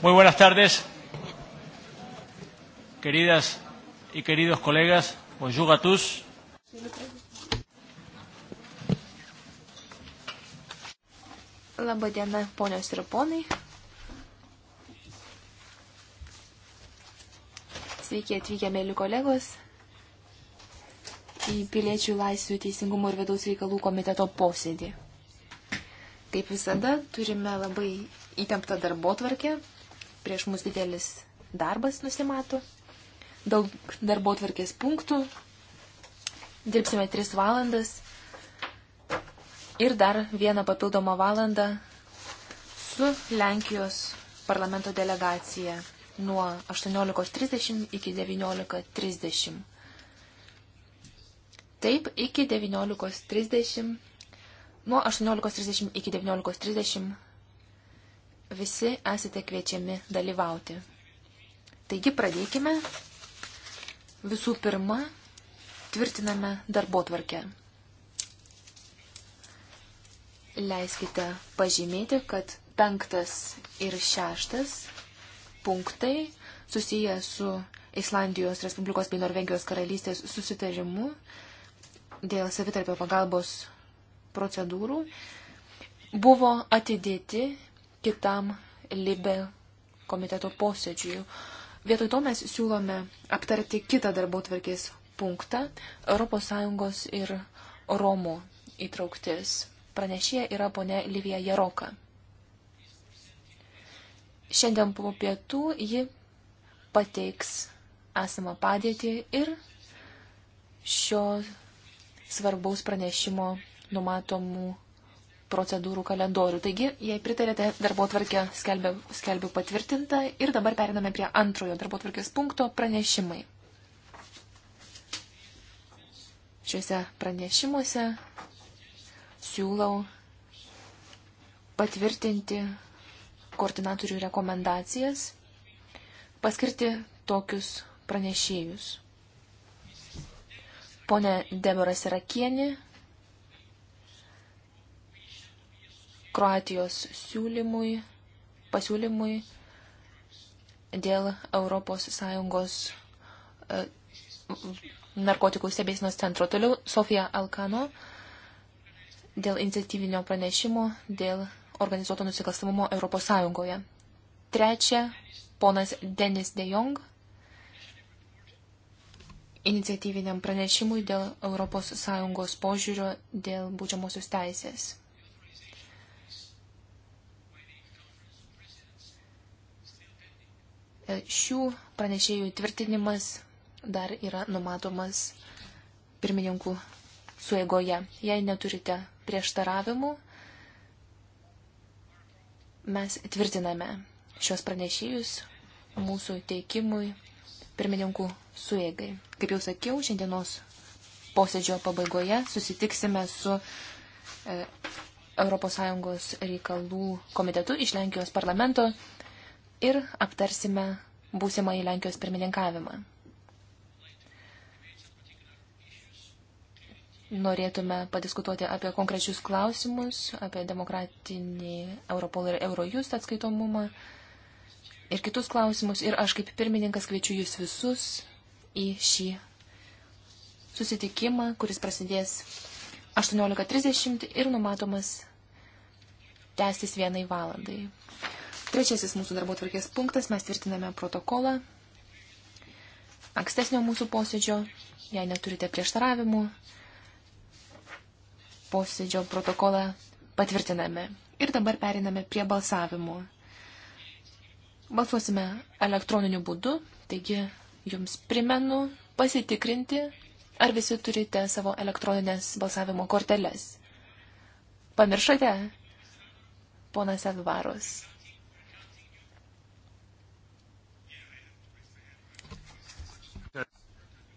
Muy buenas tardes, queridas y queridos colegas. Bonjour a tous. Labą dieną, ponios ir ponai. Sveiki atvykę, mėly kolegos, į Piliečių laisvių teisingumo ir vidaus reikalų komiteto posėdį. Kaip visada, turime labai įtemptą darbo tvarkę, prieš mus didelis darbas nusimato, daug darbo tvarkės punktų, dirbsime 3 valandas ir dar vieną papildomą valandą su Lenkijos parlamento delegacija nuo 18.30 iki 19.30. Taip, iki 19.30, nuo 18.30 iki 19.30 Visi esate kviečiami dalyvauti. Taigi pradėkime. Visų pirma, tvirtiname darbo tvarkę. Leiskite pažymėti, kad penktas ir šeštas punktai susiję su Islandijos Respublikos bei Norvegijos karalystės susitarimu dėl savitarpio pagalbos procedūrų buvo atidėti kitam Libe komiteto posėdžiui. Vietoj to mes siūlome aptarti kitą darbo tvarkės punktą - ES ir Romų įtrauktis. Pranešėja yra ponė Livija Jaroka. Šiandien po pietų ji pateiks esamą padėtį ir šio svarbaus pranešimo numatomų procedūrų kalendorių. Taigi, jei pritarėte, darbo tvarkę skelbiu patvirtintą ir dabar periname prie antrojo darbo tvarkės punkto pranešimai. Šiuose pranešimuose siūlau patvirtinti koordinatorių rekomendacijas, paskirti tokius pranešėjus. Pone Debora Sirakienė, Kroatijos siūlymui, pasiūlymui dėl ES e, narkotikų stebėsinos centro. Toliau Sofija Alkano dėl iniciatyvinio pranešimo dėl organizuoto nusikalstamumo Europos Sąjungoje. Trečia, ponas Denis De Jong iniciatyviniam pranešimui dėl Europos Sąjungos požiūrio dėl būdžiamosios teisės. E, šių pranešėjų tvirtinimas dar yra numatomas pirmininkų suėgoje. Jei neturite prieštaravimų, mes tvirtiname šios pranešėjus mūsų teikimui pirmininkų suėgai. Kaip jau sakiau, šiandienos posėdžio pabaigoje susitiksime su ES reikalų komitetu iš Lenkijos parlamento ir aptarsime būsimą į Lenkijos pirmininkavimą. Norėtume padiskutuoti apie konkrečius klausimus, apie demokratinį Europol ir Eurojust atskaitomumą ir kitus klausimus. Ir aš kaip pirmininkas kviečiu jūs visus į šį susitikimą, kuris prasidės 18.30 ir numatomas tęstis vienai valandai. Trečiasis mūsų darbo tvarkės punktas, mes tvirtiname protokolą ankstesnio mūsų posėdžio, jei neturite prieštaravimų, posėdžio protokolą patvirtiname. Ir dabar periname prie balsavimų. Balsuosime elektroniniu būdu, taigi jums primenu pasitikrinti, ar visi turite savo elektroninės balsavimo korteles. Pamiršote? Ponas Edvaros.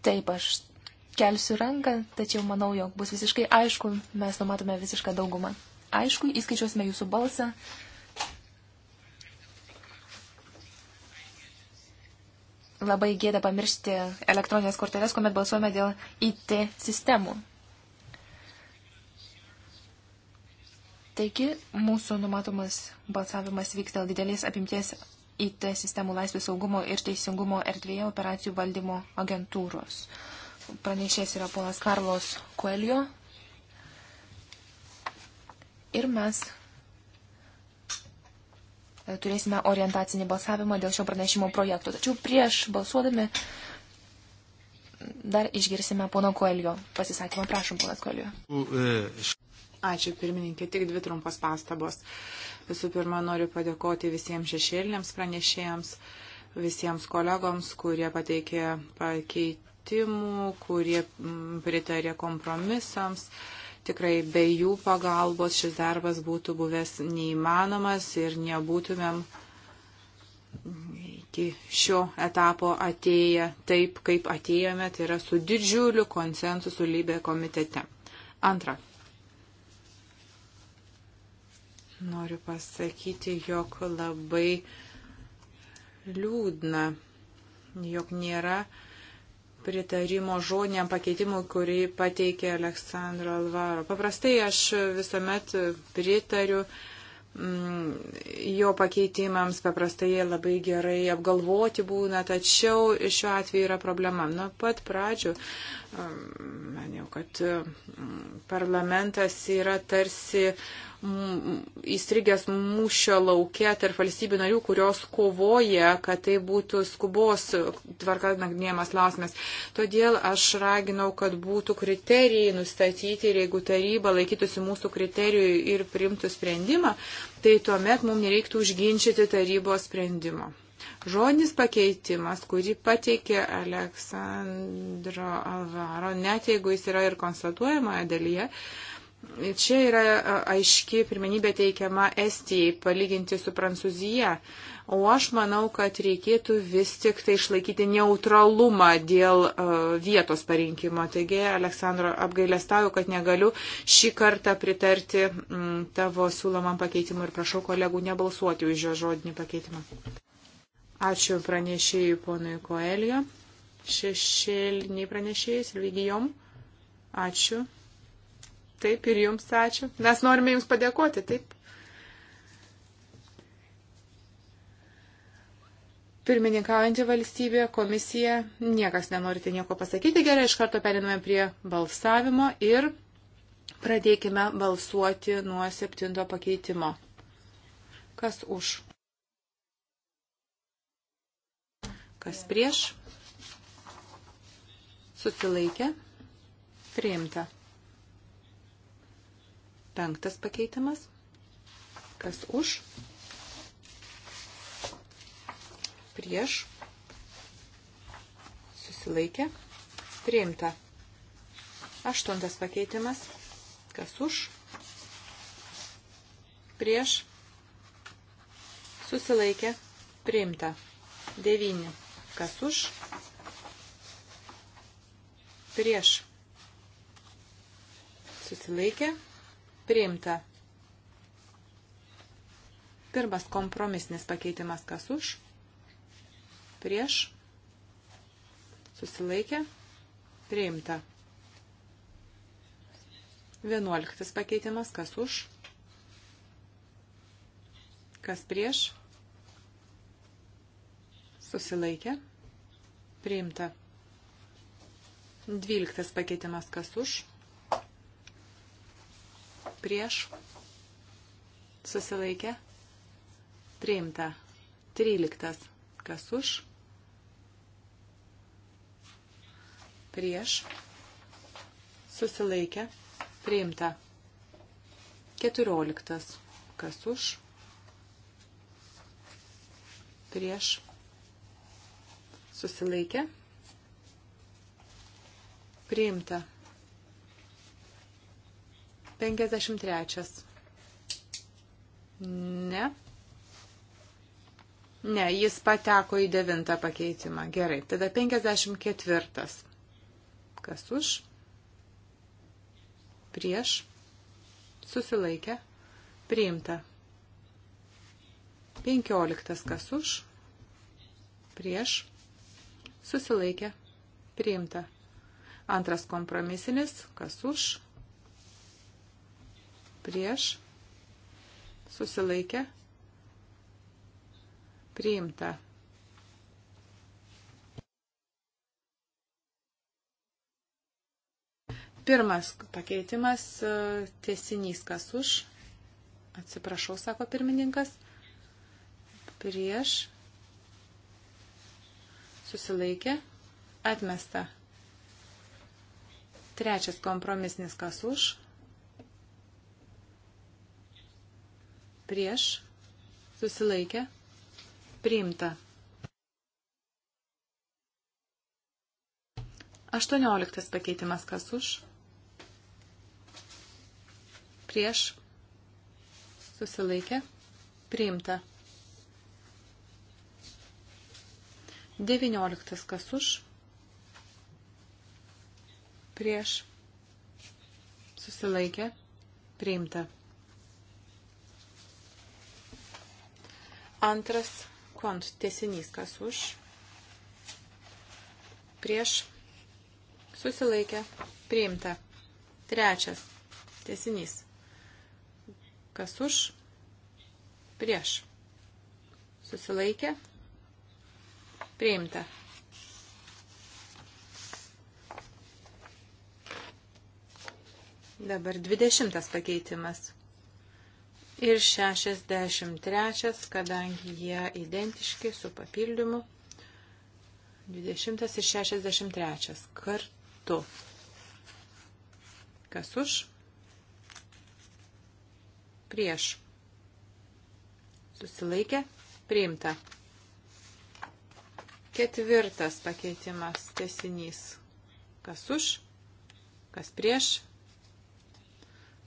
Taip, aš kelsiu ranką, tačiau manau, jog bus visiškai aišku, mes numatome visišką daugumą. Aišku, įskaičiuosime jūsų balsą. Labai gėda pamiršti elektroninės kortelės, kuomet balsuojame dėl IT sistemų. Taigi, mūsų numatomas balsavimas vyks dėl didelės apimties IT sistemų laisvė saugumo ir teisingumo erdvėje operacijų valdymo agentūros. Pranešės yra ponas Karlos Kuelio. Ir mes e, turėsime orientacinį balsavimą dėl šio pranešimo projekto. Tačiau prieš balsuodami dar išgirsime pono Koelio pasisakymą. Prašom, ponas Koelio. Ačiū, pirmininkė, tik dvi trumpos pastabos. Visų pirma, noriu padėkoti visiems šešėliniams pranešėjams, visiems kolegoms, kurie pateikė pakeitimų, kurie mm, pritarė kompromisams. Tikrai be jų pagalbos šis darbas būtų buvęs neįmanomas ir nebūtumėm iki šio etapo atėję taip, kaip atėjome, tai yra su didžiuliu konsensusu lybė komitete. Antra, Noriu pasakyti, jog labai liūdna, jog nėra pritarimo žodiniam pakeitimui, kurį pateikė Aleksandro Alvaro. Paprastai aš visuomet pritariu mm, jo pakeitimams, paprastai jie labai gerai apgalvoti būna, tačiau šiuo atveju yra problema. Nuo pat pradžių mm, maniau, kad mm, parlamentas yra tarsi uh, įstrigęs mūšio laukia tarp valstybių narių, kurios kovoja, kad tai būtų skubos tvarka nagrinėjamas klausimas. Todėl aš raginau, kad būtų kriterijai nustatyti ir jeigu taryba laikytųsi mūsų kriterijų ir primtų sprendimą, tai tuomet mums nereiktų užginčyti tarybos sprendimo. Žodinis pakeitimas, kurį pateikė Aleksandro Alvaro, net jeigu jis yra ir konstatuojamoje dalyje, uh, Čia yra aiški pirmenybė teikiama Estijai palyginti su Prancūzija. O aš manau, kad reikėtų vis tik tai išlaikyti neutralumą dėl uh, vietos parinkimo. Taigi, Aleksandro, apgailestauju, kad negaliu šį kartą pritarti mm, tavo siūlomam pakeitimui ir prašau kolegų nebalsuoti už jo žodinį pakeitimą. Ačiū pranešėjai ponui Koelio. Šešėliniai pranešėjai, Silvigijom. Ačiū. Taip ir jums ačiū. Mes norime jums padėkoti, taip. Pirmininkaujantį valstybę, komisiją, niekas nenorite tai nieko pasakyti. Gerai, iš karto periname prie balsavimo ir pradėkime balsuoti nuo septinto pakeitimo. Kas už? Kas prieš? Susilaikė? Priimta. Penktas pakeitimas. Kas už? Prieš. Susilaikė. Priimta. Aštuntas pakeitimas. Kas už? Prieš. Susilaikė. Priimta. Devyni. Kas už? Prieš. Susilaikė. Prieš priimta. Pirmas kompromisnis pakeitimas kas už, prieš, susilaikė, priimta. Vienuoliktas pakeitimas kas už, kas prieš, susilaikė, priimta. Dvyliktas pakeitimas kas už, prieš, susilaikė, priimta. 13. Kas už, prieš, susilaikė, priimta. 14. Kas už, prieš, susilaikė, priimta. 53. Ne. Ne, jis pateko į devintą pakeitimą. Gerai, tada 54. Kas už? Prieš? Susilaikė? Priimta. 15. Kas už? Prieš? Susilaikė? Priimta. Antras kompromisinis. Kas už? prieš, susilaikę, priimta. Pirmas pakeitimas - tiesinys kas už, atsiprašau, sako pirmininkas, prieš, susilaikė, atmesta. Trečias kompromisnis kas už, prieš, susilaikė, priimta. 18 pakeitimas kas už, prieš, susilaikė, priimta. 19 kas už, prieš, susilaikė, priimta. Antras kont tiesinys, kas už, prieš, susilaikė, priimta. Trečias tiesinys, kas už, prieš, susilaikė, priimta. Dabar dvidešimtas pakeitimas ir 63, kadangi jie identiški su papildymu. 20 ir 63 kartu. Kas už? Prieš. Susilaikė? Priimta. Ketvirtas pakeitimas tesinys. Kas už? Kas prieš?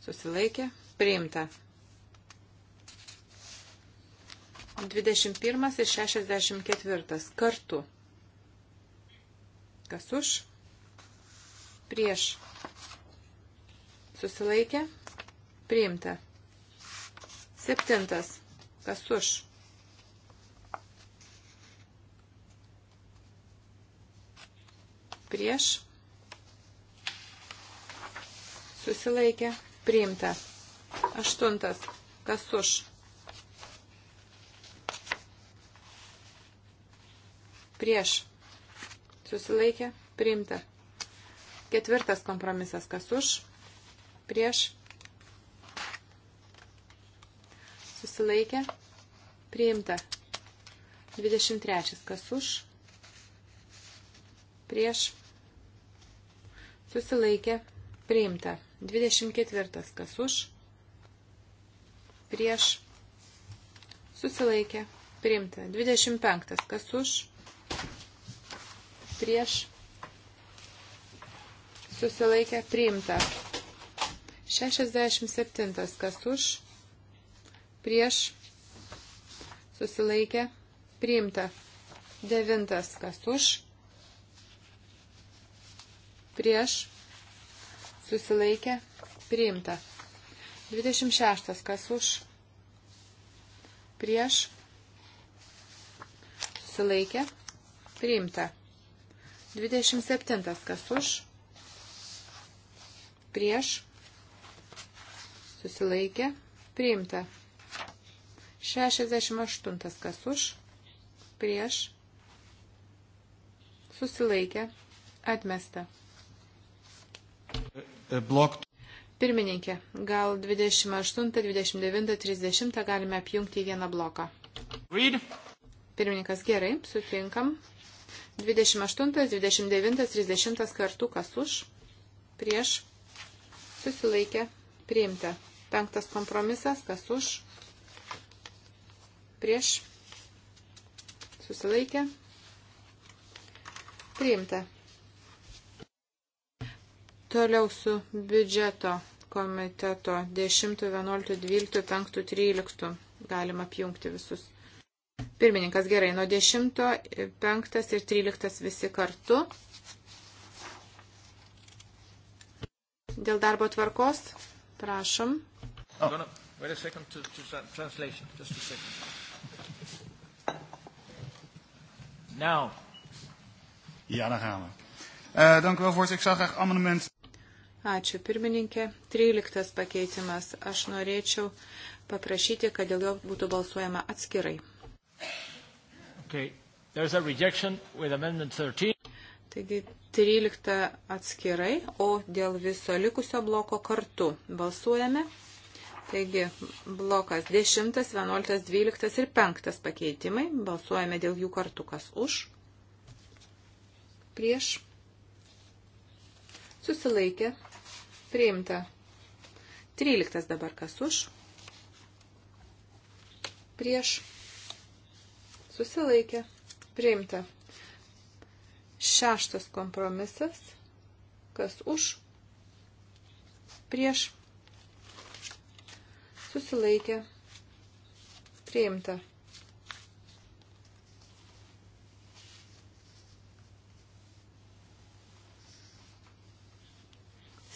Susilaikė? Priimta. 21 ir 64 kartu. Kas už? Prieš. Susilaikė. Priimta. Septintas. Kas už? Prieš. Susilaikė. Priimta. Aštuntas. Kas už? prieš susilaikė priimta. Ketvirtas kompromisas, kas už, prieš susilaikė priimta. 23, kas už, prieš susilaikė priimta. 24, kas už, prieš susilaikė priimta. 25, kas už, prieš prieš susilaikę priimta. 67. Kas už? Prieš susilaikę priimta. 9. Kas už? Prieš susilaikę priimta. 26. Kas už? Prieš susilaikę priimta. 27. Kas už? Prieš. Susilaikė. Priimta. 68. Kas už? Prieš. Susilaikė. Atmesta. E, e, blok. Pirmininkė, gal 28, 29, 30 galime apjungti į vieną bloką. Read. Pirmininkas, gerai, sutinkam. 28, 29, 30 kartų kas už, prieš, susilaikė, priimta. Penktas kompromisas, kas už, prieš, susilaikė, priimta. Toliau su biudžeto komiteto 10, 11, 12, 5, 13 galima apjungti visus. Pirmininkas gerai, nuo 10, 5 ir 13 visi kartu. Dėl darbo tvarkos, prašom. Oh. No, no. Wait a second to, to translation, just a second. Now. Ja, daar gaan we. Uh, dank u wel, voorzitter. Ik zou graag amendement. Ačiū, pirmininkė. 13 pakeitimas. Aš norėčiau paprašyti, kad dėl jo būtų balsuojama atskirai. Okay. There's a rejection with amendment 13. Taigi 13 atskirai, o dėl viso likusio bloko kartu balsuojame. Taigi blokas 10, 11, 12 ir 5 pakeitimai. Balsuojame dėl jų kartu, kas už, prieš, susilaikė, priimta. 13 dabar kas už, prieš, prieš susilaikė, priimta. Šeštas kompromisas, kas už, prieš, susilaikė, priimta.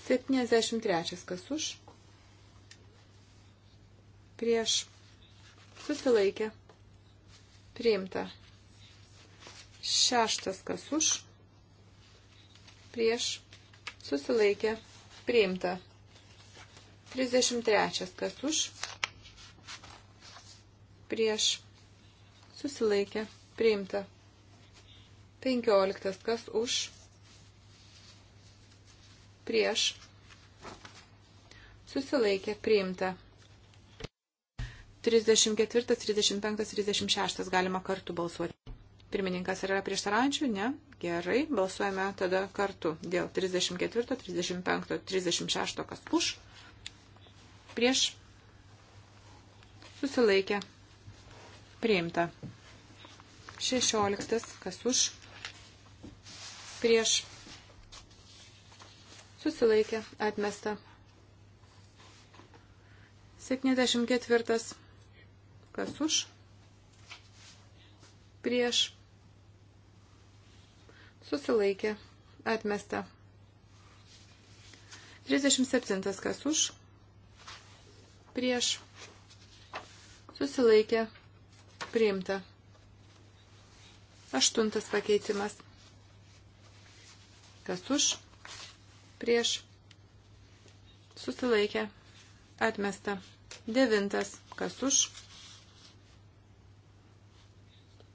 Septyniasdešimt trečias, kas už, prieš, susilaikė, priimta Priimta. Šeštas kas už. Prieš. Susilaikė. Priimta. 33 kas už. Prieš. Susilaikė. Priimta. 15 kas už. Prieš. Susilaikė. Priimta. 34, 35, 36 galima kartu balsuoti. Pirmininkas yra prieštaraujančių? Ne. Gerai, balsuojame tada kartu dėl 34, 35, 36, kas už, prieš, susilaikė, priimta. 16, kas už, prieš, susilaikė, atmesta. 74. Kas už? Prieš. Susilaikė. Atmesta. 37. Kas už? Prieš. Susilaikė. Priimta. Aštuntas pakeitimas. Kas už? Prieš. Susilaikė. Atmesta. Devintas. Kas už?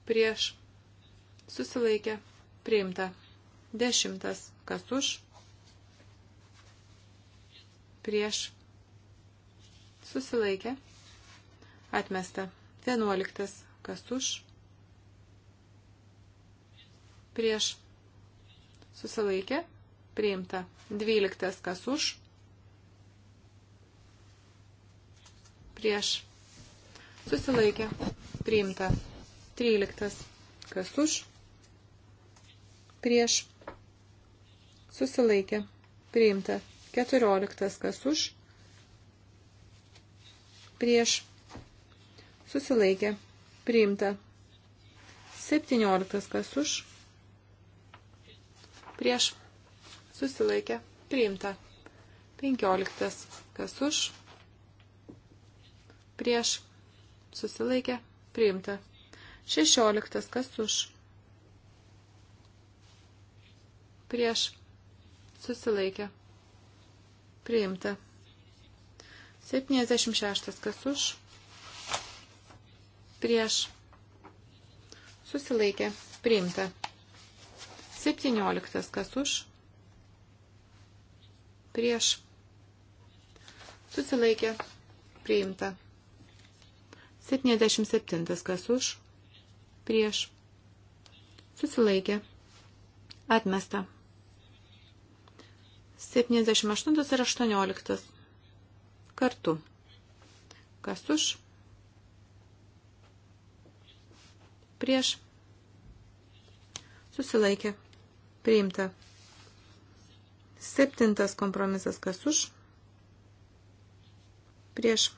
prieš susilaikė priimta. Dešimtas, kas už, prieš susilaikė atmesta. Vienuoliktas, kas už, prieš susilaikė priimta. Dvyliktas, kas už, prieš susilaikė priimta. 13. Kas už? Prieš. Susilaikė. Priimta. 14. Kas už? Prieš. Susilaikė. Priimta. 17. Kas už? Prieš. Susilaikė. Priimta. 15. Kas už? Prieš. Susilaikė. Priimta. 16. Kas už? Prieš. Susilaikė. Priimta. 76. Kas už? Prieš. Susilaikė. Priimta. 17. Kas už? Prieš. Susilaikė. Priimta. 77. Kas už? prieš susilaikė atmesta. 78 ir 18 kartu. Kas už? Prieš susilaikė priimta. Septintas kompromisas kas už? Prieš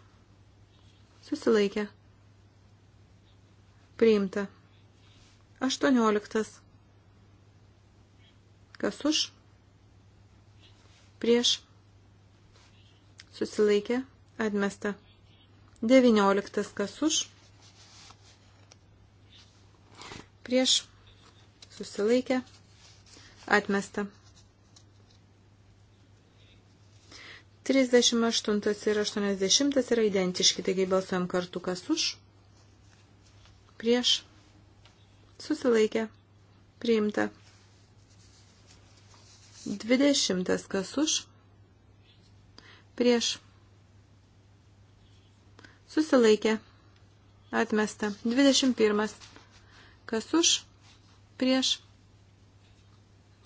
susilaikė priimta. 18. Kas už? Prieš. Susilaikė. Atmesta. 19. Kas už? Prieš. Susilaikė. Atmesta. 38 ir 80 yra identiški, taigi balsuojam kartu kas už, prieš, susilaikė, priimta. 20 kas už, prieš, susilaikė, atmesta. 21 kas už, prieš,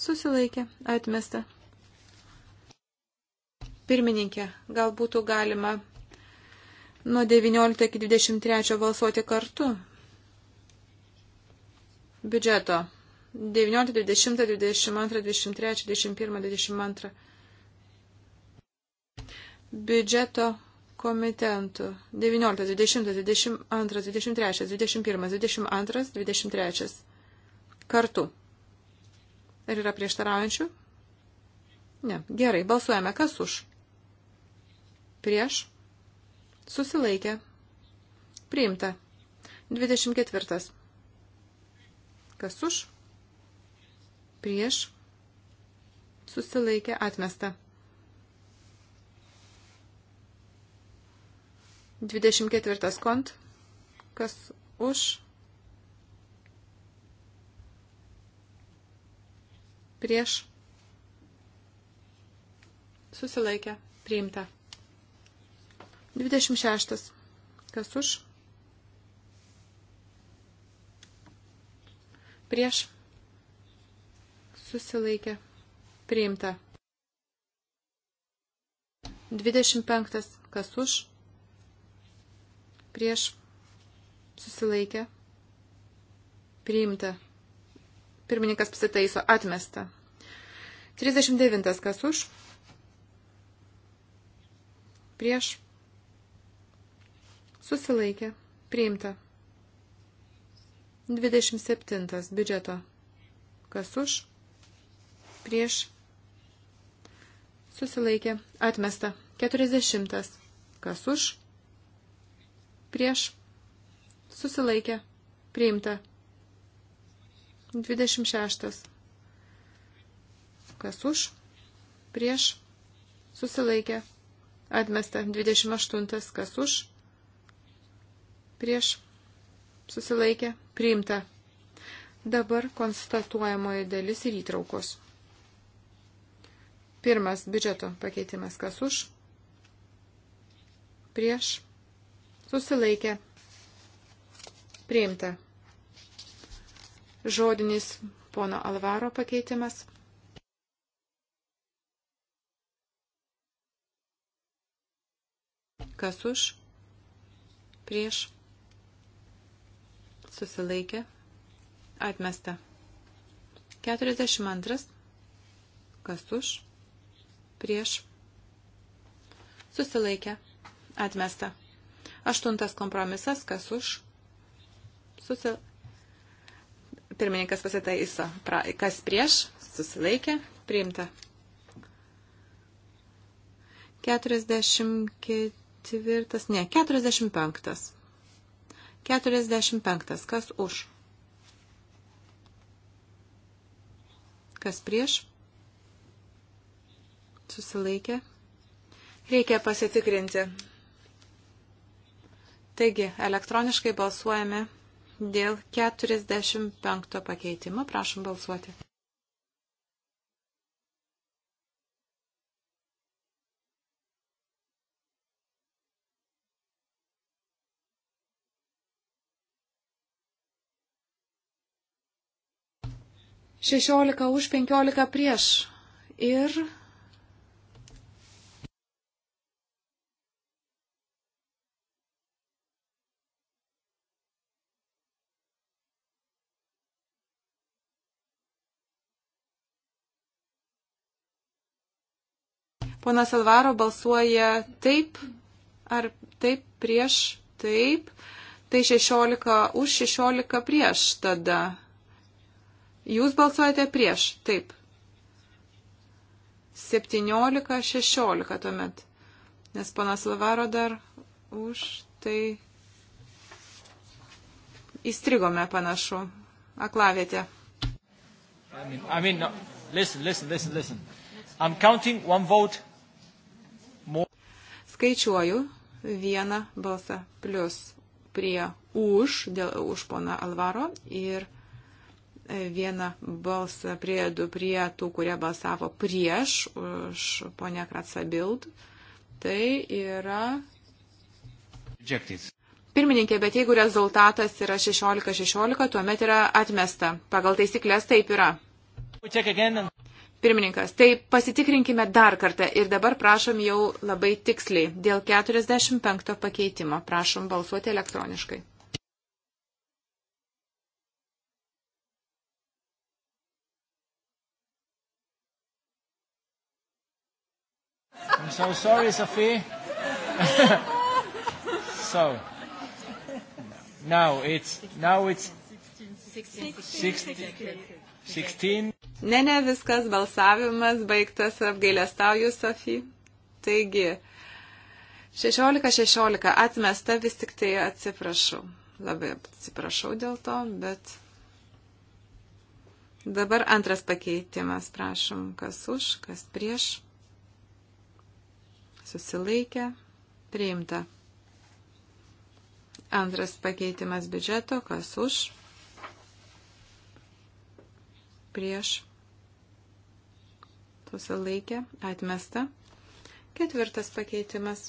susilaikė, atmesta. Pirmininkė, gal būtų galima nuo 19 iki 23 balsuoti kartu, biudžeto 19, 20, 22, 23, 21, 22 biudžeto komitentų 19, 20, 22, 23, 21, 22, 23 kartu. Ar yra prieštaraujančių? Ne. Gerai, balsuojame. Kas už? Prieš. Susilaikė. Priimta. 24. Kas už? Prieš. Susilaikė atmesta. 24 kont. Kas už? Prieš. Susilaikė. Priimta. 26. Kas už? prieš susilaikė priimta. 25. Kas už? Prieš susilaikė priimta. Pirmininkas pasitaiso atmesta. 39. Kas už? Prieš susilaikė priimta. 27. Biudžeto. Kas už? Prieš. Susilaikė. Atmesta. 40. Kas už? Prieš. Susilaikė. Priimta. 26. Kas už? Prieš. Susilaikė. Atmesta. 28. Kas už? Prieš susilaikė, priimta. Dabar konstatuojamoji dalis ir įtraukos. Pirmas biudžeto pakeitimas kas už, prieš, susilaikė, priimta. Žodinis pono Alvaro pakeitimas. Kas už, prieš, susilaikė, atmesta. 42, kas už, prieš, susilaikė, atmesta. Aštuntas kompromisas, kas už, susilaikė. Pirmininkas pasitaiso, kas prieš, susilaikė, priimta. 44, ne, 45. 45. Kas už? Kas prieš? Susilaikė. Reikia pasitikrinti. Taigi, elektroniškai balsuojame dėl 45 pakeitimo. Prašom balsuoti. 16 už 15 prieš. Ir Ponas Alvaro balsuoja taip ar taip prieš taip. Tai 16 už 16 prieš tada. Jūs balsuojate prieš, taip. 17-16 tuomet, nes panas Lavaro dar už tai įstrigome panašu aklavietę. I mean, I mean, no. listen, listen, listen, listen. I'm counting one vote more. Skaičiuoju vieną balsą plus prie už, dėl, už pona Alvaro ir vieną balsą priedu prie tų, kurie balsavo prieš už ponę Kratsabild. Tai yra. Rejected. Pirmininkė, bet jeigu rezultatas yra 16-16, tuomet yra atmesta. Pagal taisyklės taip yra. Pirmininkas, tai pasitikrinkime dar kartą ir dabar prašom jau labai tiksliai dėl 45 pakeitimo. Prašom balsuoti elektroniškai. so sorry, Sophie. so now it's now it's 16. 16. 16. Ne, ne, viskas, balsavimas baigtas, apgailestauju, Sofija. Taigi, 16-16 atmesta, vis tik tai atsiprašau. Labai atsiprašau dėl to, bet dabar antras pakeitimas, prašom, kas už, kas prieš susilaikę, priimta. Antras pakeitimas biudžeto, kas už, prieš, susilaikę, atmesta. Ketvirtas pakeitimas.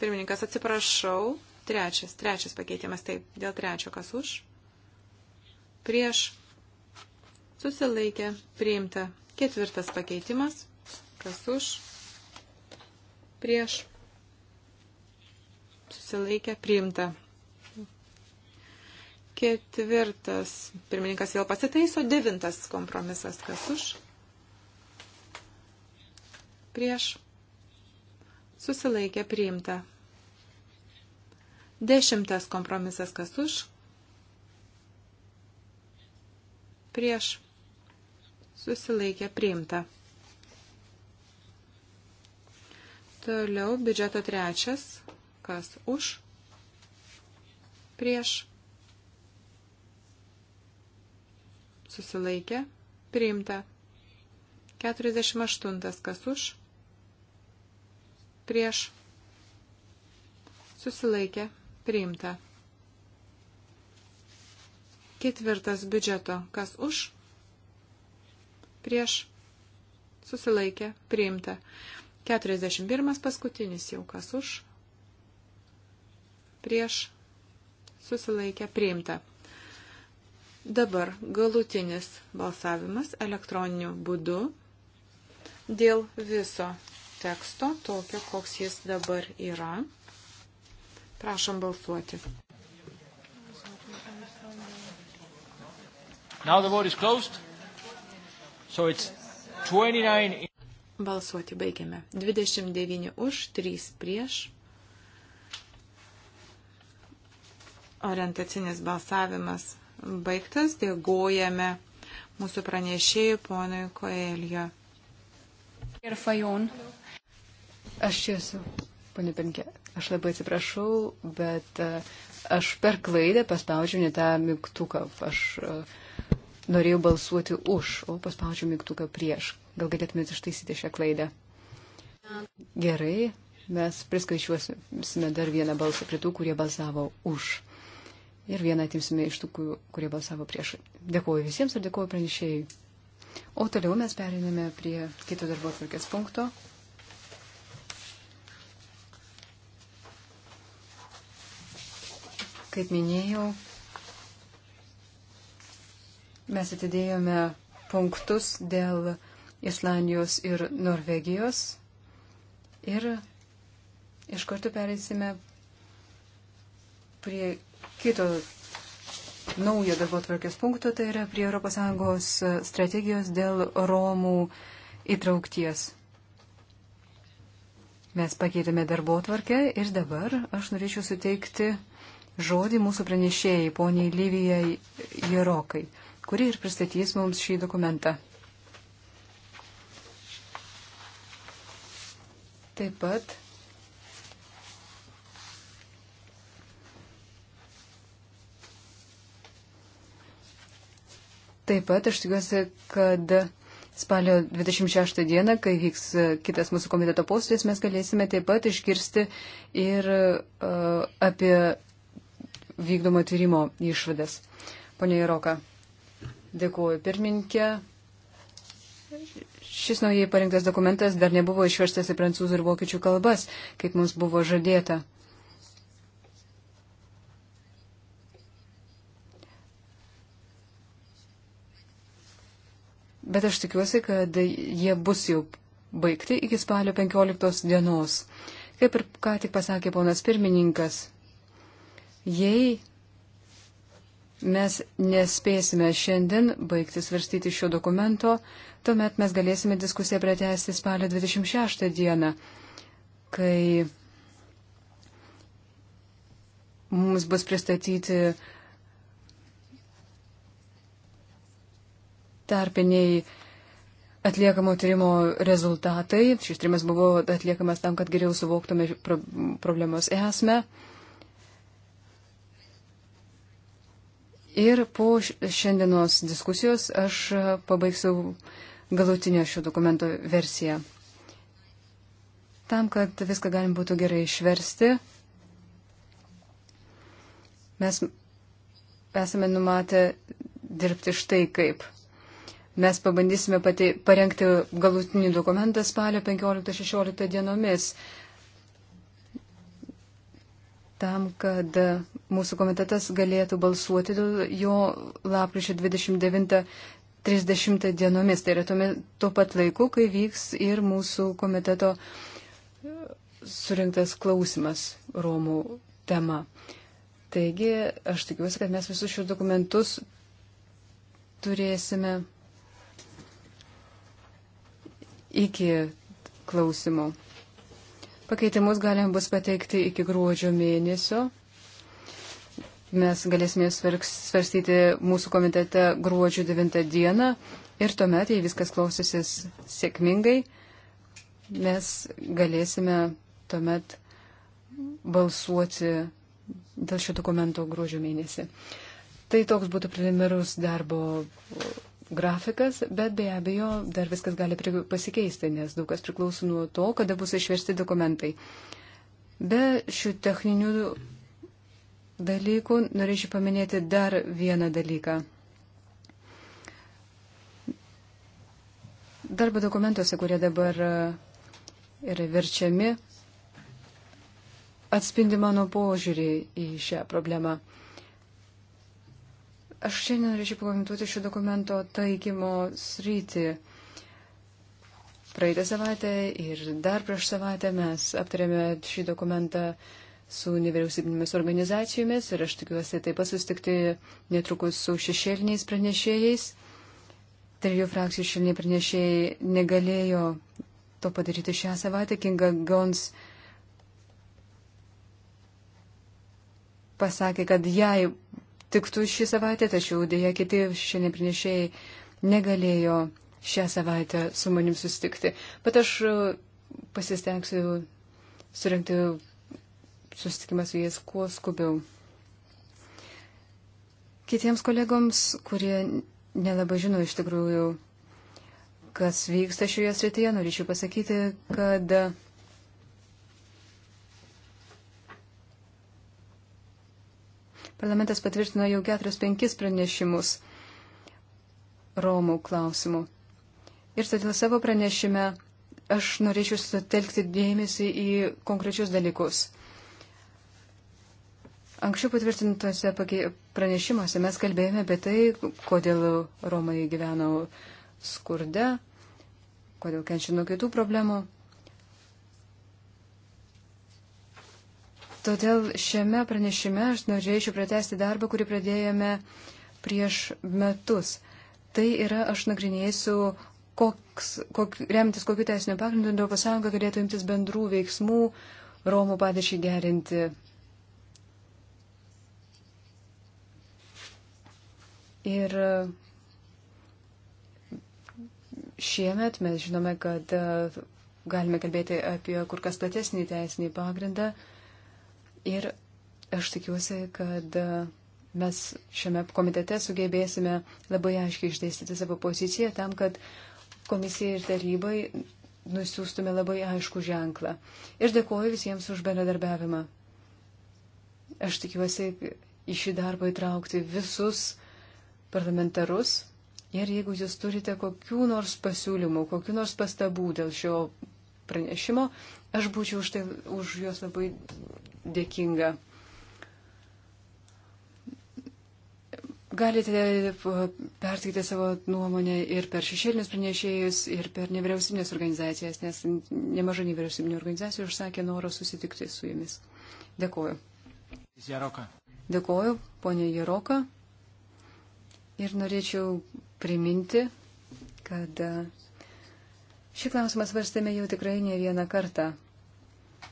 Pirmininkas, atsiprašau. Trečias, trečias pakeitimas, taip, dėl trečio, kas už, prieš, susilaikė, priimta. Ketvirtas pakeitimas, kas už, prieš susilaikę priimta. Ketvirtas, pirmininkas vėl pasitaiso, devintas kompromisas, kas už, prieš susilaikę priimta. Dešimtas kompromisas, kas už, prieš susilaikę priimta. Toliau biudžeto trečias. Kas už? Prieš. Susilaikė. Priimta. 48. Kas už? Prieš. Susilaikė. Priimta. Ketvirtas biudžeto. Kas už? Prieš. Susilaikė. Priimta. 41 paskutinis jau kas už, prieš susilaikę priimta. Dabar galutinis balsavimas elektroniniu būdu dėl viso teksto, tokio, koks jis dabar yra. Prašom balsuoti. Now the vote is closed. So it's 29. Balsuoti baigiame. 29 už, 3 prieš. Orientacinis balsavimas baigtas. Dėgojame mūsų pranešėjų ponui Koelio. Ir Fajon. Aš čia esu, ponė Penkė. Aš labai atsiprašau, bet e, aš per klaidą paspaudžiau ne tą mygtuką. Aš e, norėjau balsuoti už, o paspaudžiau mygtuką prieš. Gal galėtumėte ištaisyti šią klaidą? Gerai, mes priskaičiuosime dar vieną balsą prie tų, kurie balsavo už. Ir vieną atimsime iš tų, kurie balsavo prieš. Dėkuoju visiems ir dėkuoju pranešėjai. O toliau mes periname prie kito darbo atvarkės punkto. Kaip minėjau, mes atidėjome punktus dėl Islandijos ir Norvegijos. Ir iš karto pereisime prie kito naujo darbo tvarkės punkto, tai yra prie ES strategijos dėl Romų įtraukties. Mes pakeitėme darbo tvarkę ir dabar aš norėčiau suteikti žodį mūsų pranešėjai, poniai Livijai Jerokai, kuri ir pristatys mums šį dokumentą. Taip pat Taip pat aš tikiuosi, kad spalio 26 dieną, kai vyks e, kitas mūsų komiteto posėdis, mes galėsime taip pat išgirsti ir uh, apie vykdomo tyrimo išvadas. Pone Jaroka, dėkuoju pirmininkė. Šis naujai parinktas dokumentas dar nebuvo išverstas į prancūzų ir vokiečių kalbas, kaip mums buvo žadėta. Bet aš tikiuosi, kad jie bus jau baigti iki spalio 15 dienos. Kaip ir ką tik pasakė ponas pirmininkas, jei mes nespėsime šiandien baigti svarstyti šio dokumento, tuomet mes galėsime diskusiją pratesti spalio 26 dieną, kai mums bus pristatyti tarpiniai atliekamo tyrimo rezultatai. Šis tyrimas buvo atliekamas tam, kad geriau suvoktume problemos esmę. Ir po šiandienos diskusijos aš pabaigsiu galutinio šio dokumento versiją. Tam, kad viską galim būtų gerai išversti, mes esame numatę dirbti štai kaip. Mes pabandysime pati, parengti galutinį dokumentą spalio 15-16 dienomis tam, kad mūsų komitetas galėtų balsuoti dėl jo lapkričio 29-30 dienomis. Tai yra tuo pat laiku, kai vyks ir mūsų komiteto surinktas klausimas Romų tema. Taigi, aš tikiuosi, kad mes visus šios dokumentus turėsime iki klausimų. Pakeitimus galim bus pateikti iki gruodžio mėnesio. Mes galėsime svarstyti mūsų komitete gruodžio 9 dieną ir tuomet, jei viskas klausysis sėkmingai, mes galėsime tuomet balsuoti dėl šio dokumento gruodžio mėnesį. Tai toks būtų preliminarus darbo grafikas, bet be abejo dar viskas gali pasikeisti, nes daug kas priklauso nuo to, kada bus išversti dokumentai. Be šių techninių dalykų norėčiau paminėti dar vieną dalyką. Darbo dokumentuose, kurie dabar e, yra verčiami, atspindi mano požiūrį į šią problemą. Aš šiandien norėčiau pakomentuoti šio dokumento taikymo sritį. Praeitą savaitę ir dar prieš savaitę mes aptarėme šį dokumentą su nevyriausybinėmis organizacijomis ir aš tikiuosi taip pat sustikti netrukus su šešėliniais pranešėjais. Trijų frakcijų šešėliniai pranešėjai negalėjo to padaryti šią savaitę. Kinga Gons pasakė, kad jai tiktų šį savaitę, tačiau dėja kiti šiandien pranešėjai negalėjo šią savaitę su manim susitikti. Bet aš e, pasistengsiu surinkti susitikimą su jais kuo skubiau. Kitiems kolegoms, kurie nelabai žino iš tikrųjų, kas vyksta šioje srityje, norėčiau pasakyti, kad Parlamentas patvirtino jau 4-5 pranešimus Romų klausimų. Ir todėl savo pranešime aš norėčiau sutelkti dėmesį į konkrečius dalykus. Anksčiau patvirtintose pranešimuose mes kalbėjome apie tai, kodėl Romai gyveno skurde, kodėl kenčia nuo kitų problemų. Todėl šiame pranešime aš norėčiau pratesti darbą, kurį pradėjome prieš metus. Tai yra, aš nagrinėsiu, koks, kok, remtis kokiu teisiniu pagrindu Europos Sąjunga galėtų imtis bendrų veiksmų Romų padėčiai gerinti. Ir šiemet mes žinome, kad e, galime kalbėti apie kur kas platesnį teisinį pagrindą. Ir aš tikiuosi, kad mes šiame komitete sugebėsime labai aiškiai išdėstyti savo poziciją tam, kad komisijai ir tarybai nusiųstume labai aišku ženklą. Ir dėkuoju visiems už bendradarbiavimą. Aš tikiuosi į šį darbą įtraukti visus parlamentarus. Ir jeigu jūs turite kokių nors pasiūlymų, kokių nors pastabų dėl šio pranešimo, aš būčiau už, tai, už juos labai dėkinga. Galite perskaityti savo nuomonę ir per šešėlinius pranešėjus, ir per nevyriausybinės organizacijas, nes nemažai nevyriausybinio organizacijų užsakė norą susitikti su jumis. Dėkuoju. Jaroka. Dėkuoju, ponė Jaroka. Ir norėčiau priminti, kad e, šį klausimą svarstėme jau tikrai ne vieną kartą.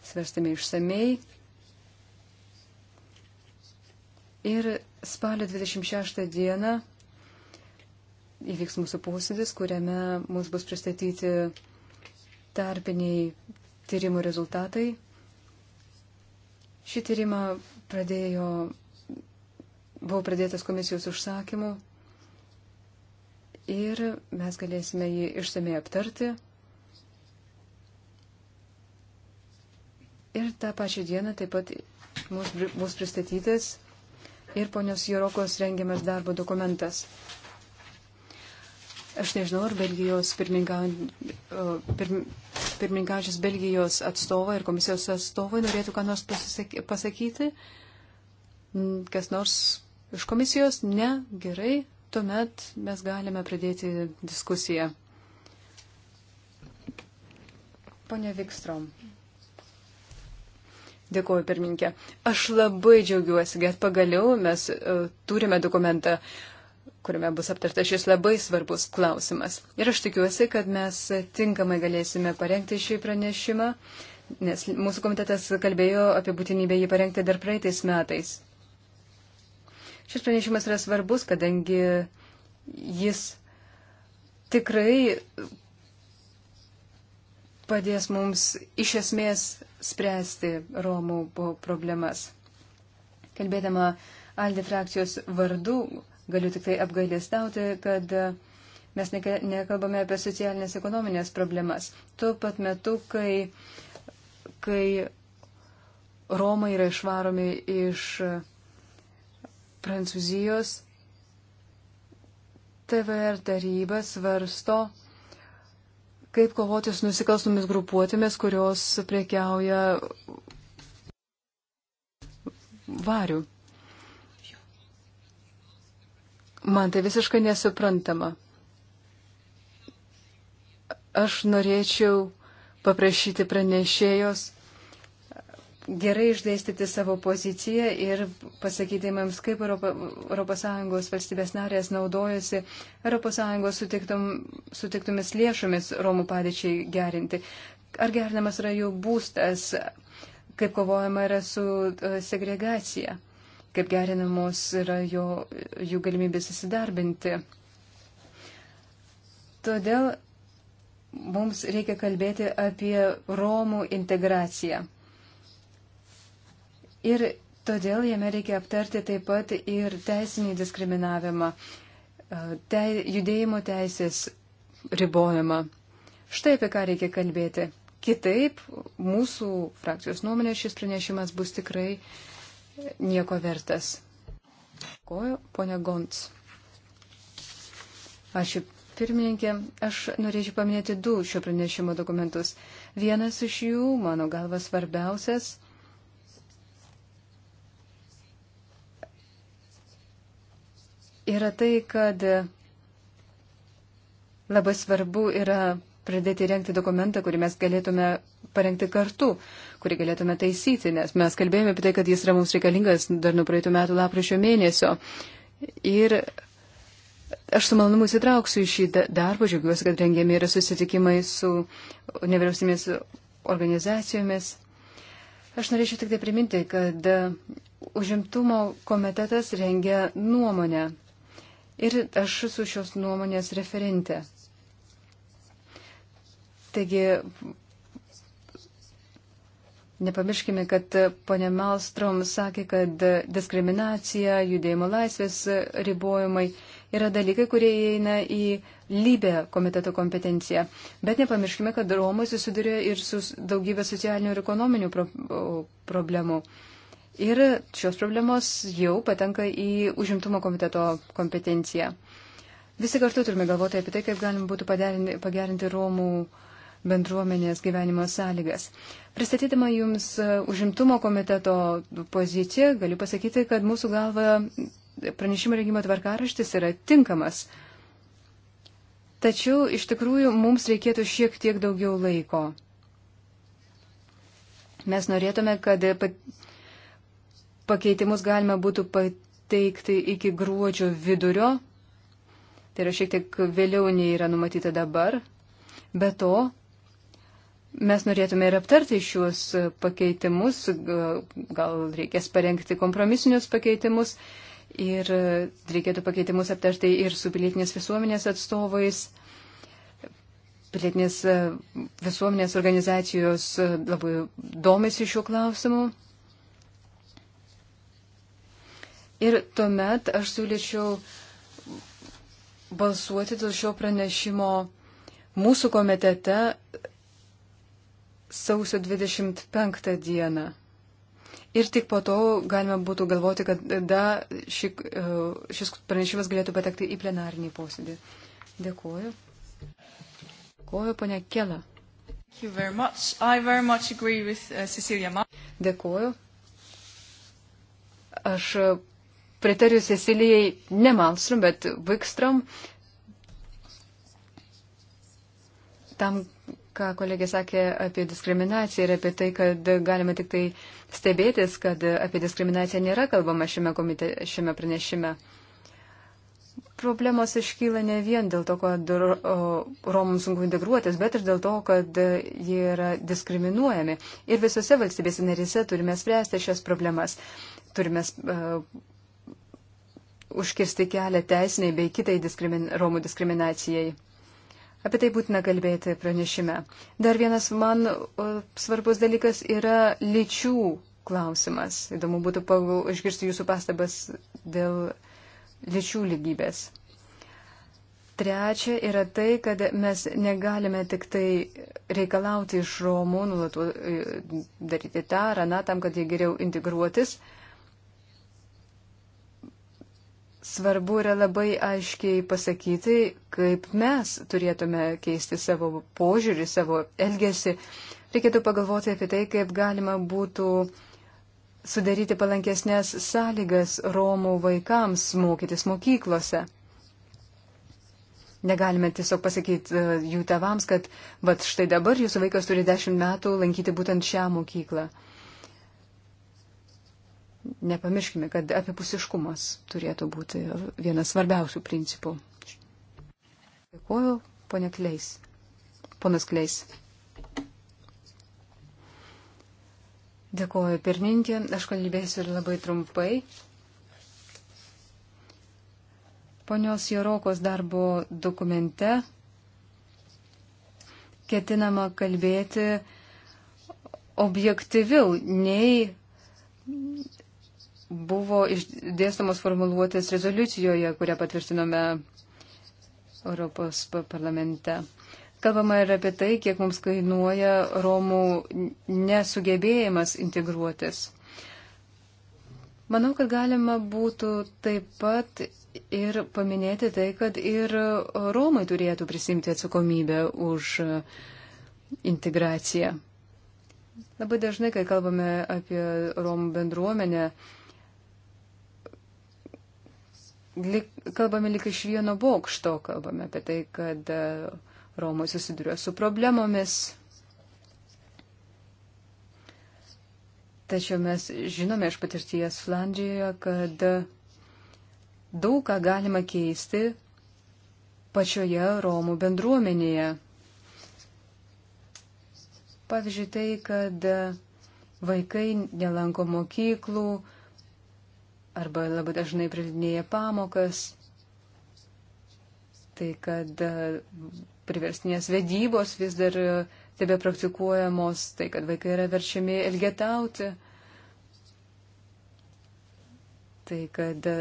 Svarstėme išsamei, Ir spalio 26 dieną įvyks mūsų posėdis, kuriame mums bus pristatyti tarpiniai tyrimų rezultatai. Šį tyrimą pradėjo, buvo pradėtas komisijos užsakymu ir mes galėsime jį išsamei aptarti. Ir tą pačią dieną taip pat mūsų pristatytas ir ponios Jorokos rengiamas darbo dokumentas. Aš nežinau, ar Belgijos pirmininkaujančios Belgijos atstovai ir komisijos atstovai norėtų ką nors pasakyti. Mm, kas nors iš komisijos? Ne, gerai, tuomet mes galime pradėti diskusiją. Pone Vikstrom. Dėkuoju, pirminkė. Aš labai džiaugiuosi, kad pagaliau mes uh, turime dokumentą, kuriame bus aptartas šis labai svarbus klausimas. Ir aš tikiuosi, kad mes tinkamai galėsime parengti šį pranešimą, nes mūsų komitetas kalbėjo apie būtinybę jį parengti dar praeitais metais. Šis pranešimas yra svarbus, kadangi jis tikrai padės mums iš esmės spręsti Romų problemas. Kalbėdama Aldi frakcijos vardu, galiu tik tai apgailėstauti, kad mes nekalbame apie socialinės ekonominės problemas. Tuo pat metu, kai, kai Romai yra išvaromi iš Prancūzijos, TVR taryba svarsto kaip kovoti su nusikalstomis grupuotėmis, kurios priekiauja varių. Man tai visiškai nesuprantama. Aš norėčiau paprašyti pranešėjos gerai išdėstyti savo poziciją ir pasakyti mums, kaip ES valstybės narės naudojasi ES sutiktum, sutiktomis lėšomis Romų padėčiai gerinti. Ar gerinamas yra jų būstas, kaip kovojama yra su e, segregacija, kaip gerinamos yra jo, jų galimybės įsidarbinti. Todėl mums reikia kalbėti apie Romų integraciją. Ir todėl jame reikia aptarti taip pat ir teisinį diskriminavimą, e, te, judėjimo teisės ribojimą. Štai apie ką reikia kalbėti. Kitaip, mūsų frakcijos nuomonė šis pranešimas bus tikrai nieko vertas. Kojo, ponia Gonts. Ačiū pirmininkė, aš norėčiau paminėti du šio pranešimo dokumentus. Vienas iš jų, mano galva, svarbiausias yra tai, kad labai svarbu yra pradėti renkti dokumentą, kurį mes galėtume parengti kartu, kurį galėtume taisyti, nes mes kalbėjome apie tai, kad jis yra mums reikalingas dar nuo praeitų metų lapkričio mėnesio. Ir aš su malonumu įsitrauksiu į šį darbą, džiaugiuosi, kad rengiami yra susitikimai su nevyriausybės organizacijomis. Aš norėčiau tik tai priminti, kad užimtumo komitetas rengia nuomonę ir aš esu šios nuomonės referentė. Taigi, nepamirškime, kad ponė Malstrom sakė, kad diskriminacija, judėjimo laisvės ribojimai yra dalykai, kurie įeina į lybę komiteto kompetenciją. Bet nepamirškime, kad Romai susiduria ir su daugybė socialinių ir ekonominių pro problemų. Ir šios problemos jau patenka į užimtumo komiteto kompetenciją. Visi kartu turime galvoti apie tai, kaip galim būtų pagerinti Romų bendruomenės gyvenimo sąlygas. Pristatydama Jums e, užimtumo komiteto poziciją, galiu pasakyti, kad mūsų galva pranešimo rengimo tvarkaraštis yra tinkamas. Tačiau iš tikrųjų mums reikėtų šiek tiek daugiau laiko. Mes norėtume, kad pakeitimus galima būtų pateikti iki gruodžio vidurio, tai yra šiek tiek vėliau nei yra numatyta dabar. Be to, mes norėtume ir aptarti šiuos pakeitimus, gal reikės parengti kompromisinius pakeitimus ir reikėtų pakeitimus aptarti ir su pilietinės visuomenės atstovais. Pilietinės visuomenės organizacijos labai domisi šiuo klausimu. Ir tuomet aš siūlyčiau balsuoti dėl šio pranešimo mūsų komitete sausio 25 dieną. Ir tik po to galima būtų galvoti, kad da, ši, e, šis pranešimas galėtų patekti į plenarinį posėdį. Dėkuoju. Dėkuoju, ponia Kela. With, uh, Dėkuoju. Aš pritariu Cecilijai, ne Malmström, bet Vikstrom, tam, ką kolegė sakė apie diskriminaciją ir apie tai, kad galima tik tai stebėtis, kad apie diskriminaciją nėra kalbama šiame, komite, šiame pranešime. Problemos iškyla ne vien dėl to, kad Romams sunku integruotis, bet ir dėl to, kad jie yra diskriminuojami. Ir visose valstybėse narise turime spręsti šias problemas. Turime uh, užkirsti kelią teisiniai bei kitai diskrimin, Romų diskriminacijai. Apie tai būtina kalbėti pranešime. Dar vienas man svarbus dalykas yra lyčių klausimas. Įdomu būtų išgirsti jūsų pastabas dėl lyčių lygybės. Trečia yra tai, kad mes negalime tik tai reikalauti iš Romų, nulatu, e, daryti tą ar aną tam, kad jie geriau integruotis, Svarbu yra labai aiškiai pasakyti, kaip mes turėtume keisti savo požiūrį, savo elgesį. Reikėtų pagalvoti apie tai, kaip galima būtų sudaryti palankesnės sąlygas Romų vaikams mokytis mokyklose. Negalime tiesiog pasakyti e, jų tevams, kad, va štai dabar jūsų vaikas turi dešimt metų lankyti būtent šią mokyklą nepamirškime, kad apipusiškumas turėtų būti vienas svarbiausių principų. Dėkuoju, ponė Kleis. Ponas Kleis. Dėkuoju, pirmininkė. Aš kalbėsiu ir labai trumpai. Ponios Jorokos darbo dokumente ketinama kalbėti objektyviau nei buvo išdėstamos formuluotės rezoliucijoje, kurią patvirtinome Europos parlamente. Kalbama ir apie tai, kiek mums kainuoja Romų nesugebėjimas integruotis. Manau, kad galima būtų taip pat ir paminėti tai, kad ir Romai turėtų prisimti atsakomybę už integraciją. Labai dažnai, kai kalbame apie Romų bendruomenę, lik, kalbame lik iš vieno bokšto, kalbame apie tai, kad e, Romai susiduria su problemomis. Tačiau mes žinome iš patirties Flandrijoje, kad daug ką galima keisti pačioje Romų bendruomenėje. Pavyzdžiui, tai, kad vaikai nelanko mokyklų, arba labai dažnai pridinėja pamokas. Tai kad e, priverstinės vedybos vis dar e, tebe praktikuojamos, tai kad vaikai yra verčiami elgetauti. Tai kad e,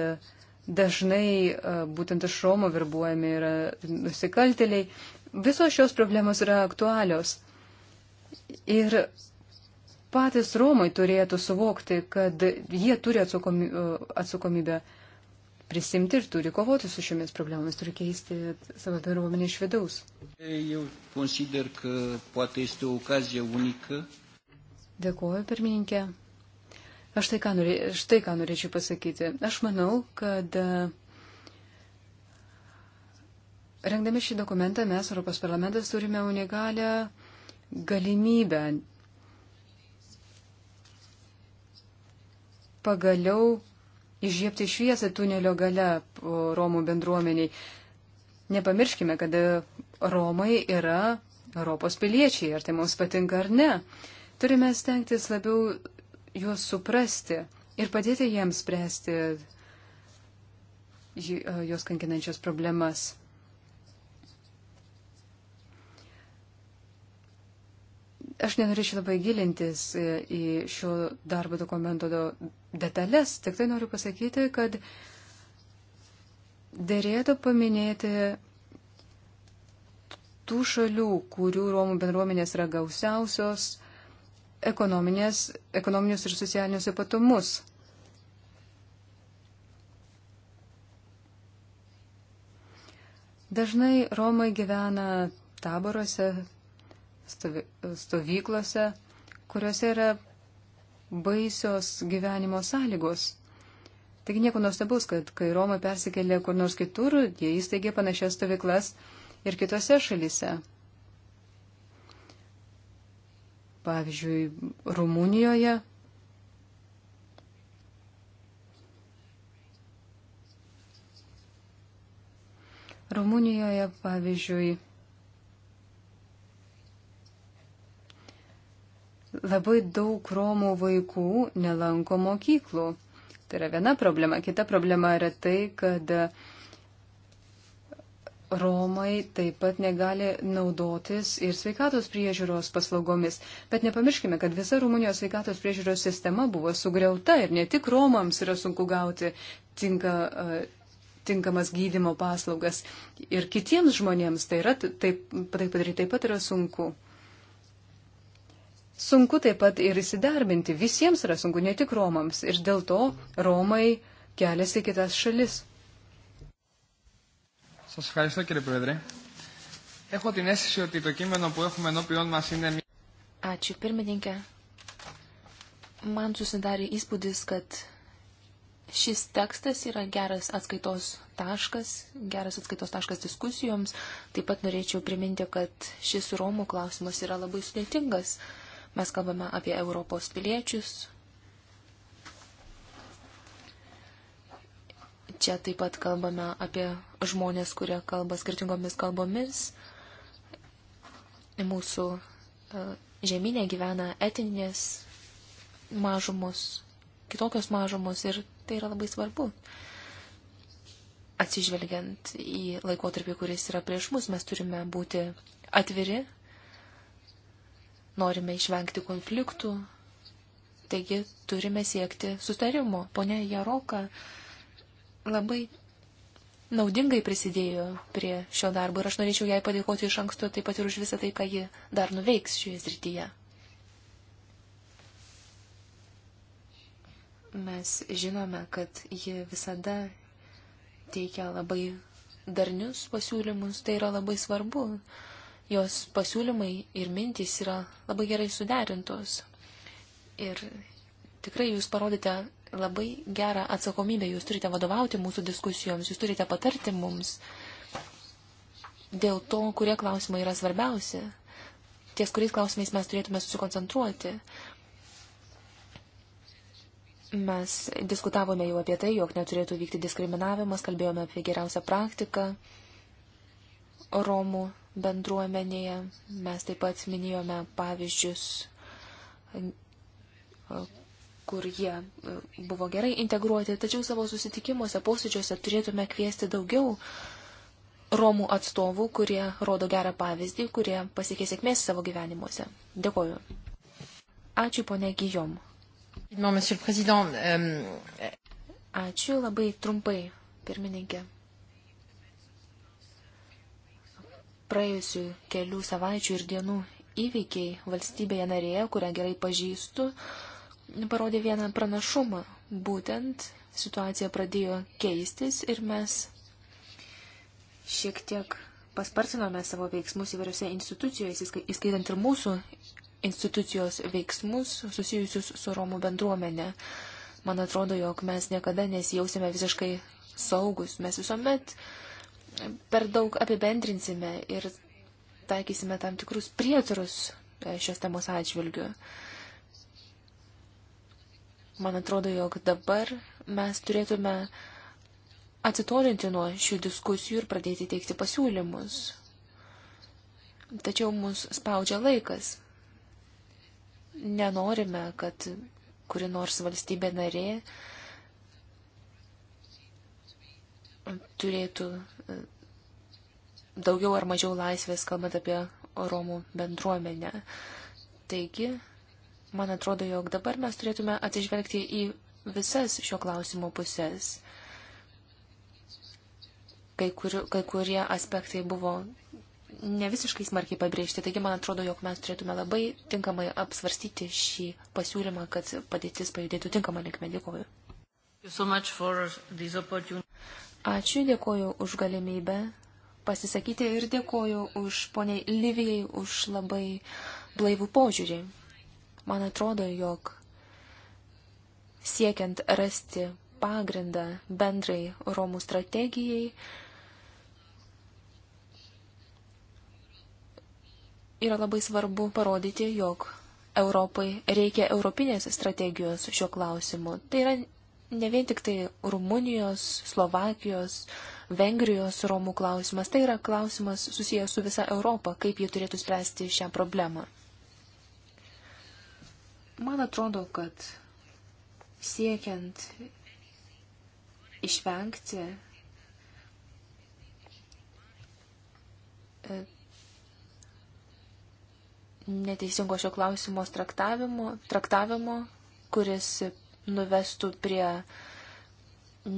dažnai būtent iš Romo verbuojami yra nusikalteliai. Visos šios problemos yra aktualios. Ir patys Romai turėtų suvokti, kad jie turi atsakomy, e, atsakomybę prisimti ir turi kovoti su šiomis problemomis, turi keisti savo bendruomenę iš vidaus. Jau consider, kad pateisti okaziją uniką. Dėkuoju, pirmininkė. Aš tai ką, norė, štai ką norėčiau pasakyti. Aš manau, kad e, rengdami šį dokumentą mes, Europos parlamentas, turime unikalią galimybę pagaliau išžiepti šviesą tunelio gale Romų bendruomeniai. Nepamirškime, kad Romai yra Europos piliečiai, ar tai mums patinka ar ne. Turime stengtis labiau juos suprasti ir padėti jiems spręsti juos e, kankinančias problemas. Aš nenorėčiau labai gilintis e, į šio darbo dokumento detalės, tik tai noriu pasakyti, kad dėrėtų paminėti tų šalių, kurių Romų bendruomenės yra gausiausios, ekonominius ir socialinius ypatumus. Dažnai Romai gyvena taboruose, stovyklose, kuriuose yra baisios gyvenimo sąlygos. Taigi nieko nuostabus, kad kai Roma persikėlė kur nors kitur, jie įsteigė panašias stovyklas ir kitose šalise. Pavyzdžiui, Rumunijoje. Rumunijoje, pavyzdžiui, Labai daug Romų vaikų nelanko mokyklų. Tai yra viena problema. Kita problema yra tai, kad Romai taip pat negali naudotis ir sveikatos priežiūros paslaugomis. Bet nepamirškime, kad visa Rumunijos sveikatos priežiūros sistema buvo sugriauta ir ne tik Romams yra sunku gauti tinka, e, tinkamas gydimo paslaugas. Ir kitiems žmonėms tai yra, taip, taip padaryti taip pat yra sunku sunku taip pat ir įsidarbinti. Visiems yra sunku, ne tik Romams. Ir dėl to Romai keliasi į kitas šalis. Σας ευχαριστώ κύριε Πρόεδρε. Έχω την αίσθηση ότι το κείμενο που έχουμε ενώπιόν μας είναι... Ačiū pirmininkė. Man susidarė įspūdis, kad šis tekstas yra geras atskaitos taškas, geras atskaitos taškas diskusijoms. Taip pat norėčiau priminti, kad šis Romų klausimas yra labai sudėtingas. Mes kalbame apie Europos piliečius. Čia taip pat kalbame apie žmonės, kurie kalba skirtingomis kalbomis. Mūsų e, žemynė gyvena etinės mažumos, kitokios mažumos ir tai yra labai svarbu. Atsižvelgiant į laikotarpį, kuris yra prieš mus, mes turime būti atviri norime išvengti konfliktų, taigi turime siekti sutarimo. Pone Jaroka labai naudingai prisidėjo prie šio darbo ir aš norėčiau jai padėkoti iš anksto taip pat ir už visą tai, ką ji dar nuveiks šioje srityje. mes žinome, kad ji visada teikia labai darnius pasiūlymus, tai yra labai svarbu, jos pasiūlymai ir mintys yra labai gerai suderintos. Ir tikrai jūs parodėte labai gerą atsakomybę, jūs turite vadovauti mūsų diskusijoms, jūs turite patarti mums dėl to, kurie klausimai yra svarbiausi, ties kuriais klausimais mes turėtume susikoncentruoti. Mes diskutavome jau apie tai, jog neturėtų vykti diskriminavimas, kalbėjome apie geriausią praktiką Romų bendruomenėje. Mes taip pat minėjome pavyzdžius, kur jie buvo gerai integruoti, tačiau savo susitikimuose, posėdžiuose turėtume kviesti daugiau Romų atstovų, kurie rodo gerą pavyzdį, kurie pasiekė sėkmės savo gyvenimuose. Dėkoju. Ačiū, ponė Gijom. Euh, Ačiū labai trumpai, pirmininkė. praėjusių kelių savaičių ir dienų įvykiai valstybėje narėje, kurią gerai pažįstu, parodė vieną pranašumą. Būtent situacija pradėjo keistis ir mes šiek tiek paspartinome savo veiksmus įvairiose institucijose, įskaitant ir mūsų institucijos veiksmus susijusius su Romų bendruomenė. Man atrodo, jog mes niekada nesijausime visiškai saugus. Mes visuomet uh, per daug apibendrinsime ir taikysime tam tikrus prietarus e, šios temos atžvilgiu. Man atrodo, jog dabar mes turėtume atsitolinti nuo šių diskusijų ir pradėti teikti pasiūlymus. Tačiau mus spaudžia laikas. Nenorime, kad kuri nors valstybė narė uh, turėtų e, daugiau ar mažiau laisvės, kalbant apie Romų bendruomenę. Taigi, man atrodo, jog dabar mes turėtume atsižvelgti į visas šio klausimo pusės. Kai, kur, kai kurie aspektai buvo ne visiškai smarkiai pabrėžti, taigi man atrodo, jog mes turėtume labai tinkamai apsvarstyti šį pasiūlymą, kad padėtis pajudėtų tinkamą linkmę. Dėkuoju. So Ačiū, dėkoju už galimybę pasisakyti ir dėkoju už poniai Livijai už labai blaivų požiūrį. Man atrodo, jog siekiant rasti pagrindą bendrai Romų strategijai, yra labai svarbu parodyti, jog Europai reikia europinės strategijos šiuo klausimu. Tai yra ne vien tik tai Rumunijos, Slovakijos, Vengrijos Romų klausimas, tai yra klausimas susijęs su visa Europa, kaip jie turėtų spręsti šią problemą. Man atrodo, kad siekiant išvengti e, neteisingo šio klausimo traktavimo, traktavimo kuris nuvestų prie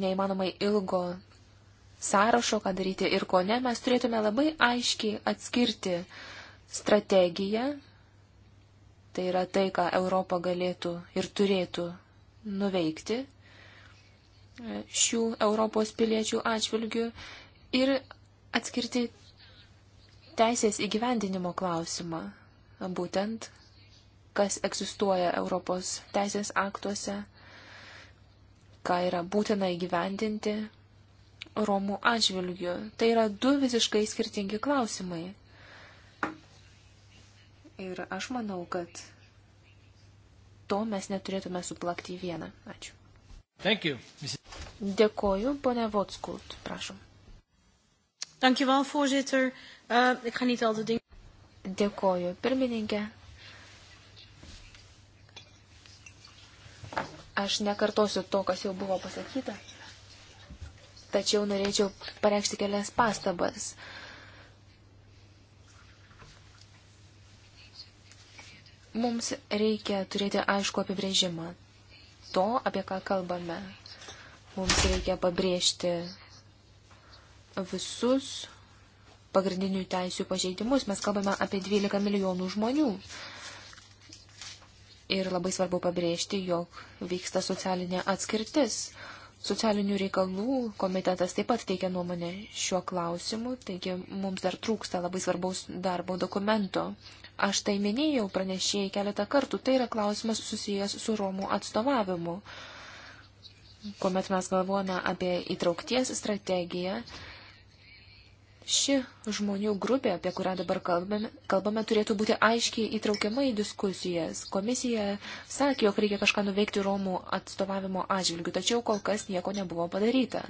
neįmanomai ilgo sąrašo, ką daryti ir ko ne, mes turėtume labai aiškiai atskirti strategiją, tai yra tai, ką Europa galėtų ir turėtų nuveikti šių Europos piliečių atžvilgių ir atskirti teisės įgyvendinimo klausimą, būtent kas egzistuoja Europos teisės aktuose ką yra būtina įgyvendinti Romų atžvilgių. Tai yra du visiškai skirtingi klausimai. Ir aš manau, kad to mes neturėtume suplakti į vieną. Ačiū. Thank you. Dėkoju, ponia Votskult, prašom. Dankjewel, voorzitter. Uh, ik ga niet al de dingen. Dėkoju, pirmininkė. Aš nekartosiu to, kas jau buvo pasakyta, tačiau norėčiau pareikšti kelias pastabas. Mums reikia turėti aišku apibrėžimą to, apie ką kalbame. Mums reikia pabrėžti visus pagrindinių teisių pažeidimus. Mes kalbame apie 12 milijonų žmonių. Ir labai svarbu pabrėžti, jog vyksta socialinė atskirtis. Socialinių reikalų komitetas taip pat teikia nuomonę šiuo klausimu, taigi mums dar trūksta labai svarbaus darbo dokumento. Aš tai minėjau pranešėjai keletą kartų, tai yra klausimas susijęs su Romų atstovavimu. Kuomet mes galvojame apie įtraukties strategiją, Ši žmonių grupė, apie kurią dabar kalbame, kalbame, turėtų būti aiškiai įtraukiama į diskusijas. Komisija sakė, jog reikia kažką nuveikti Romų atstovavimo atžvilgių, tačiau kol kas nieko nebuvo padaryta.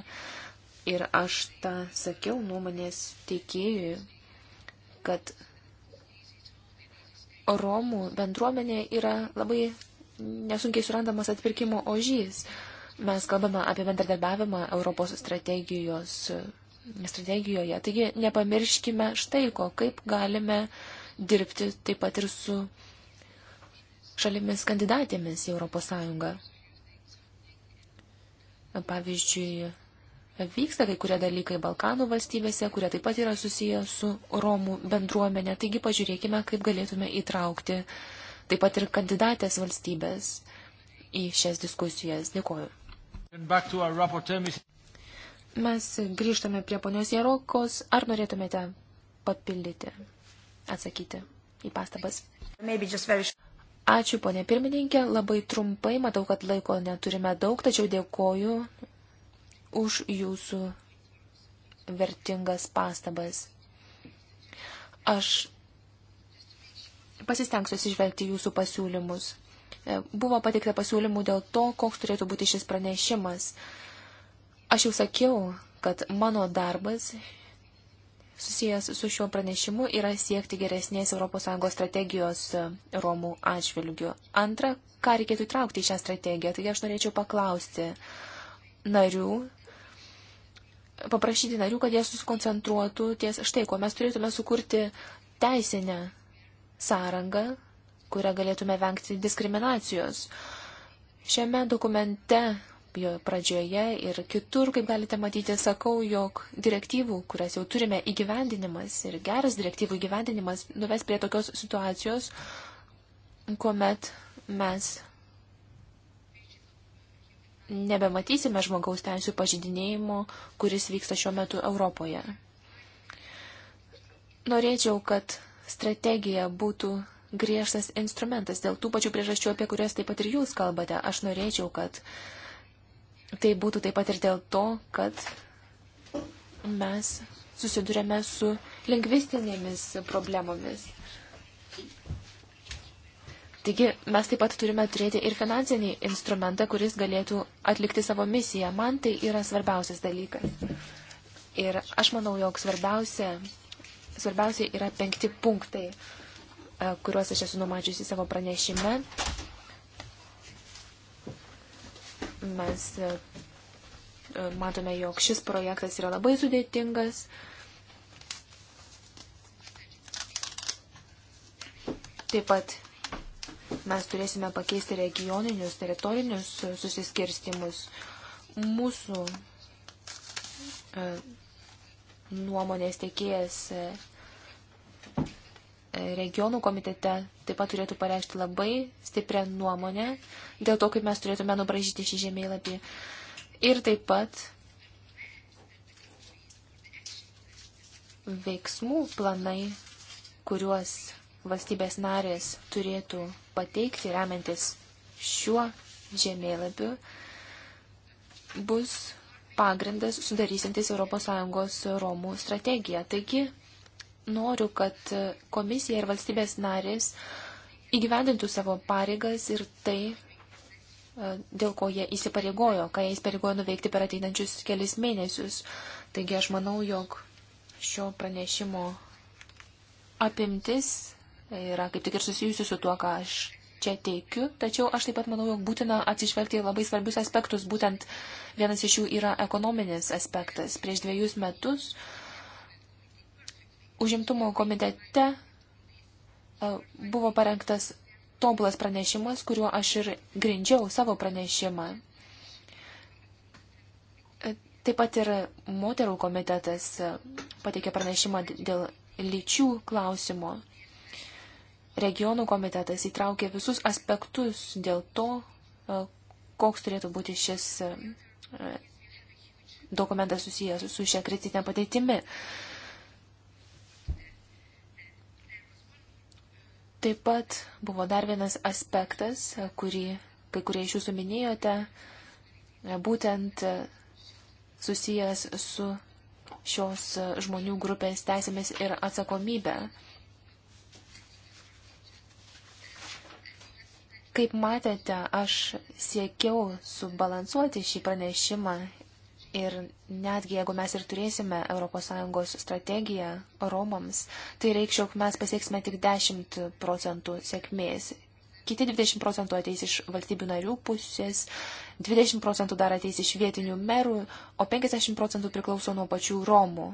Ir aš tą sakiau nuomonės teikėjui, kad Romų bendruomenė yra labai nesunkiai surandamas atpirkimo ožys. Mes kalbame apie bendradarbiavimą Europos strategijos strategijoje. Taigi nepamirškime štai ko, kaip galime dirbti taip pat ir su šalimis kandidatėmis į Europos Sąjungą. Pavyzdžiui, vyksta kai kurie dalykai Balkanų valstybėse, kurie taip pat yra susiję su Romų bendruomenė. Taigi pažiūrėkime, kaip galėtume įtraukti taip pat ir kandidatės valstybės į šias diskusijas. Dėkuoju. Mes grįžtame prie ponios Jarokos. Ar norėtumėte papildyti, atsakyti į pastabas? Ačiū, ponė pirmininkė. Labai trumpai, matau, kad laiko neturime daug, tačiau dėkoju už jūsų vertingas pastabas. Aš pasistengsiu atsižvelgti jūsų pasiūlymus. E, buvo patikta pasiūlymų dėl to, koks turėtų būti šis pranešimas. Aš jau sakiau, kad mano darbas susijęs su šiuo pranešimu yra siekti geresnės ES strategijos e, Romų atžvilgių. Antra, ką reikėtų įtraukti į šią strategiją, taigi aš norėčiau paklausti narių, paprašyti narių, kad jie susikoncentruotų ties štai, ko mes turėtume sukurti teisinę sąrangą, kurią galėtume vengti diskriminacijos. Šiame dokumente pradžioje ir kitur, kaip galite matyti, sakau, jog direktyvų, kurias jau turime įgyvendinimas ir geras direktyvų įgyvendinimas nuves prie tokios situacijos, kuomet mes nebematysime žmogaus teisų pažydinėjimo, kuris vyksta šiuo metu Europoje. Norėčiau, kad strategija būtų griežtas instrumentas dėl tų pačių priežasčių, apie kurias taip pat ir jūs kalbate. Aš norėčiau, kad uh, Tai būtų taip pat ir dėl to, kad mes susidurėme su lingvistinėmis problemomis. Taigi mes taip pat turime turėti ir finansinį instrumentą, kuris galėtų atlikti savo misiją. Man tai yra svarbiausias dalykas. Ir aš manau, jog svarbiausia, svarbiausia yra penkti punktai, e, kuriuos aš esu numačiusi savo pranešime. Mes e, e, matome, jog šis projektas yra labai sudėtingas. Taip pat mes turėsime pakeisti regioninius, teritorinius susiskirstimus. Mūsų e, nuomonės tiekėjas regionų komitete taip pat turėtų pareikšti labai stiprią nuomonę dėl to, kaip mes turėtume nubražyti šį žemėlapį. Ir taip pat veiksmų planai, kuriuos valstybės narės turėtų pateikti remiantis šiuo žemėlapiu, bus pagrindas sudarysintis ES Romų strategiją. Taigi, noriu, kad komisija ir valstybės narės įgyvendintų savo pareigas ir tai, e, dėl ko jie įsipareigojo, ką jie įsipareigojo nuveikti per ateinančius kelis mėnesius. Taigi aš manau, jog šio pranešimo apimtis yra kaip tik ir susijusi su tuo, ką aš čia teikiu, tačiau aš taip pat manau, jog būtina atsižvelgti į labai svarbius aspektus. Būtent vienas iš jų yra ekonominis aspektas. Prieš dviejus metus uh, Užimtumo komitete e, buvo parengtas tobulas pranešimas, kuriuo aš ir grindžiau savo pranešimą. E, taip pat ir moterų komitetas e, pateikė pranešimą dėl lyčių klausimo. Regionų komitetas įtraukė visus aspektus dėl to, koks turėtų būti šis dokumentas susijęs su šia kritinė pateitimi. Taip pat buvo dar vienas aspektas, kurį kai kurie iš jūsų minėjote, būtent susijęs su šios žmonių grupės teisėmis ir atsakomybė. Kaip matėte, aš siekiau subalansuoti šį pranešimą Ir netgi jeigu mes ir turėsime ES strategiją Romams, tai reikš, jog mes pasieksime tik 10 procentų sėkmės. Kiti 20 procentų ateis iš valstybių narių pusės, 20 procentų dar ateis iš vietinių merų, o 50 procentų priklauso nuo pačių Romų.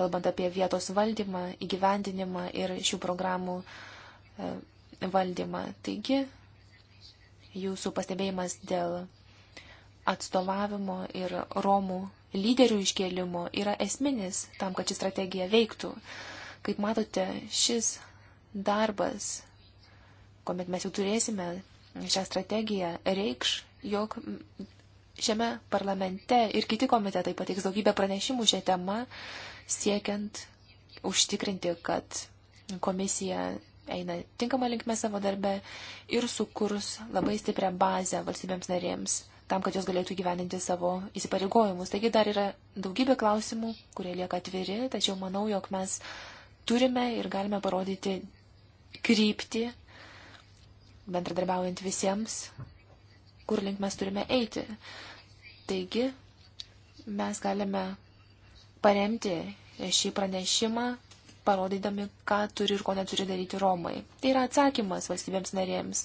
Kalbant apie vietos valdymą, įgyvendinimą ir šių programų e, valdymą. Taigi, jūsų pastebėjimas dėl atstovavimo ir Romų lyderių iškėlimo yra esminis tam, kad ši strategija veiktų. Kaip matote, šis darbas, kuomet mes jau turėsime šią strategiją, reikš, jog šiame parlamente ir kiti komitetai pateiks daugybę pranešimų šią temą, siekiant užtikrinti, kad komisija eina tinkamą linkme savo darbę ir sukurs labai stiprią bazę valstybėms narėms tam, kad jos galėtų gyveninti savo įsipareigojimus. Taigi dar yra daugybė klausimų, kurie lieka atviri, tačiau manau, jog mes turime ir galime parodyti kryptį, bendradarbiaujant visiems, kur link mes turime eiti. Taigi, mes galime paremti šį pranešimą parodydami, ką turi ir ko neturi daryti Romai. Tai yra atsakymas valstybėms narėms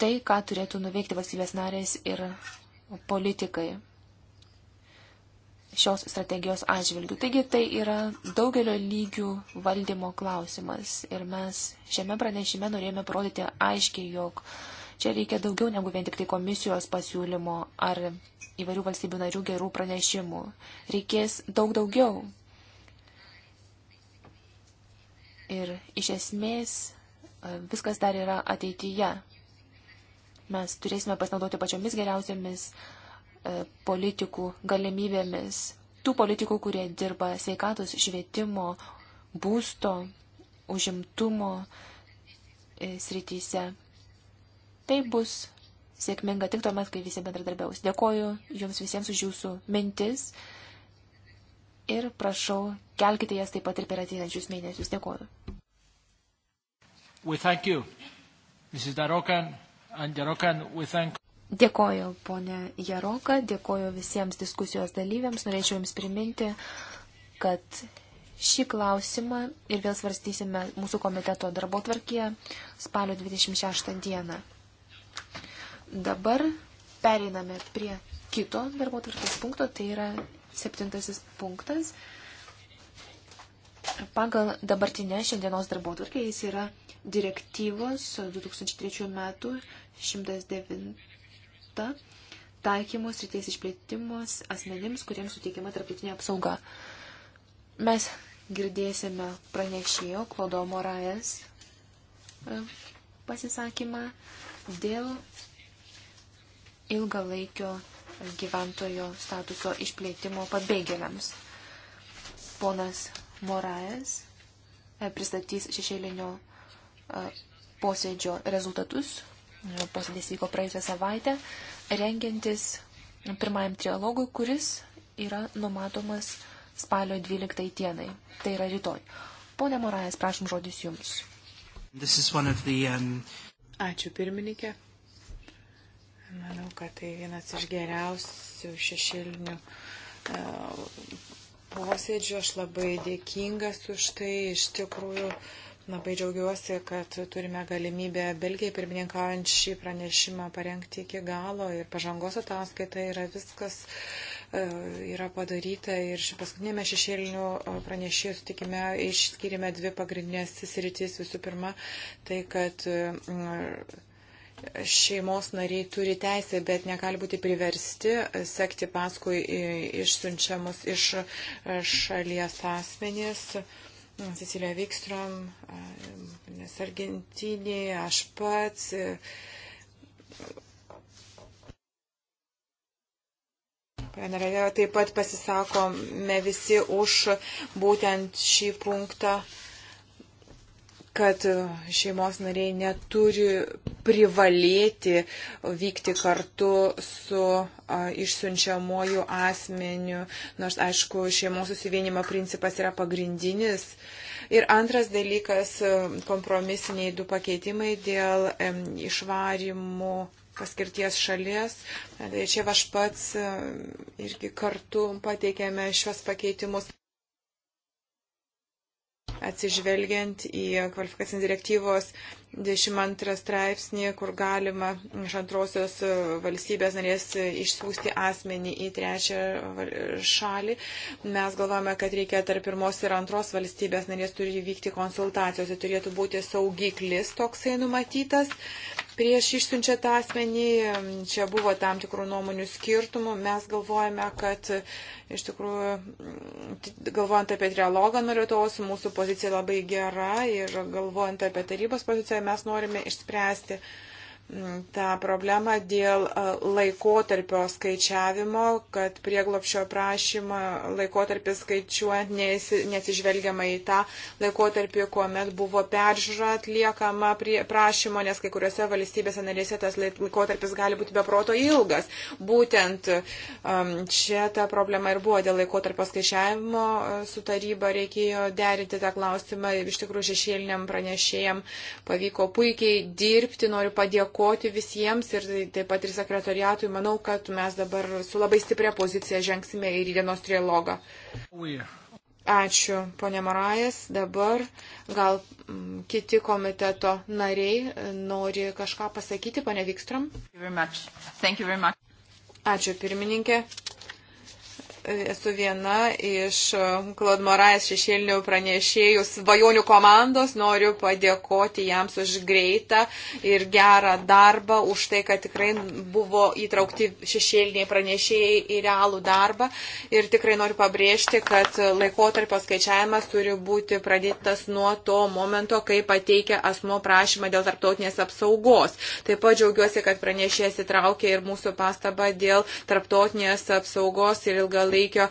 tai, ką turėtų nuveikti valstybės narės ir politikai šios strategijos atžvilgių. Taigi tai yra daugelio lygių valdymo klausimas ir mes šiame pranešime norėjome parodyti aiškiai, jog čia reikia daugiau negu vien tik tai komisijos pasiūlymo ar įvairių valstybių narių gerų pranešimų. Reikės daug daugiau. Ir iš esmės e, viskas dar yra ateityje. Mes turėsime pasinaudoti pačiomis geriausiamis e, politikų galimybėmis. Tų politikų, kurie dirba sveikatos, švietimo, būsto, užimtumo e, srityse. Tai bus sėkminga tik tuomet, kai visi bendradarbiaus. Dėkoju Jums visiems už Jūsų mintis ir prašau, kelkite jas taip pat ir per ateinančius mėnesius. Dėkoju. We thank you, Mrs. Darokan. Dėkoju, ponė Jaroka, dėkoju visiems diskusijos dalyviams. Norėčiau Jums priminti, kad šį klausimą ir vėl svarstysime mūsų komiteto darbo tvarkyje spalio 26 dieną. Dabar pereiname prie kito darbo tvarkės punkto, tai yra septintasis punktas. Pagal dabartinę šiandienos darbo tvarkę jis yra direktyvos 2003 metų 109 taikymus rytais išplėtimus asmenims, kuriems suteikiama tarptautinė apsauga. Mes girdėsime pranešėjo Klodo Moraes e, pasisakymą dėl ilgalaikio gyventojo statuso išplėtimo pabėgėliams. Ponas Moraes e, pristatys šešėlinio posėdžio rezultatus. Posėdės vyko praėjusią savaitę, rengiantis pirmajam trialogui, kuris yra numatomas spalio 12 dienai. Tai yra rytoj. Pone Morajas, prašom žodis jums. The, um... Ačiū pirmininkė. Manau, kad tai vienas iš geriausių šešėlinių uh, posėdžių. Aš labai dėkingas už tai. Iš tikrųjų. Uh, Labai džiaugiuosi, kad turime galimybę Belgijai pirmininkaujant šį pranešimą parengti iki galo ir pažangos ataskaita yra viskas e, yra padaryta ir šį paskutinėme šešėlinių e, pranešėjų sutikime išskyrime dvi pagrindinės sritis. Visų pirma, tai kad mm, šeimos nariai turi teisę, bet negali būti priversti sekti paskui išsiunčiamus iš e, šalies asmenys. Mm, Cecilija Vikstrom, eh, nes Argentinė, aš pats. Eh, taip pat pasisakome visi už būtent šį punktą kad šeimos nariai neturi privalėti vykti kartu su a, išsiunčiamuoju asmeniu, nors aišku, šeimos susivienimo principas yra pagrindinis. Ir antras dalykas - kompromisiniai du pakeitimai dėl em, išvarimų paskirties šalies. Tai čia aš pats irgi kartu pateikėme šios pakeitimus atsižvelgiant į kvalifikacinės direktyvos 22 straipsnį, kur galima iš antrosios valstybės narės išsiųsti asmenį į trečią šalį. Mes galvojame, kad reikia tarp pirmos ir antros valstybės narės turi vykti konsultacijos. Tai turėtų būti saugiklis toksai numatytas prieš išsiunčiant asmenį. Čia buvo tam tikrų nuomonių skirtumų. Mes galvojame, kad e, iš tikrųjų, galvojant apie trialogą nuo Lietuvos, mūsų pozicija labai gera ir galvojant apie tarybos poziciją, mes norime išspręsti uh, tą problemą dėl laikotarpio skaičiavimo, kad prieglopšio prašymą laikotarpį skaičiuojant nesižvelgiama į tą laikotarpį, kuomet buvo peržiūra atliekama prašymo, nes kai kuriuose valstybėse narėse tas laikotarpis gali būti beproto ilgas. Būtent čia ta problema ir buvo dėl laikotarpio skaičiavimo su taryba reikėjo derinti tą klausimą. Iš tikrųjų šešėliniam pranešėjam pavyko puikiai dirbti. Noriu padėkoti padėkoti visiems ir taip pat ir sekretariatui. Manau, kad mes dabar su labai stipria pozicija žengsime į dienos trilogą. Ačiū, ponė Marajas. Dabar gal mm, kiti komiteto nariai e, nori kažką pasakyti, ponė Vikstram. Ačiū, pirmininkė. Esu viena iš e, Claude Morais šešėlinių pranešėjų svajonių komandos. Noriu padėkoti jiems už greitą ir gerą darbą, už tai, kad tikrai buvo įtraukti šešėliniai pranešėjai į realų darbą. Ir tikrai noriu pabrėžti, kad laikotarpio skaičiavimas turi būti pradėtas nuo to momento, kai pateikia asmo prašymą dėl tarptautinės apsaugos. Taip pat džiaugiuosi, kad pranešėjas įtraukė ir mūsų pastabą dėl tarptautinės apsaugos ir ilgalų ilgalaikio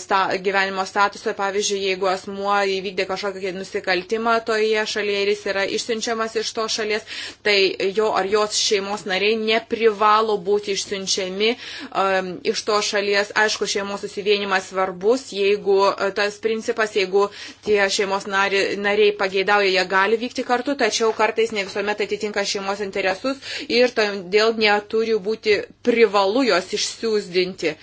sta, gyvenimo statuso. Pavyzdžiui, jeigu asmuo įvykdė kažkokį nusikaltimą toje šalyje ir jis yra išsiunčiamas iš to šalies, tai jo ar jos šeimos nariai neprivalo būti išsiunčiami um, iš to šalies. Aišku, šeimos susivienimas svarbus, jeigu tas principas, jeigu tie šeimos nariai, nariai pageidauja, jie gali vykti kartu, tačiau kartais ne visuomet atitinka šeimos interesus ir todėl neturi būti privalu jos išsiūsdinti.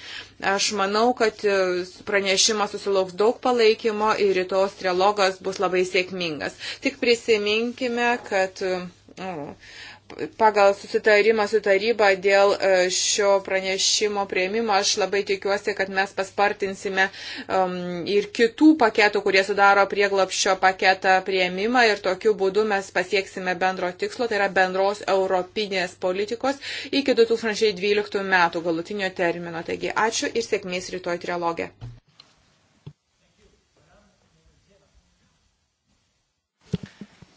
Aš manau, kad e, pranešimas susilauks daug palaikymo ir rytos trilogas bus labai sėkmingas. Tik prisiminkime, kad. Uh, pagal susitarimą su taryba dėl e, šio pranešimo prieimimo aš labai tikiuosi, kad mes paspartinsime um, ir kitų paketų, kurie sudaro prieglapščio paketą prieimimą ir tokiu būdu mes pasieksime bendro tikslo, tai yra bendros europinės politikos iki 2012 metų galutinio termino. Taigi ačiū ir sėkmės rytoj trilogė.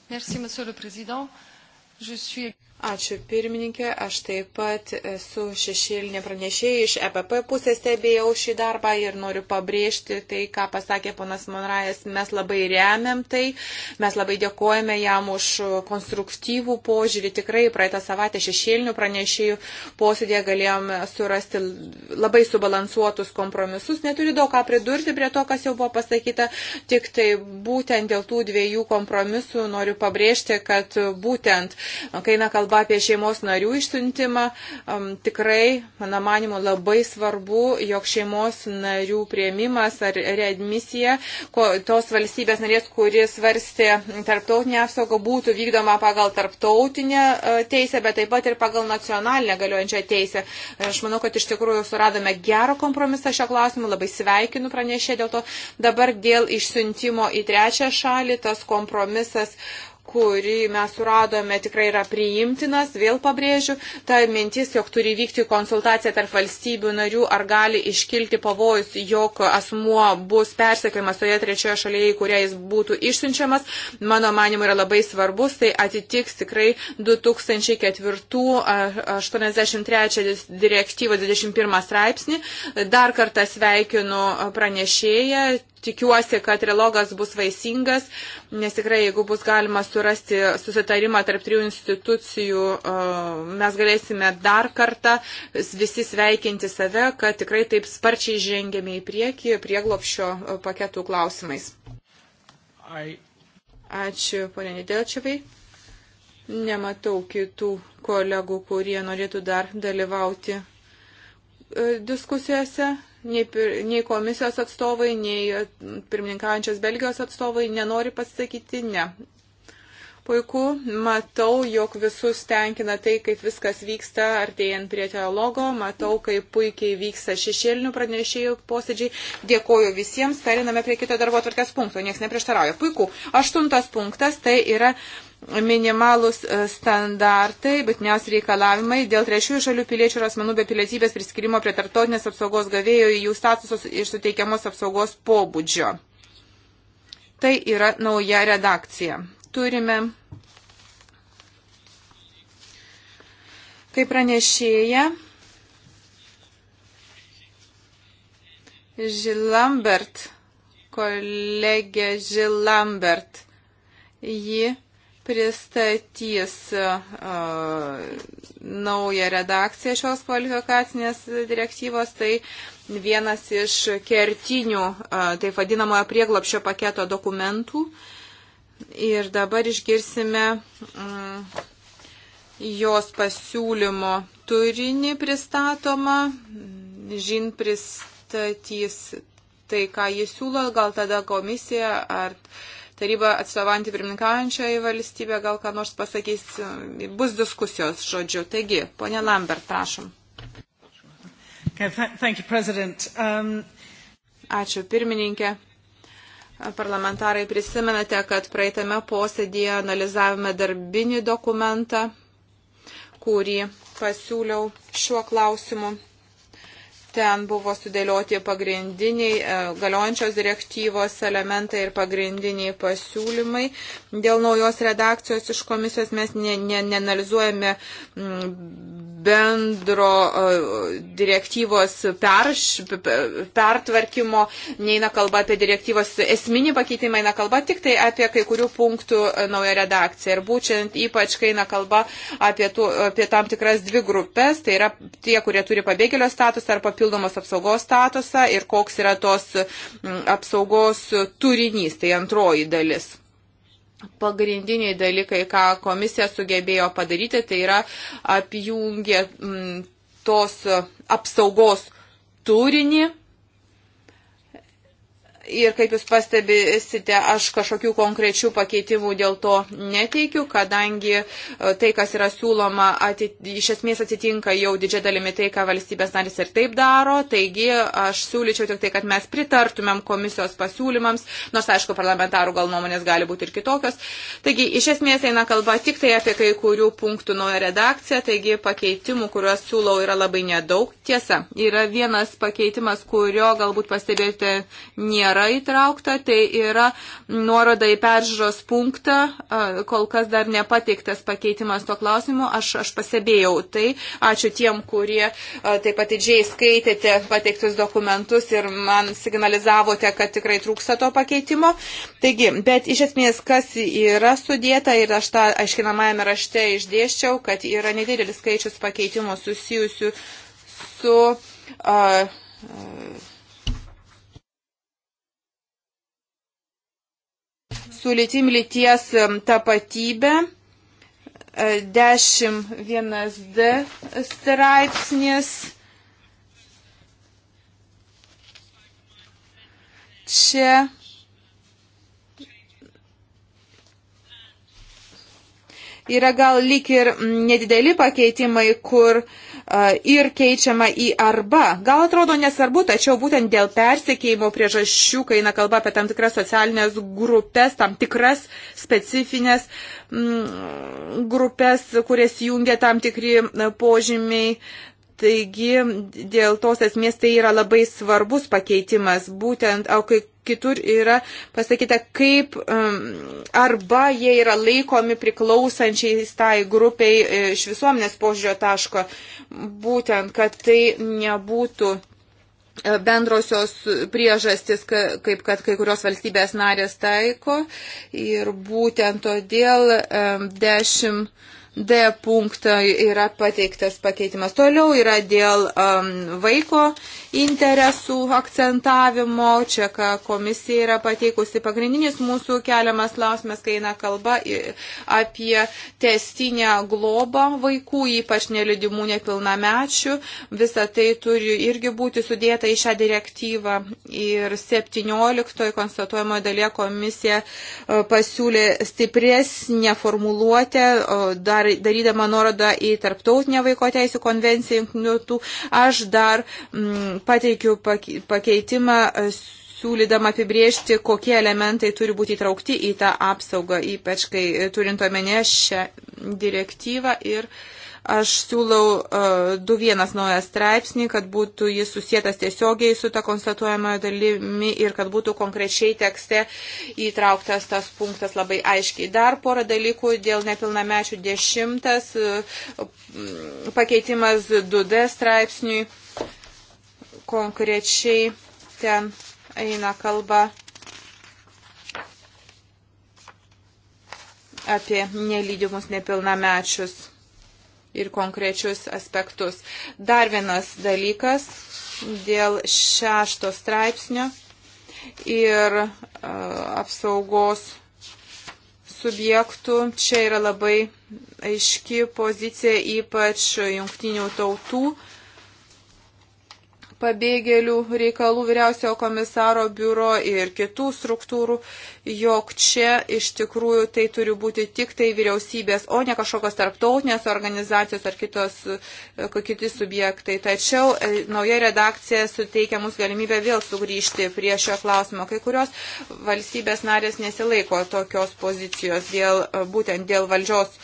Merci, Monsieur le Président. Je suis... Ačiū pirmininkė, aš taip pat esu šešėlinė pranešėja iš EPP pusės stebėjau šį darbą ir noriu pabrėžti tai, ką pasakė ponas Monrajas, mes labai remiam tai, mes labai dėkojame jam už konstruktyvų požiūrį, tikrai praeitą savaitę šešėlinių pranešėjų posėdėje galėjome surasti labai subalansuotus kompromisus, neturiu daug ką pridurti prie to, kas jau buvo pasakyta, tik tai būtent dėl tų dviejų kompromisų noriu pabrėžti, kad būtent, kai na, kalbame, kalba apie šeimos narių išsiuntimą. Tikrai, mano manimu, labai svarbu, jog šeimos narių prieimimas ar readmisija tos valstybės narės, kuris svarstė tarptautinę apsaugą, būtų vykdoma pagal tarptautinę e, teisę, bet taip pat ir pagal nacionalinę galiojančią teisę. Aš manau, kad iš tikrųjų suradome gerą kompromisą šio klausimu. Labai sveikinu pranešė dėl to. Dabar dėl išsiuntimo į trečią šalį tas kompromisas uh, kurį mes suradome, tikrai yra priimtinas, vėl pabrėžiu, ta mintis, jog turi vykti konsultacija tarp valstybių narių, ar gali iškilti pavojus, jog asmuo bus persekiojamas toje trečioje šalyje, į kurią jis būtų išsiunčiamas, mano manimu yra labai svarbus, tai atitiks tikrai 2004-83 direktyvos 21 straipsnį. Dar kartą sveikinu pranešėją, tikiuosi, kad trilogas bus vaisingas, nes tikrai, jeigu bus galima su surasti susitarimą tarp trijų institucijų, mes galėsime dar kartą visi sveikinti save, kad tikrai taip sparčiai žengėme į priekį prieglopšio paketų klausimais. Ačiū, ponė Nedelčiavai. Nematau kitų kolegų, kurie norėtų dar dalyvauti e, diskusijose nei, nei komisijos atstovai, nei e, pirmininkaujančios Belgijos atstovai nenori pasakyti, ne. Puiku, matau, jog visus tenkina tai, kaip viskas vyksta artėjant prie dialogo, matau, kaip puikiai vyksta šešėlinių pranešėjų posėdžiai. Dėkoju visiems, periname prie kito darbo tvarkės punkto, niekas neprieštarauja. Puiku, aštuntas punktas tai yra minimalus e, standartai, būtiniaus reikalavimai dėl trečiųjų šalių piliečių ir asmenų be pilietybės priskirimo prie tartotinės apsaugos gavėjo į jų statusus ir suteikiamos apsaugos pobūdžio. Tai yra nauja redakcija turime kaip pranešėja Žilambert, kolegė Žilambert, ji pristatys uh, naują redakciją šios kvalifikacinės direktyvos, tai vienas iš kertinių, uh, taip vadinamojo prieglapšio paketo dokumentų. Uh, Ir dabar išgirsime mm, jos pasiūlymo turinį pristatomą. Žin pristatys tai, ką jis siūlo, gal tada komisija ar taryba atstovantį pirmininkaujančią valstybę gal ką nors pasakys. Bus diskusijos žodžiu. Taigi, ponė Lambert, prašom. Okay, thank you, President. Um... Ačiū, pirmininkė. Parlamentarai prisimenate, kad praeitame posėdėje analizavome darbinį dokumentą, kurį pasiūliau šiuo klausimu. Ten buvo sudėlioti pagrindiniai e, galiojančios direktyvos elementai ir pagrindiniai pasiūlymai. Dėl naujos redakcijos iš komisijos mes neanalizuojame ne, ne mm, bendro e, direktyvos perš, pertvarkymo, neina kalba apie direktyvos esminį pakeitimą, eina kalba tik tai apie kai kurių punktų e, naują redakciją. Ir būtent ypač, kai eina kalba apie, tų, apie tam tikras dvi grupės, tai yra tie, kurie turi pabėgėlio statusą ar papildomą papildomos apsaugos statusą ir koks yra tos mm, apsaugos turinys, tai antroji dalis. Pagrindiniai dalykai, ką komisija sugebėjo padaryti, tai yra apjungė mm, tos apsaugos turinį Ir kaip jūs pastebėsite, aš kažkokių konkrečių pakeitimų dėl to neteikiu, kadangi e, tai, kas yra siūloma, atit, iš esmės atitinka jau didžia dalimi tai, ką valstybės narys ir taip daro. Taigi aš siūlyčiau tik tai, kad mes pritartumėm komisijos pasiūlymams, nors aišku, parlamentarų gal nuomonės gali būti ir kitokios. Taigi iš esmės eina kalba tik tai apie kai kurių punktų naują redakciją, taigi pakeitimų, kuriuos siūlau, yra labai nedaug. Tiesa, yra vienas pakeitimas, kurio galbūt pastebėjote nėra nėra įtraukta, tai yra nuoroda į peržiūros punktą, kol kas dar nepateiktas pakeitimas to klausimu, aš, aš pasibėjau. Tai ačiū tiem, kurie taip pat didžiai skaitėte pateiktus dokumentus ir man signalizavote, kad tikrai trūksta to pakeitimo. Taigi, bet iš esmės, kas yra sudėta ir aš tą aiškinamajame rašte išdėščiau, kad yra nedidelis skaičius pakeitimų susijusių su. Uh, uh, su lytim lyties tapatybė. 10.1d e, straipsnis. Čia yra gal lik ir nedideli pakeitimai, kur uh, ir keičiama į arba. Gal atrodo nesvarbu, tačiau būtent dėl persekėjimo priežasčių, kai eina kalba apie tam tikras socialinės grupės, tam tikras specifines mm, grupės, kurias jungia tam tikri e, požymiai. Taigi dėl tos esmės tai yra labai svarbus pakeitimas, būtent, o kai kitur yra pasakyta, kaip um, arba jie yra laikomi priklausančiais tai grupiai e, iš visuomenės požiūrio taško, būtent, kad tai nebūtų e, bendrosios priežastis, kaip kad kai kurios valstybės narės taiko. Ir būtent todėl 10. E, D punktą yra pateiktas pakeitimas. Toliau yra dėl um, vaiko interesų akcentavimo. Čia komisija yra pateikusi pagrindinis mūsų keliamas klausimas, kai eina kalba apie testinę globą vaikų, ypač nelidimų nepilnamečių. Visa tai turi irgi būti sudėta į šią direktyvą. Ir 17 konstatuojamo dalyje komisija e, pasiūlė stipresnę formuluotę, dar, darydama nuorodą į Tarptautinę vaiko teisų konvenciją. Aš dar mm, pateikiu pakeitimą e, siūlydama apibriežti, kokie elementai turi būti įtraukti į tą apsaugą, ypač kai e, turint omenyje šią direktyvą. Ir aš siūlau uh, du vienas naują straipsnį, kad būtų jis susijęs tiesiogiai su ta konstatuojamoje dalimi ir kad būtų konkrečiai tekste įtrauktas tas punktas labai aiškiai. Dar porą dalykų dėl nepilnamečių dešimtas uh, pakeitimas 2D straipsniui. Uh, konkrečiai ten eina kalba apie nelydimus nepilnamečius ir konkrečius aspektus. Dar vienas dalykas dėl šešto straipsnio ir uh, apsaugos subjektų. Čia yra labai aiški pozicija, ypač jungtinių tautų uh, pabėgėlių reikalų vyriausiojo komisaro biuro ir kitų struktūrų, jog čia iš tikrųjų tai turi būti tik tai vyriausybės, o ne kažkokios tarptautinės organizacijos ar kitos, e, kiti subjektai. Tačiau e, nauja redakcija suteikia mums galimybę vėl sugrįžti prie šio klausimo. Kai kurios valstybės narės nesilaiko tokios pozicijos dėl, e, būtent dėl valdžios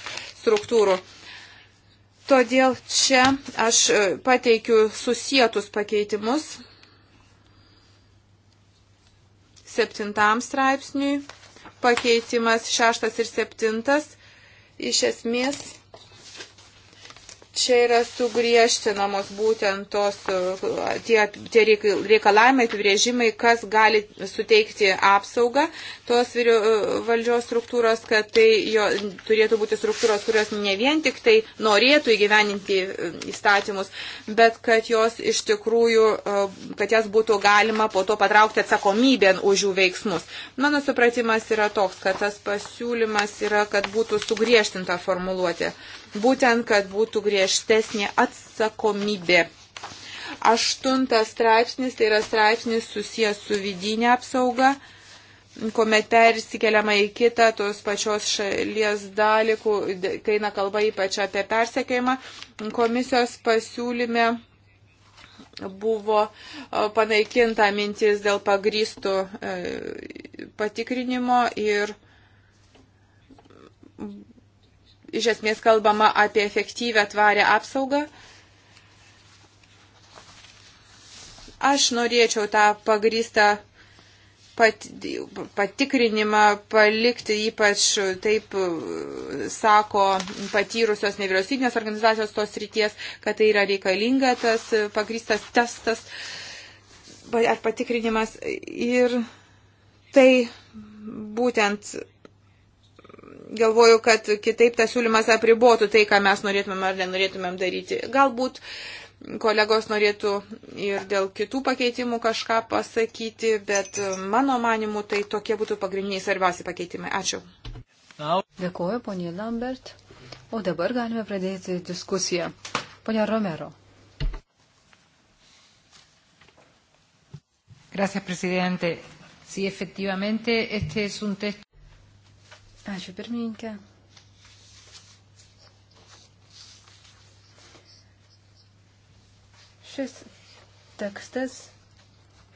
struktūrų. Todėl čia aš e, pateikiu susijėtus pakeitimus septintam straipsniui. Pakeitimas šeštas ir septintas iš esmės Čia yra sugriežtinamos būtent tos, tie, tie reikalavimai, apibrėžimai, kas gali suteikti apsaugą tos e, valdžios struktūros, kad tai jo, turėtų būti struktūros, kurios ne vien tik tai norėtų įgyveninti e, įstatymus, bet kad jos iš tikrųjų, e, kad jas būtų galima po to patraukti atsakomybėn už jų veiksmus. Mano supratimas yra toks, kad tas pasiūlymas yra, kad būtų sugriežtinta formuluotė būtent, kad būtų griežtesnė atsakomybė. Aštuntas straipsnis, tai yra straipsnis susijęs su vidinė apsauga, kuomet persikeliama į kitą tos pačios šalies dalį, kai eina kalba ypač apie persekiojimą, komisijos pasiūlyme buvo panaikinta mintis dėl pagrįstų e, patikrinimo ir iš esmės kalbama apie efektyvę tvarę apsaugą. Aš norėčiau tą pagrįstą pat, patikrinimą palikti, ypač taip e, sako patyrusios nevyriausybinės organizacijos tos ryties, kad tai yra reikalinga tas e, pagrįstas testas ar patikrinimas. Ir tai būtent galvoju, kad kitaip tas siūlymas apribotų tai, ką mes norėtumėm ar nenorėtumėm daryti. Galbūt kolegos norėtų ir dėl kitų pakeitimų kažką pasakyti, bet mano manimu tai tokie būtų pagrindiniai svarbiausi pakeitimai. Ačiū. Dėkuoju, ponė Lambert. O dabar galime pradėti diskusiją. Pone Romero. Gracias, presidente. Sí, efectivamente, este es un texto. Ačiū pirmininkė. Šis tekstas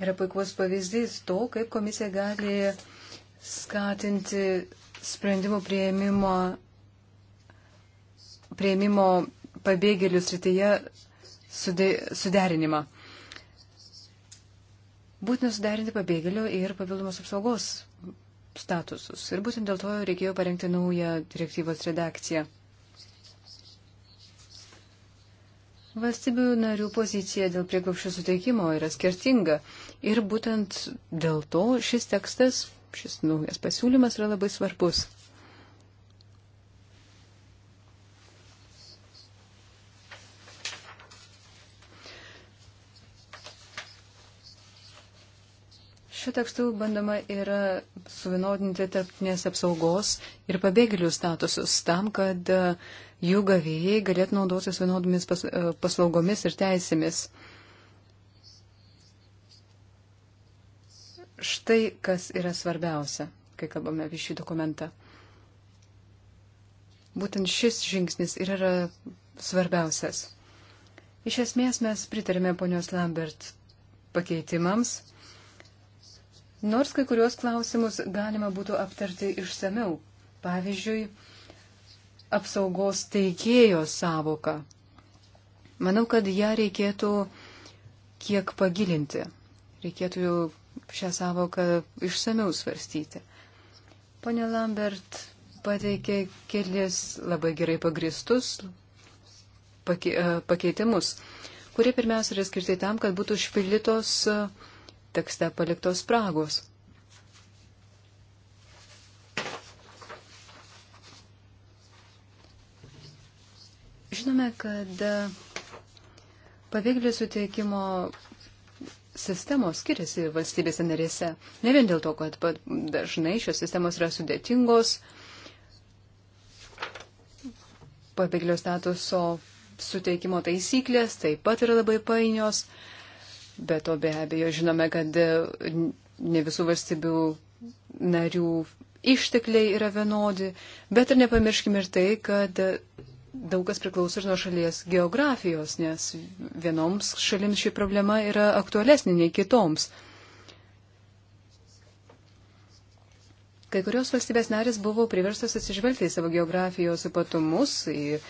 yra puikus pavyzdys to, kaip komisija gali skatinti sprendimų prieimimo, prieimimo pabėgėlių srityje sude, suderinimą. Būtina suderinti pabėgėlių ir papildomos apsaugos statusus. Ir būtent dėl to reikėjo parengti naują direktyvos redakciją. Valstybių narių pozicija dėl prieglopščio suteikimo yra skirtinga. Ir būtent dėl to šis tekstas, šis naujas pasiūlymas yra labai svarbus. Šiuo tekstu bandoma yra suvienodinti tarptinės apsaugos ir pabėgėlių statusus tam, kad e, jų gavėjai galėtų naudotis vienodomis pas, e, paslaugomis ir teisėmis. Štai kas yra svarbiausia, kai kalbame apie šį dokumentą. Būtent šis žingsnis ir yra svarbiausias. Iš esmės mes pritarėme ponios Lambert pakeitimams Nors kai kurios klausimus galima būtų aptarti išsameu. Pavyzdžiui, apsaugos teikėjo savoka. Manau, kad ją reikėtų kiek pagilinti. Reikėtų jau šią savoką išsameu svarstyti. Pone Lambert pateikė kelis labai gerai pagristus e, pakeitimus, kurie pirmiausia yra skirti tam, kad būtų išpildytos uh, tekste paliktos spragos. Žinome, kad pabėgėlių suteikimo sistemos skiriasi valstybėse narėse. Ne vien dėl to, kad dažnai šios sistemos yra sudėtingos, pabėgėlio statuso suteikimo taisyklės taip pat yra labai painios, Bet to be abejo žinome, kad e, ne visų valstybių narių ištekliai yra vienodi, bet ir nepamirškime ir tai, kad e, daug kas priklauso ir nuo šalies geografijos, nes vienoms šalims ši problema yra aktualesnė nei kitoms. Kai kurios valstybės narės buvo priverstas atsižvelgti į savo geografijos ypatumus, į e,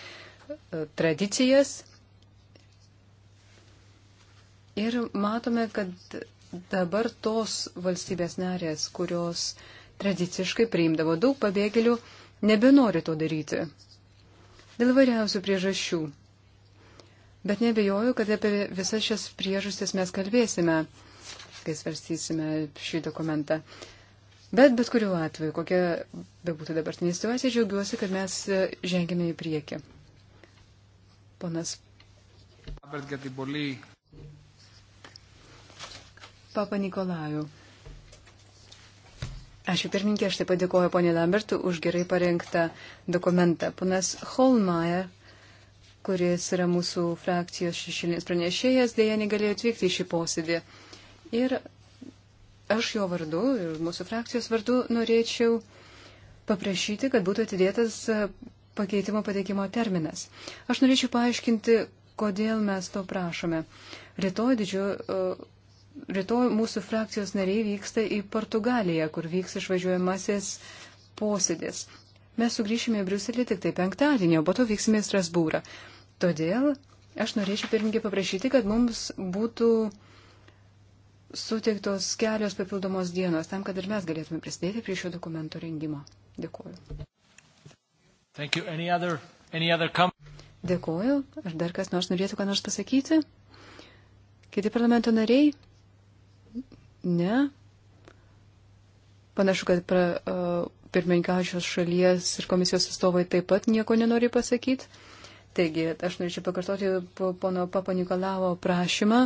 tradicijas Ir matome, kad dabar tos valstybės narės, kurios tradiciškai priimdavo daug pabėgėlių, nebenori to daryti. Dėl variausių priežasčių. Bet nebejoju, kad apie visas šias priežastis mes kalbėsime, kai svarstysime šį dokumentą. Bet bet kuriuo atveju, kokia bebūtų dabartinė situacija, džiaugiuosi, kad mes žengėme į priekį. Ponas. Papa Nikolaju. Ačiū pirmininkė, aš taip pat dėkoju ponė Lambertų už gerai parengtą dokumentą. Ponas Holmeier, kuris yra mūsų frakcijos šešėlinis pranešėjas, dėja negalėjo atvykti į šį posėdį. Ir aš jo vardu ir mūsų frakcijos vardu norėčiau paprašyti, kad būtų atidėtas pakeitimo pateikimo terminas. Aš norėčiau paaiškinti, kodėl mes to prašome. Rytoj didžio, rytoj mūsų frakcijos nariai vyksta į Portugaliją, kur vyks išvažiuojamasis posėdis. Mes sugrįšime į Briuselį tik tai penktadienį, o po to vyksime į Strasbūrą. Todėl aš norėčiau pirmininkė paprašyti, kad mums būtų suteiktos kelios papildomos dienos, tam, kad ir mes galėtume prisidėti prie šio dokumento rengimo. Dėkuoju. Any other, any other Dėkuoju. Ar dar kas nors norėtų ką nors pasakyti? Kiti parlamento nariai? Ne. Panašu, kad pra, uh, pirmininkaujančios šalies ir komisijos atstovai taip pat nieko nenori pasakyti. Taigi, aš norėčiau pakartoti pono Papa Nikolavo prašymą,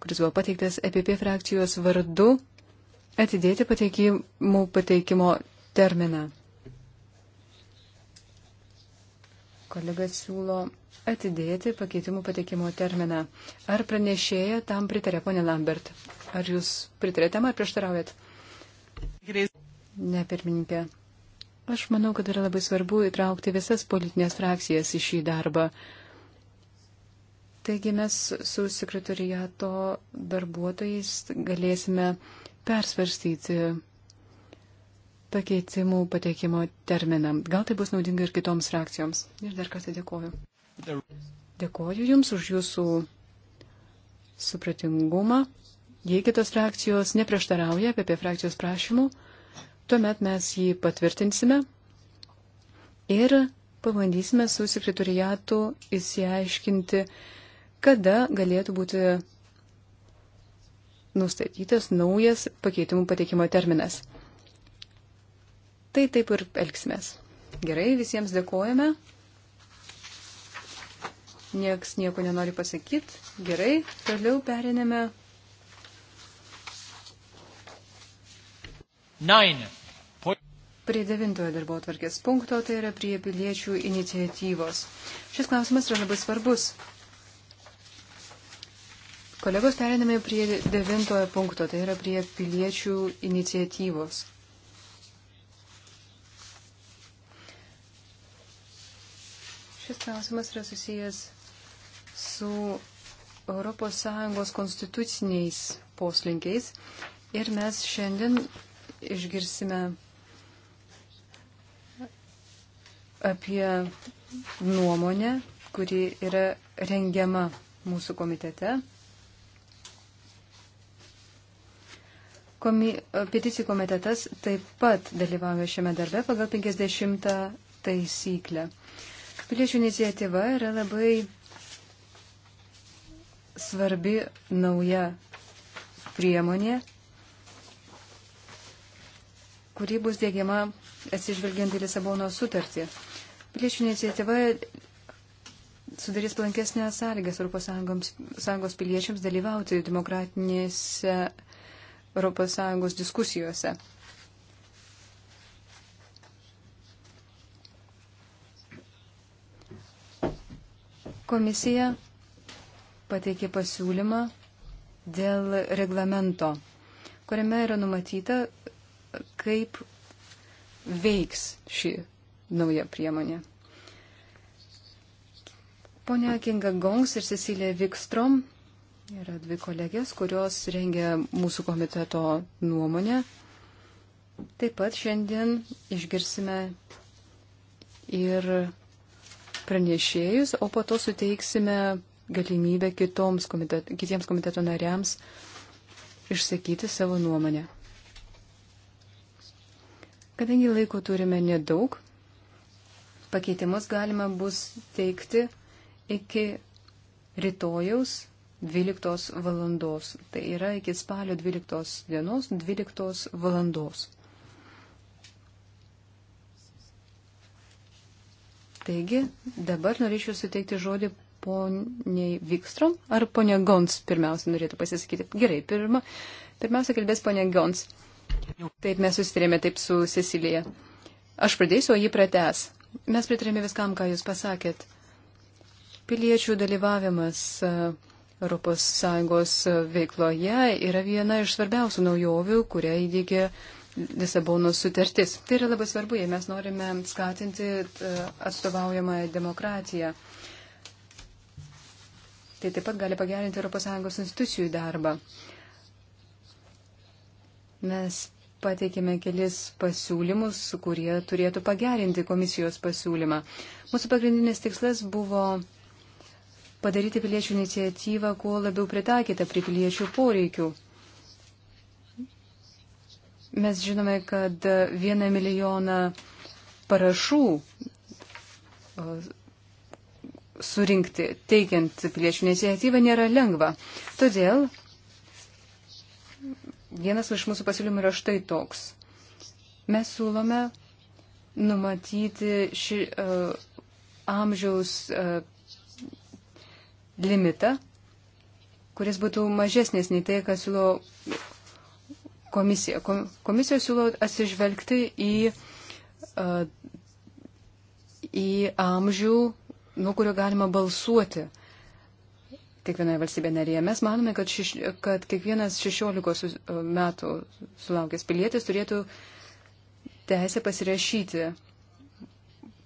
kuris buvo pateiktas EPP frakcijos vardu, atidėti pateikimo, pateikimo terminą. Kolega siūlo atidėti pakeitimų pateikimo terminą. Ar pranešėja tam pritarė, ponė Lambert? Ar jūs pritarėte, ar prieštaraujat? Ne, pirmininkė. Aš manau, kad yra labai svarbu įtraukti visas politinės frakcijas į šį darbą. Taigi mes su sekretoriato darbuotojais galėsime persvarstyti pakeitimų pateikimo terminą. Gal tai bus naudinga ir kitoms frakcijoms. Ir dar kartą dėkoju. Dėkoju Jums už Jūsų supratingumą. Jei kitos frakcijos neprieštarauja apie, apie frakcijos prašymų, tuomet mes jį patvirtinsime ir pabandysime su sekretoriatu įsiaiškinti, kada galėtų būti nustatytas naujas pakeitimų pateikimo terminas tai taip ir elgsimės. Gerai, visiems dėkojame. Niekas nieko nenori pasakyti. Gerai, toliau perinėme. Nine. Prie devintojo darbo atvarkės punkto, tai yra prie piliečių iniciatyvos. Šis klausimas yra labai svarbus. Kolegos, periname prie devintojo punkto, tai yra prie piliečių iniciatyvos. Šis klausimas yra susijęs su ES konstituciniais poslinkiais ir mes šiandien išgirsime apie nuomonę, kuri yra rengiama mūsų komitete. Komi, peticijų komitetas taip pat dalyvauja šiame darbe pagal 50 taisyklę. Piliečių iniciatyva yra labai svarbi nauja priemonė, kuri bus dėgiama atsižvelgiant į Lisabono sutartį. Piliečių iniciatyva sudarys plankesnės sąlygas ES piliečiams dalyvauti demokratinėse ES diskusijose. Komisija pateikė pasiūlymą dėl reglamento, kuriame yra numatyta, kaip veiks ši nauja priemonė. Pone Kinga Gongs ir Cecilija Vikstrom yra dvi kolegės, kurios rengia mūsų komiteto nuomonę. Taip pat šiandien išgirsime ir pranešėjus, o po to suteiksime galimybę komitet, kitiems komiteto nariams išsakyti savo nuomonę. Kadangi laiko turime nedaug, pakeitimus galima bus teikti iki rytojaus 12 valandos. Tai yra iki spalio 12 dienos 12 valandos. Taigi, dabar norėčiau suteikti žodį poniai Vikstrom ar ponia Gons pirmiausia norėtų pasisakyti. Gerai, pirma, pirmiausia kalbės ponia Gons. Taip, mes susitarėme taip su Cecilija. Aš pradėsiu, o jį pratęs. Mes pritarėme viskam, ką jūs pasakėt. Piliečių dalyvavimas ES veikloje yra viena iš svarbiausių naujovių, kurią įdėkė Lisabonos sutartis. Tai yra labai svarbu, jei mes norime skatinti e, atstovaujamąją demokratiją. Tai taip pat gali pagerinti ES institucijų darbą. Mes pateikėme kelis pasiūlymus, kurie turėtų pagerinti komisijos pasiūlymą. Mūsų pagrindinis tikslas buvo padaryti piliečių iniciatyvą kuo labiau pritaikytą prie piliečių poreikių. Mes žinome, kad vieną milijoną parašų surinkti, teikiant piliečių iniciatyvą, nėra lengva. Todėl vienas iš mūsų pasiūlymų yra štai toks. Mes siūlome numatyti šį uh, amžiaus uh, limitą, kuris būtų mažesnis nei tai, kas siūlo komisija. Komisija siūlo atsižvelgti į, į amžių, nuo kurio galima balsuoti kiekvienoje valstybėje narėje. Mes manome, kad, šeš, kad kiekvienas 16 metų sulaukęs pilietis turėtų teisę pasirašyti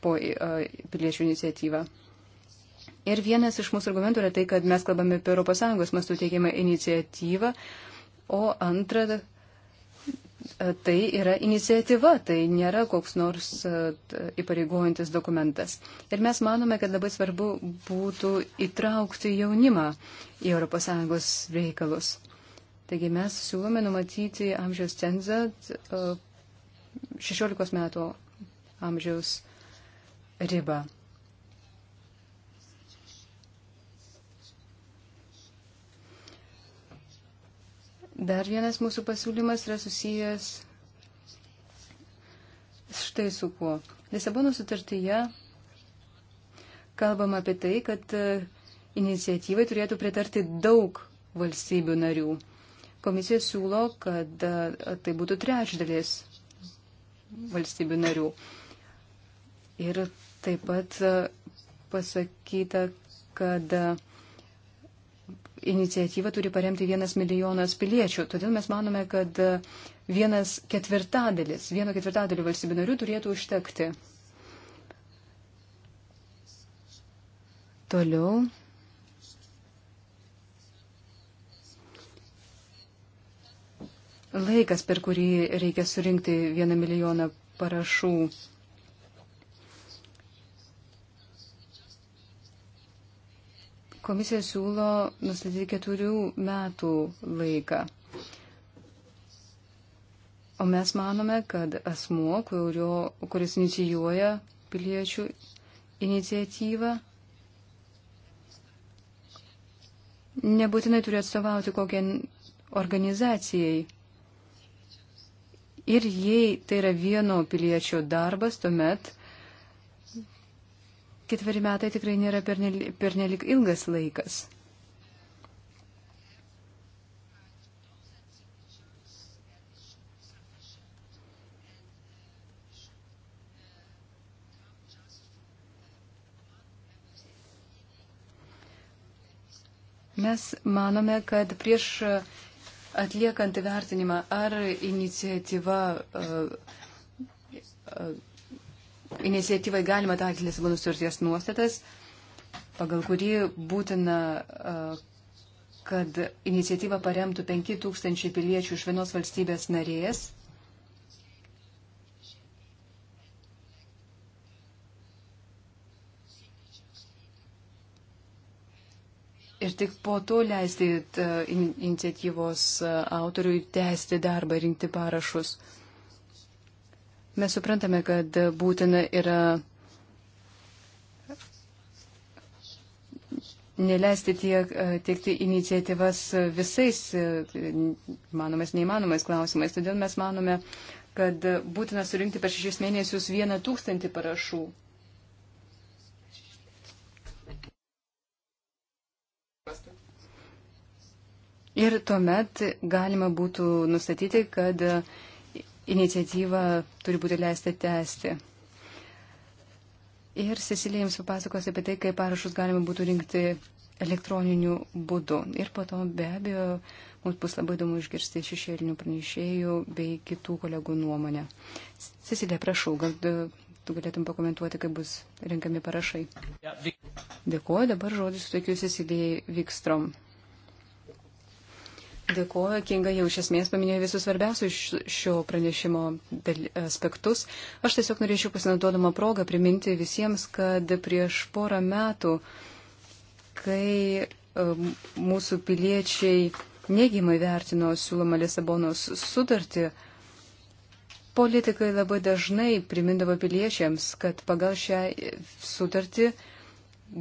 po piliečių iniciatyvą. Ir vienas iš mūsų argumentų yra tai, kad mes kalbame apie ES mastų teikiamą iniciatyvą, o antra, E, tai yra iniciatyva, tai nėra koks nors e, įpareigojantis dokumentas. Ir mes manome, kad labai svarbu būtų įtraukti jaunimą į ES reikalus. Taigi mes siūlome numatyti amžiaus cenzą 16 e, metų amžiaus ribą. Dar vienas mūsų pasiūlymas yra susijęs štai su kuo. Lisabono sutartyje kalbam apie tai, kad e, iniciatyvai turėtų pritarti daug valstybių narių. Komisija siūlo, kad e, tai būtų trečdalis valstybių narių. Ir taip pat e, pasakyta, kad uh, iniciatyvą turi paremti vienas milijonas piliečių. Todėl mes manome, kad vienas ketvirtadalis, vieno ketvirtadalio valstybių narių turėtų užtekti. Toliau. Laikas, per kurį reikia surinkti vieną milijoną parašų. Komisija siūlo nustatyti keturių metų laiką. O mes manome, kad asmuo, kurio, kuris inicijuoja piliečių iniciatyvą, nebūtinai turi atstovauti kokią organizacijai. Ir jei tai yra vieno piliečio darbas, tuomet ketveri metai tikrai nėra pernelik ilgas laikas. Mes manome, kad prieš atliekant įvertinimą, ar iniciatyva uh, uh, iniciatyvai galima taikyti Lisabono sutarties nuostatas, pagal kurį būtina, kad iniciatyvą paremtų 5000 piliečių iš vienos valstybės narės. Ir tik po to leisti iniciatyvos autoriui tęsti darbą, rinkti parašus. Mes suprantame, kad būtina yra neleisti tiek, tiekti iniciatyvas visais manomais, neįmanomais klausimais. Todėl mes manome, kad būtina surinkti per šešis mėnesius vieną tūkstantį parašų. Ir tuomet galima būtų nustatyti, kad uh, iniciatyvą turi būti leista tęsti. Ir Cecilija jums papasakos apie tai, kaip parašus galima būtų rinkti elektroniniu būdu. Ir po to be abejo mums bus labai įdomu išgirsti šešėlinių pranešėjų bei kitų kolegų nuomonę. Cecilė, prašau, gal tu galėtum pakomentuoti, kaip bus renkami parašai. Dėkuoju, dabar žodį suteikiu Cecilijai Vikstrom. Dėkuoju, Kinga jau iš esmės paminėjo visus svarbiausius šio pranešimo aspektus. Aš tiesiog norėčiau pasinaudodama progą priminti visiems, kad prieš porą metų, kai e, mūsų piliečiai negimai vertino siūlomą Lisabonos sutartį, politikai labai dažnai primindavo piliečiams, kad pagal šią sutartį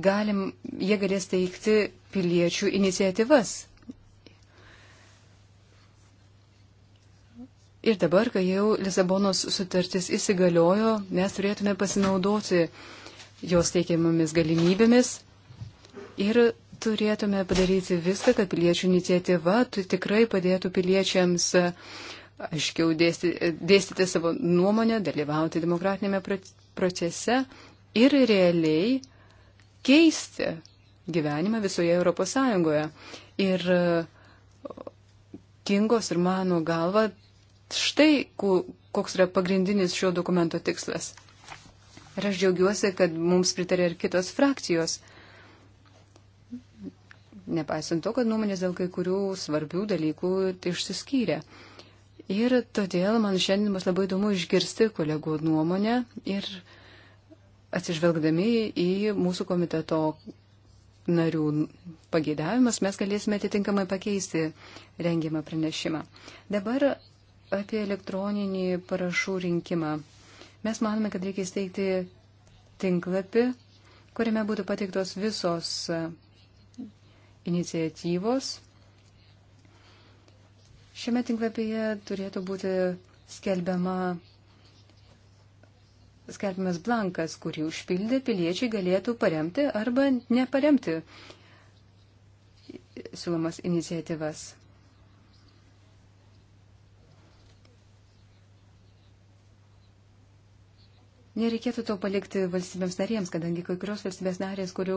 galim, jie galės teikti piliečių iniciatyvas Ir dabar, kai jau Lisabonos sutartis įsigaliojo, mes turėtume pasinaudoti jos teikiamomis galimybėmis ir turėtume padaryti viską, kad piliečių iniciatyva tikrai padėtų piliečiams aiškiau dėstyti, dėstyti savo nuomonę, dalyvauti demokratinėme procese ir realiai keisti gyvenimą visoje Europos Sąjungoje. Ir Kingos ir mano galva štai koks yra pagrindinis šio dokumento tikslas. Ir aš džiaugiuosi, kad mums pritarė ir kitos frakcijos. Nepaisant to, kad nuomonės dėl kai kurių svarbių dalykų tai išsiskyrė. Ir todėl man šiandien bus labai įdomu išgirsti kolegų nuomonę ir atsižvelgdami į mūsų komiteto narių pageidavimus mes galėsime atitinkamai pakeisti rengiamą pranešimą. Dabar apie elektroninį parašų rinkimą. Mes manome, kad reikia įsteigti tinklapį, kuriame būtų pateiktos visos e, iniciatyvos. Šiame tinklapyje turėtų būti skelbiama, skelbiamas blankas, kurį užpildę piliečiai galėtų paremti arba neparemti siūlomas iniciatyvas. Nereikėtų to palikti valstybėms narėms, kadangi kai kurios valstybės narės, kurių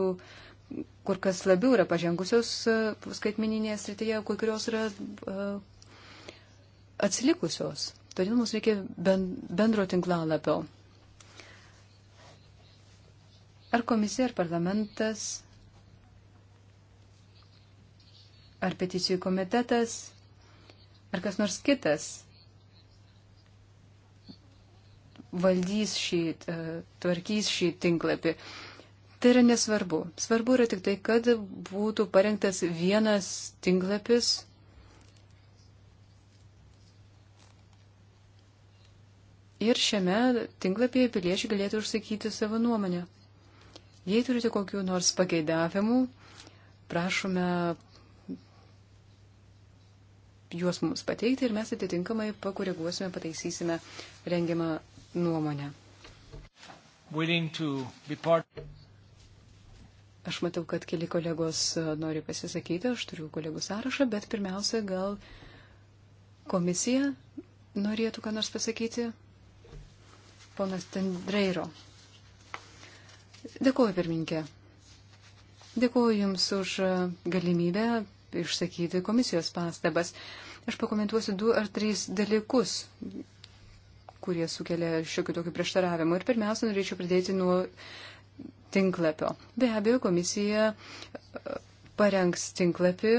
kur kas labiau yra pažengusios e, skaitmininėje srityje, kai kurios yra uh, atsilikusios. Todėl mums reikia bendro tinklalapio. Ar komisija, ar parlamentas, ar peticijų komitetas, ar kas nors kitas valdys šį, e, tvarkys šį tinklapį. Tai yra nesvarbu. Svarbu yra tik tai, kad būtų parengtas vienas tinklapis. Ir šiame tinklapyje piliečiai galėtų užsakyti savo nuomonę. Jei turite kokiu nors pageidavimų, prašome juos mums pateikti ir mes atitinkamai pakoreguosime, pataisysime rengiamą nuomonę. Aš matau, kad keli kolegos e, nori pasisakyti, aš turiu kolegų sąrašą, bet pirmiausia, gal komisija norėtų ką nors pasakyti. Ponas Tendreiro. Dėkuoju, pirminkė. Dėkuoju Jums už e, galimybę išsakyti komisijos pastabas. Aš pakomentuosiu du ar tris dalykus kurie sukelia šiokių tokių prieštaravimų. Ir pirmiausia, norėčiau pradėti nuo tinklapio. Be abejo, komisija e, parengs tinklapį,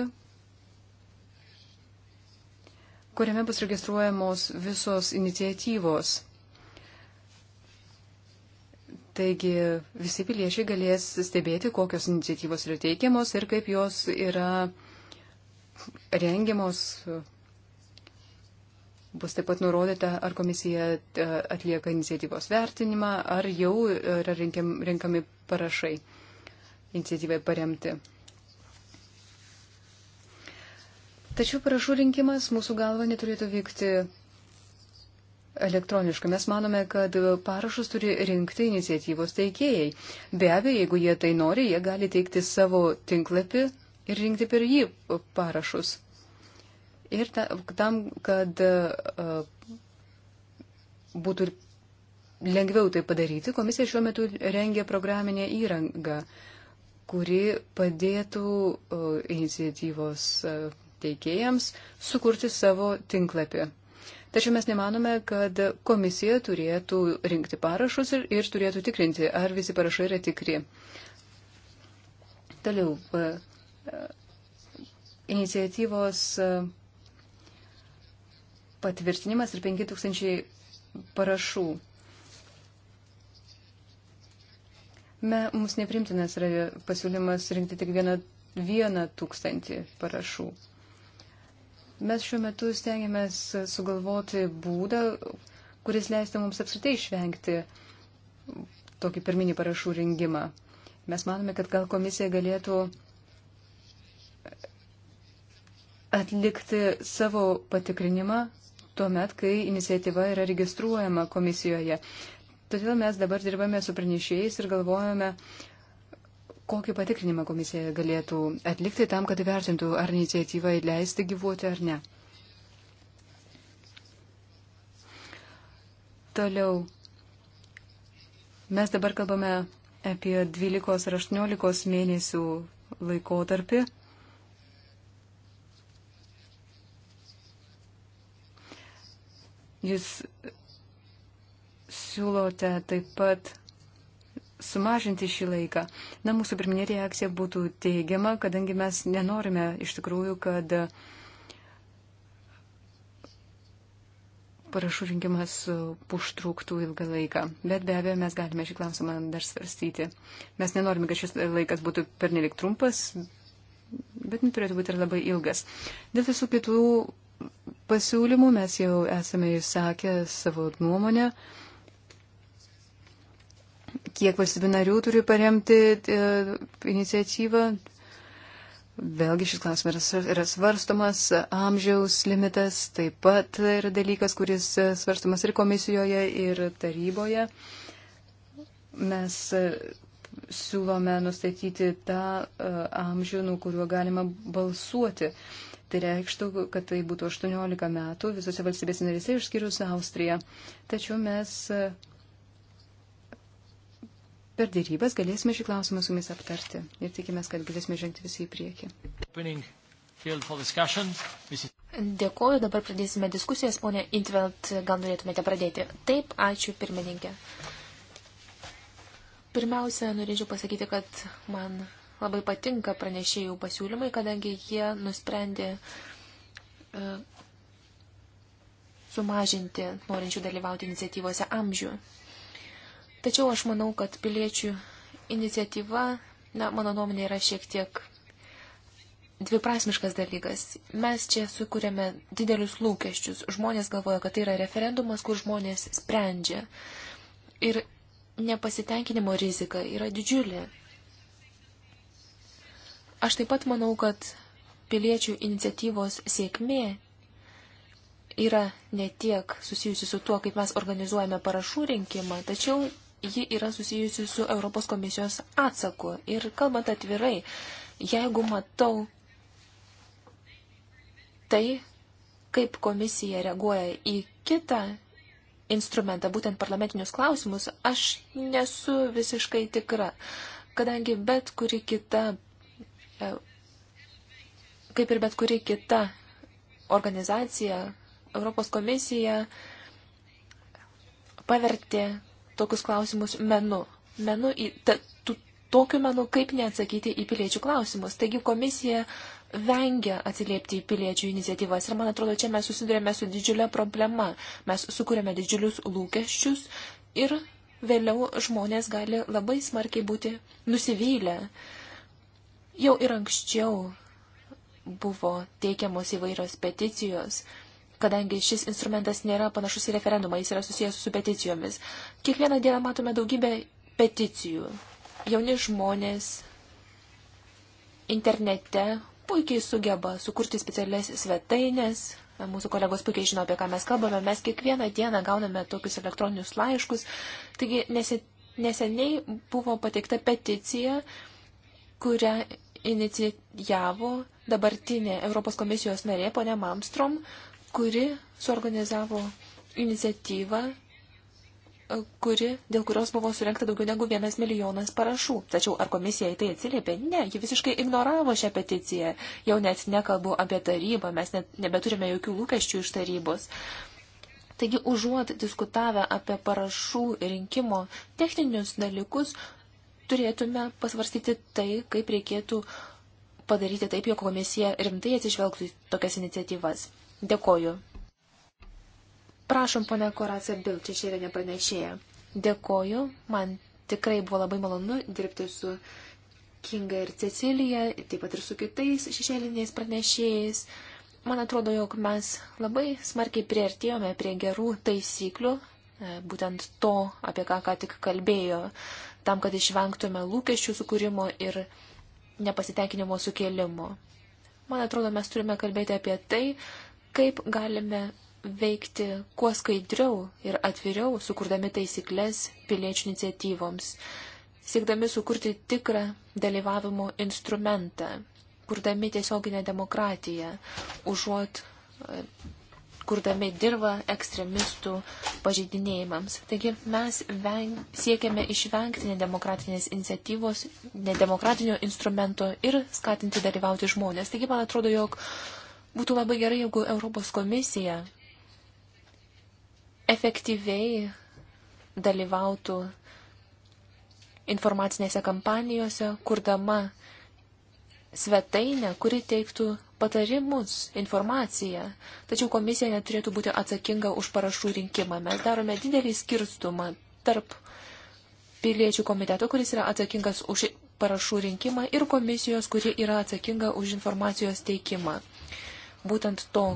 kuriame bus registruojamos visos iniciatyvos. Taigi visi piliečiai galės stebėti, kokios iniciatyvos yra teikiamos ir kaip jos yra rengiamos, Bus taip pat nurodyta, ar komisija e, atlieka iniciatyvos vertinimą, ar jau yra rinkiam, rinkami parašai iniciatyvai paremti. Tačiau parašų rinkimas mūsų galva neturėtų vykti elektroniškai. Mes manome, kad parašus turi rinkti iniciatyvos teikėjai. Be abejo, jeigu jie tai nori, jie gali teikti savo tinklapį ir rinkti per jį parašus. Ir tam, kad e, būtų lengviau tai padaryti, komisija šiuo metu rengia programinę įrangą, kuri padėtų e, iniciatyvos e, teikėjams sukurti savo tinklapį. Tačiau mes nemanome, kad komisija turėtų rinkti parašus ir, ir turėtų tikrinti, ar visi parašai yra tikri. Toliau, iniciatyvos patvirtinimas ir 5000 parašų. Me, mums neprimtinas yra pasiūlymas rinkti tik vieną, vieną tūkstantį parašų. Mes šiuo metu stengiamės sugalvoti būdą, kuris leistų mums apskritai išvengti tokį pirminį parašų rengimą. Mes manome, kad gal komisija galėtų atlikti savo patikrinimą tuo met, kai iniciatyva yra registruojama komisijoje. Todėl mes dabar dirbame su pranešėjais ir galvojame, kokį patikrinimą komisija galėtų atlikti tam, kad įvertintų, ar iniciatyvą įleisti gyvuoti ar ne. Toliau. Mes dabar kalbame apie 12 ar 18 mėnesių laikotarpį Jūs siūlote taip pat sumažinti šį laiką. Na, mūsų pirminė reakcija būtų teigiama, kadangi mes nenorime iš tikrųjų, kad parašų rinkimas užtruktų ilgą laiką. Bet be abejo, mes galime šį klausimą dar svarstyti. Mes nenorime, kad šis laikas būtų pernelik trumpas, bet neturėtų būti ir labai ilgas. Dėl visų kitų pasiūlymų, mes jau esame išsakę savo nuomonę, kiek valstybių narių turi paremti e, iniciatyvą. Vėlgi šis klausimas yra svarstomas, amžiaus limitas taip pat yra dalykas, kuris svarstomas ir komisijoje, ir taryboje. Mes e, siūlome nustatyti tą e, amžių, nuo kuriuo galima balsuoti. Uh, Tai reikštų, kad tai būtų 18 metų visose valstybės narėse išskyrus Austriją. Tačiau mes e, per dėrybas galėsime šį klausimą su jumis aptarti ir tikimės, kad galėsime žengti visi į priekį. Dėkuoju, dabar pradėsime diskusijas, ponė Intvelt, gal norėtumėte pradėti. Taip, ačiū pirmininkė. Pirmiausia, norėčiau pasakyti, kad man labai patinka pranešėjų pasiūlymai, kadangi jie nusprendė e, sumažinti norinčių dalyvauti iniciatyvose amžių. Tačiau aš manau, kad piliečių iniciatyva, na, mano nuomonė, yra šiek tiek dviprasmiškas dalykas. Mes čia sukūrėme didelius lūkesčius. Žmonės galvoja, kad tai yra referendumas, kur žmonės sprendžia. Ir nepasitenkinimo rizika yra didžiulė. Aš taip pat manau, kad piliečių iniciatyvos sėkmė yra ne tiek susijusi su tuo, kaip mes organizuojame parašų rinkimą, tačiau ji yra susijusi su Europos komisijos atsaku. Ir kalbant atvirai, jeigu matau tai, kaip komisija reaguoja į kitą instrumentą, būtent parlamentinius klausimus, aš nesu visiškai tikra, kadangi bet kuri kita E, kaip ir bet kuri kita organizacija, Europos komisija pavertė tokius klausimus menu. menu į, ta, tu, tokiu menu, kaip neatsakyti į piliečių klausimus. Taigi komisija vengia atsiliepti į piliečių iniciatyvas. Ir man atrodo, čia mes susidurėme su didžiulė problema. Mes sukūrėme didžiulius lūkesčius ir vėliau žmonės gali labai smarkiai būti nusivylę. Uh, Jau ir anksčiau buvo teikiamos įvairios peticijos, kadangi šis instrumentas nėra panašus į referendumą, jis yra susijęs su peticijomis. Kiekvieną dieną matome daugybę peticijų. Jauni žmonės internete puikiai sugeba sukurti specialias svetainės. Mūsų kolegos puikiai žino, apie ką mes kalbame. Mes kiekvieną dieną gauname tokius elektroninius laiškus. Taigi neseniai buvo pateikta peticija kurią inicijavo dabartinė Europos komisijos narė ponė Mamstrom, kuri suorganizavo iniciatyvą, e, kuri, dėl kurios buvo surinkta daugiau negu vienas milijonas parašų. Tačiau ar komisija į tai atsiliepė? Ne, ji visiškai ignoravo šią peticiją. Jau net nekalbu apie tarybą, mes net nebeturime jokių lūkesčių iš tarybos. Taigi, užuot diskutavę apie parašų rinkimo techninius dalykus, turėtume pasvarstyti tai, kaip reikėtų padaryti taip, jog komisija rimtai atsižvelgtų į tokias iniciatyvas. Dėkoju. Prašom, ponia Koracija Bilt, šešėlinė pranešėja. Dėkoju, man tikrai buvo labai malonu dirbti su Kinga ir Cecilija, taip pat ir su kitais šešėliniais pranešėjais. Man atrodo, jog mes labai smarkiai priartėjome prie gerų taisyklių, e, būtent to, apie ką ką tik kalbėjo tam, kad išvengtume lūkesčių sukūrimo ir nepasitenkinimo sukėlimo. Man atrodo, mes turime kalbėti apie tai, kaip galime veikti kuo skaidriau ir atviriau, sukurdami taisyklės piliečių iniciatyvoms, siekdami sukurti tikrą dalyvavimo instrumentą, kurdami tiesioginę demokratiją, užuot kurdami dirbą ekstremistų pažeidinėjimams. Taigi mes veng, siekiame išvengti nedemokratinės iniciatyvos, nedemokratinio instrumento ir skatinti dalyvauti žmonės. Taigi man atrodo, jog būtų labai gerai, jeigu Europos komisija efektyviai dalyvautų informacinėse kampanijose, kurdama svetainę, kuri teiktų patarimus, informaciją, tačiau komisija neturėtų būti atsakinga už parašų rinkimą. Mes darome didelį skirstumą tarp piliečių komiteto, kuris yra atsakingas už parašų rinkimą, ir komisijos, kuri yra atsakinga už informacijos teikimą. Būtent to,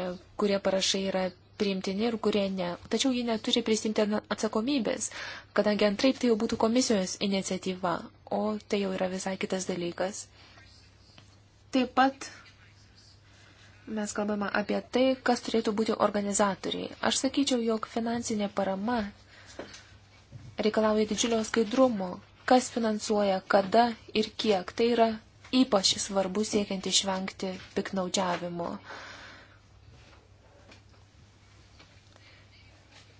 e, kurie parašai yra priimtini ir kurie ne. Tačiau ji neturi prisimti atsakomybės, kadangi antraip tai jau būtų komisijos iniciatyva, o tai jau yra visai kitas dalykas. Taip pat mes kalbame apie tai, kas turėtų būti organizatoriai. Aš sakyčiau, jog finansinė parama reikalauja didžiulio skaidrumo, kas finansuoja, kada ir kiek. Tai yra ypač svarbu siekiant išvengti piknaudžiavimo.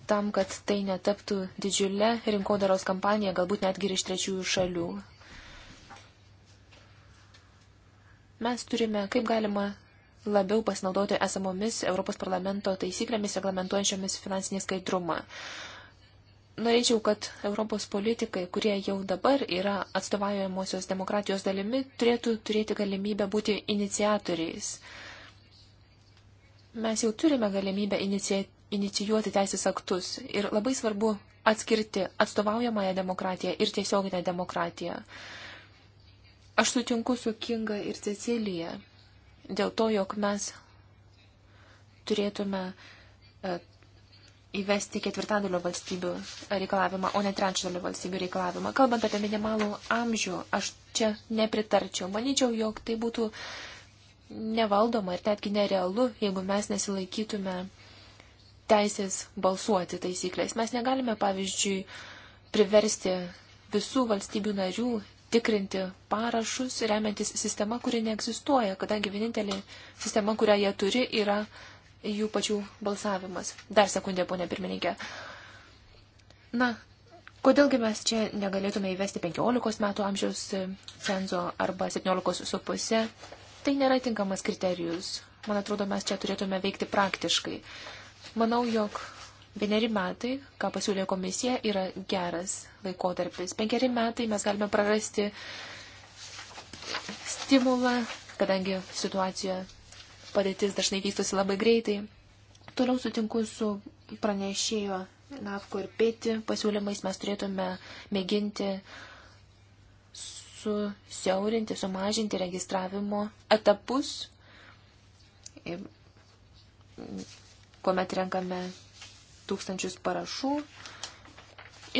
Tam, kad tai netaptų didžiulę rinkodaros kampaniją, galbūt netgi ir iš trečiųjų šalių. Mes turime, kaip galima labiau pasinaudoti esamomis Europos parlamento taisyklėmis reglamentuojančiomis finansinį skaidrumą. Norėčiau, kad Europos politikai, kurie jau dabar yra atstovaujamosios demokratijos dalimi, turėtų turėti galimybę būti iniciatoriais. Mes jau turime galimybę inicijuoti teisės aktus ir labai svarbu atskirti atstovaujamąją demokratiją ir tiesioginę demokratiją. demokratiją Aš sutinku su Kinga ir Cecilija dėl to, jog mes turėtume e, įvesti ketvirtadalio valstybių reikalavimą, o ne trečdalio valstybių reikalavimą. Kalbant apie minimalų amžių, aš čia nepritarčiau. Manyčiau, jog tai būtų nevaldoma ir netgi nerealu, jeigu mes nesilaikytume teisės balsuoti taisyklės. Mes negalime, pavyzdžiui, priversti visų valstybių narių tikrinti parašus, remiantis sistema, kuri neegzistuoja, kadangi vienintelė sistema, kurią jie turi, yra jų pačių balsavimas. Dar sekundė, ponė pirmininkė. Na, kodėlgi mes čia negalėtume įvesti 15 metų amžiaus e, cenzo arba 17,5? Tai nėra tinkamas kriterijus. Man atrodo, mes čia turėtume veikti praktiškai. Manau, jog Vieneri metai, ką pasiūlė komisija, yra geras laikotarpis. Penkeri metai mes galime prarasti stimulą, kadangi situacija padėtis dažnai vystosi labai greitai. Toliau sutinku su pranešėjo Navko ir Pėti pasiūlymais mes turėtume mėginti susiaurinti, sumažinti registravimo etapus, kuomet renkame tūkstančius parašų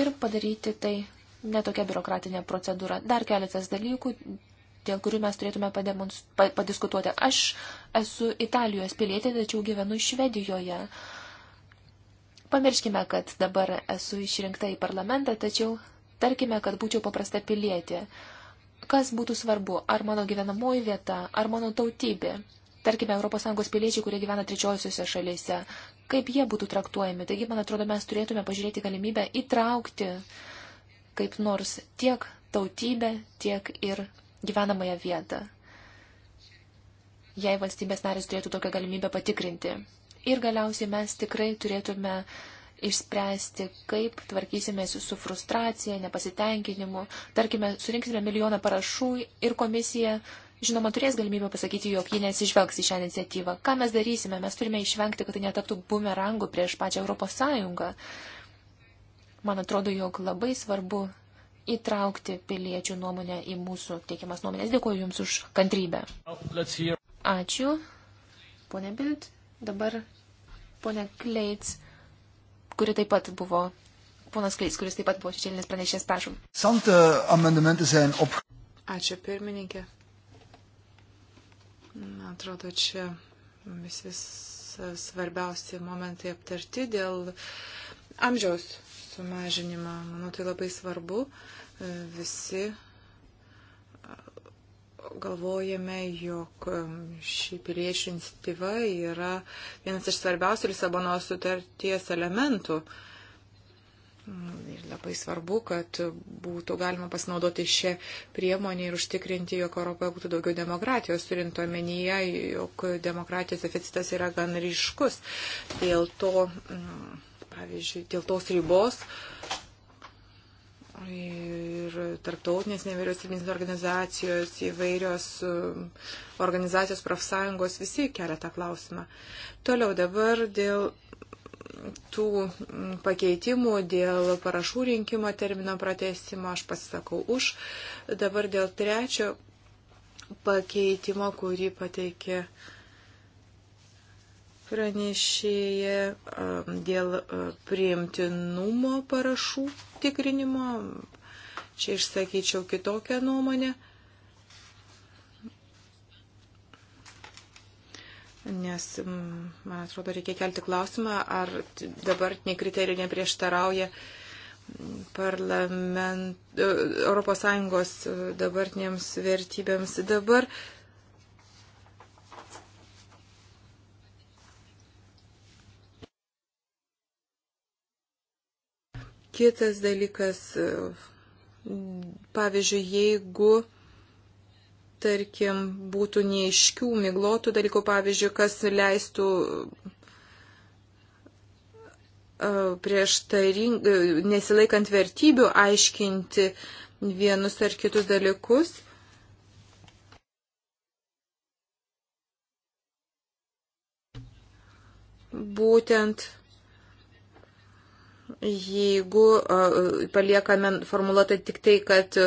ir padaryti tai netokia biurokratinė procedūra. Dar keletas dalykų, dėl kurių mes turėtume padiskutuoti. Aš esu Italijos pilietė, tačiau gyvenu Švedijoje. Pamirškime, kad dabar esu išrinkta į parlamentą, tačiau tarkime, kad būčiau paprasta pilietė. Kas būtų svarbu, ar mano gyvenamoji vieta, ar mano tautybė? Tarkime, ES piliečiai, kurie gyvena trečiosiuose šalyse, kaip jie būtų traktuojami. Taigi, man atrodo, mes turėtume pažiūrėti galimybę įtraukti kaip nors tiek tautybę, tiek ir gyvenamąją vietą. Jei valstybės narės turėtų tokią galimybę patikrinti. Ir galiausiai mes tikrai turėtume išspręsti, kaip tvarkysimės su frustracija, nepasitenkinimu. Tarkime, surinksime milijoną parašų ir komisija žinoma, turės galimybę pasakyti, jog ji nesižvelgs į šią iniciatyvą. Ką mes darysime? Mes turime išvengti, kad tai netaptų bumerangų prieš pačią Europos Sąjungą. Man atrodo, jog labai svarbu įtraukti piliečių nuomonę į mūsų teikiamas nuomonės. Dėkuoju Jums už kantrybę. Ačiū. Pone Bild, dabar pone Kleits, kuri taip pat buvo, ponas Kleits, kuris taip pat buvo šešėlinis pranešės, prašom. Ačiū pirmininkė. Man atrodo, čia visi svarbiausi momentai aptarti dėl amžiaus sumažinimą. Manau, tai labai svarbu. Visi galvojame, jog ši piliečių iniciatyva yra vienas iš svarbiausių Lisabonos sutarties elementų. Uh, Ir labai svarbu, kad būtų galima pasinaudoti šią priemonę ir užtikrinti, jog Europoje būtų daugiau demokratijos, turint omenyje, jog demokratijos deficitas yra gan ryškus. Dėl to, mm, pavyzdžiui, dėl tos ribos ir tarptautinės nevyriausybinės organizacijos, įvairios mm, organizacijos profsąjungos, visi kelia tą klausimą. Toliau dabar dėl tų mm, pakeitimų dėl parašų rinkimo termino pratesimo, aš pasisakau už. Dabar dėl trečio pakeitimo, kurį pateikė pranešėja dėl priimtinumo parašų tikrinimo. Čia išsakyčiau kitokią nuomonę. Nes, man atrodo, reikia kelti klausimą, ar dabartiniai kriterijai neprieštarauja parlament, e, Europos Sąjungos e, dabartiniams vertybėms. Dabar kitas dalykas, e, pavyzdžiui, jeigu tarkim, būtų neiškių, miglotų dalykų, pavyzdžiui, kas leistų e, prieš taring, e, nesilaikant vertybių aiškinti vienus ar kitus dalykus. Būtent jeigu e, paliekame formuluotą tik tai, kad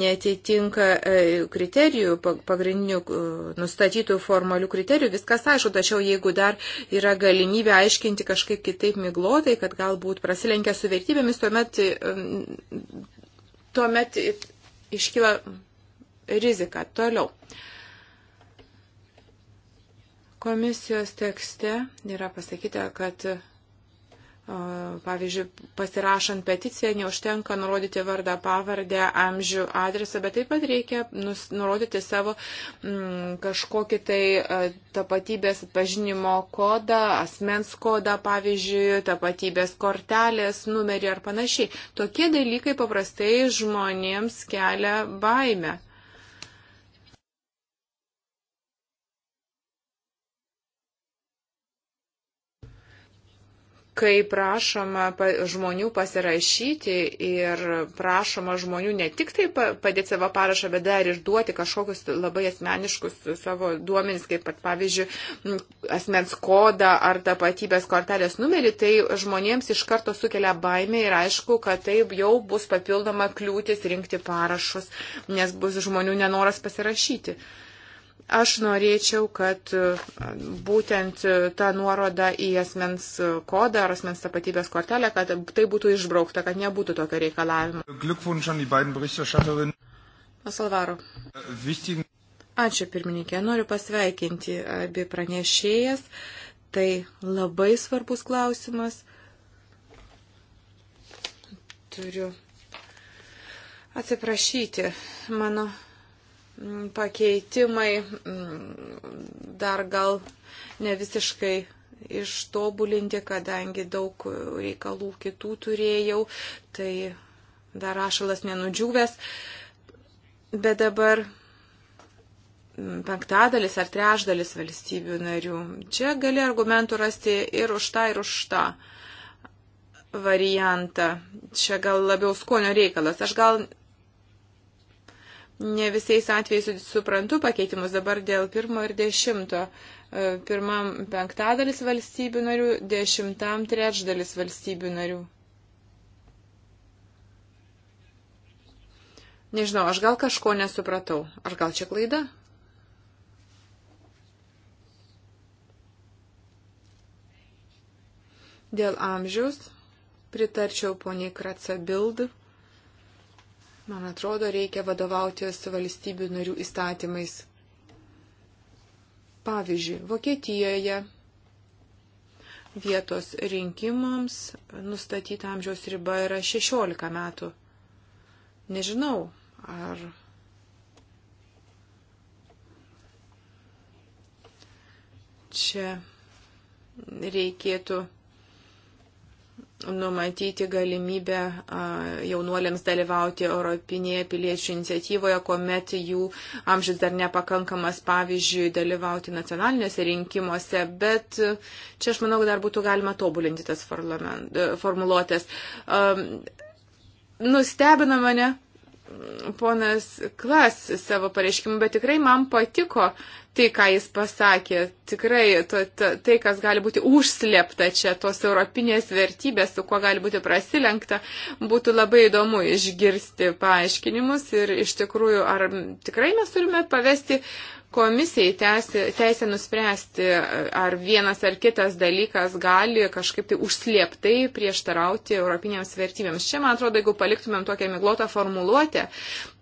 netitinka e, kriterijų, pagrindinių e, nustatytų formalių kriterijų, viskas aišku, tačiau jeigu dar yra galimybė aiškinti kažkaip kitaip miglotai, kad galbūt prasilenkia su vertybėmis, tuomet, tuomet iškyla rizika. Toliau. Komisijos tekste yra pasakyta, kad Pavyzdžiui, pasirašant peticiją neužtenka nurodyti vardą, pavardę, amžių, adresą, bet taip pat reikia nurodyti savo m, mm, kažkokį tai e, tapatybės pažinimo kodą, asmens kodą, pavyzdžiui, tapatybės kortelės, numerį ar panašiai. Tokie dalykai paprastai žmonėms kelia baimę. kai prašoma žmonių pasirašyti ir prašoma žmonių ne tik tai padėti savo parašą, bet dar ir duoti kažkokius labai asmeniškus savo duomenys, kaip pat pavyzdžiui asmens kodą ar tapatybės kortelės numerį, tai žmonėms iš karto sukelia baimę ir aišku, kad tai jau bus papildoma kliūtis rinkti parašus, nes bus žmonių nenoras pasirašyti. Aš norėčiau, kad e, būtent e, ta nuoroda į asmens kodą ar asmens tapatybės kortelę, kad tai būtų išbraukta, kad nebūtų tokio reikalavimo. Masalvaro. Äh, Ačiū pirmininkė, noriu pasveikinti abi pranešėjas. Tai labai svarbus klausimas. Turiu atsiprašyti mano Mm, pakeitimai mm, dar gal ne visiškai ištobulinti, kadangi daug reikalų kitų turėjau, tai dar ašalas nenudžiūvęs. Bet dabar mm, penktadalis ar trešdalis valstybių narių. Čia gali argumentų rasti ir už tą, ir už tą variantą. Čia gal labiau skonio reikalas. Aš gal Ne visais atvejais suprantu pakeitimus dabar dėl pirmo ir dešimto. E, pirmam penktadalis valstybių narių, dešimtam trečdalis valstybių narių. Nežinau, aš gal kažko nesupratau. Ar gal čia klaida? Dėl amžiaus pritarčiau poniai Kratsa Bild. Man atrodo, reikia vadovautis valstybių narių įstatymais. Pavyzdžiui, Vokietijoje vietos rinkimams nustatyta amžiaus riba yra 16 metų. Nežinau, ar čia reikėtų numatyti galimybę jaunuoliams dalyvauti Europinėje piliečių iniciatyvoje, kuomet jų amžius dar nepakankamas, pavyzdžiui, dalyvauti nacionaliniuose rinkimuose, bet e, čia aš manau, dar būtų galima tobulinti tas e, formuluotės. Nustebino mane ponas Klas savo pareiškimu, bet tikrai man patiko tai, ką jis pasakė. Tikrai to, to, tai, kas gali būti užslėpta čia, tos europinės vertybės, su kuo gali būti prasilenkta, būtų labai įdomu išgirsti paaiškinimus ir iš tikrųjų, ar tikrai mes turime pavesti uh, komisijai teisė, teisė nuspręsti, ar vienas ar kitas dalykas gali kažkaip tai užslėptai prieštarauti europinėms vertybėms. Čia, man atrodo, jeigu paliktumėm tokią miglotą formuluotę,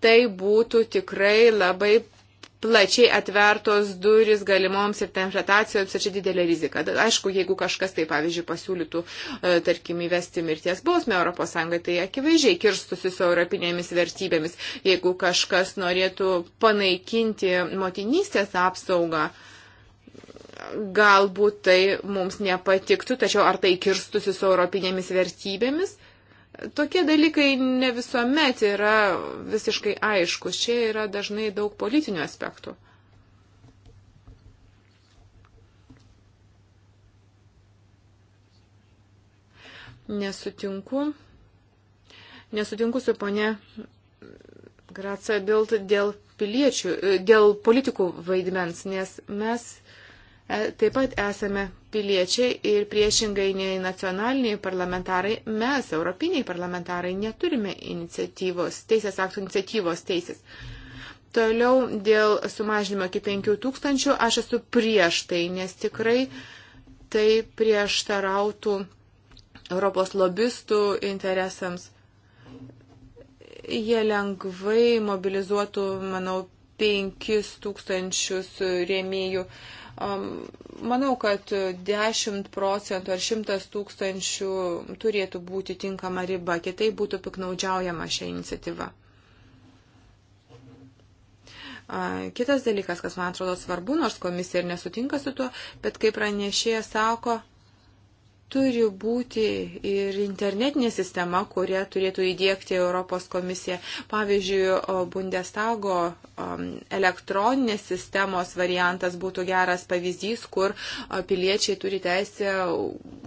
tai būtų tikrai labai plačiai atvertos duris galimoms interpretacijoms ir čia didelė rizika. Aišku, jeigu kažkas tai, pavyzdžiui, pasiūlytų, e, tarkim, įvesti mirties bausmę ES, tai akivaizdžiai kirstusi su europinėmis vertybėmis. Jeigu kažkas norėtų panaikinti motinystės apsaugą, galbūt tai mums nepatiktų, tačiau ar tai kirstusi su europinėmis vertybėmis? Tokie dalykai ne visuomet yra visiškai aiškus. Čia yra dažnai daug politinių aspektų. Nesutinku. Nesutinku su ponė Graca Bild dėl piliečių, dėl politikų vaidmens, nes mes E, taip pat esame piliečiai ir priešingai nei nacionaliniai parlamentarai, mes, europiniai parlamentarai, neturime iniciatyvos, teisės aktų iniciatyvos teisės. Toliau dėl sumažinimo iki 5000 aš esu prieš tai, nes tikrai tai prieštarautų Europos lobistų interesams. Jie lengvai mobilizuotų, manau, 5000 rėmėjų. Uh, Manau, kad 10 procentų ar 100 tūkstančių turėtų būti tinkama riba, kitai būtų piknaudžiaujama šią iniciatyvą. Kitas dalykas, kas man atrodo svarbu, nors komisija ir nesutinka su tuo, bet kaip pranešėja sako, turi būti ir internetinė sistema, kurią turėtų įdėkti Europos komisija. Pavyzdžiui, Bundestago elektroninės sistemos variantas būtų geras pavyzdys, kur piliečiai turi teisę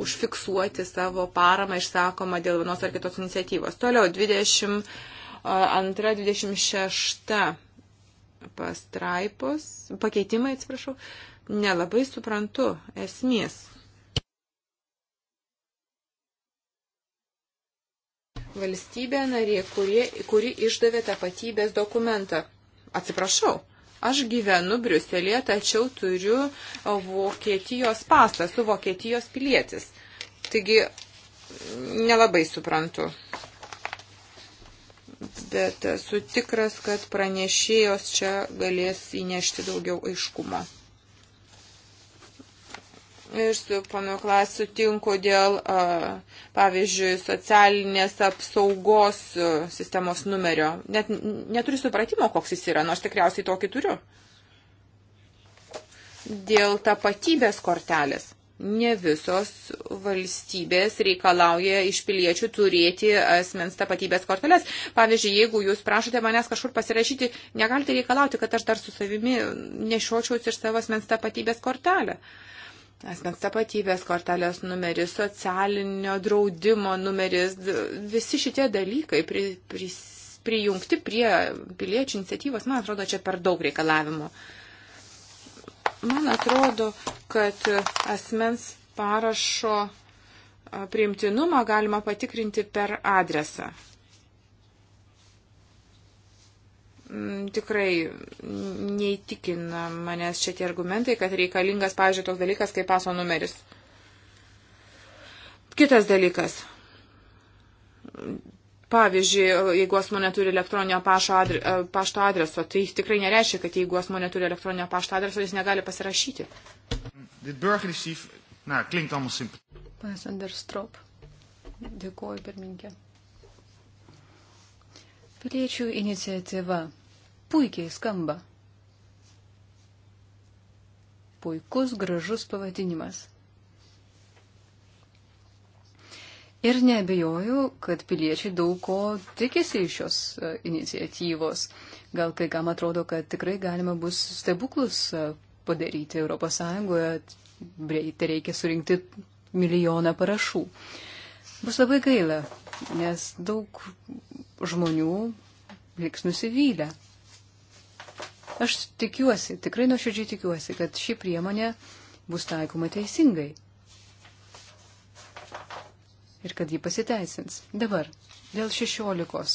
užfiksuoti savo paramą išsakomą dėl vienos ar kitos iniciatyvos. Toliau, 22-26 pastraipos, pakeitimai, atsiprašau, nelabai suprantu esmės valstybė narė, kurie, kuri išdavė tapatybės dokumentą. Atsiprašau, aš gyvenu Briuselėje, tačiau turiu Vokietijos pasą, esu Vokietijos pilietis. Taigi nelabai suprantu. Bet esu tikras, kad pranešėjos čia galės įnešti daugiau aiškumo ir su panu Klas sutinku dėl, pavyzdžiui, socialinės apsaugos sistemos numerio. Net neturiu supratimo, koks jis yra, nors tikriausiai tokį turiu. Dėl tapatybės kortelės. Ne visos valstybės reikalauja iš piliečių turėti asmens tapatybės korteles. Pavyzdžiui, jeigu jūs prašote manęs kažkur pasirašyti, negalite reikalauti, kad aš dar su savimi nešiočiausi ir savo asmens tapatybės kortelę. Uh, asmens tapatybės kortelės numeris, socialinio draudimo numeris, visi šitie dalykai pri, pri, prijungti prie piliečių iniciatyvos, man atrodo, čia per daug reikalavimų. Man atrodo, kad asmens parašo priimtinumą galima patikrinti per adresą. Mm, tikrai neįtikina manęs čia tie argumentai, kad reikalingas, pavyzdžiui, toks dalykas kaip paso numeris. Kitas dalykas. Pavyzdžiui, jeigu asmo neturi elektroninio adre, e, pašto adreso, tai tikrai nereiškia, kad jeigu asmo neturi elektroninio pašto adreso, jis negali pasirašyti. Na, klinkt allemaal simpel. Pas Anderstrop. Dėkuoju, pirmininkė. Piliečių iniciatyva puikiai skamba. Puikus, gražus pavadinimas. Ir nebejoju, kad piliečiai daug ko tikisi iš šios e, iniciatyvos. Gal kai kam atrodo, kad tikrai galima bus stebuklus e, padaryti Europos Sąjungoje, greitai reikia surinkti milijoną parašų. Bus labai gaila, nes daug žmonių liks nusivylę. Aš tikiuosi, tikrai nuoširdžiai tikiuosi, kad ši priemonė bus taikoma teisingai. Ir kad ji pasiteisins. Dabar, dėl 16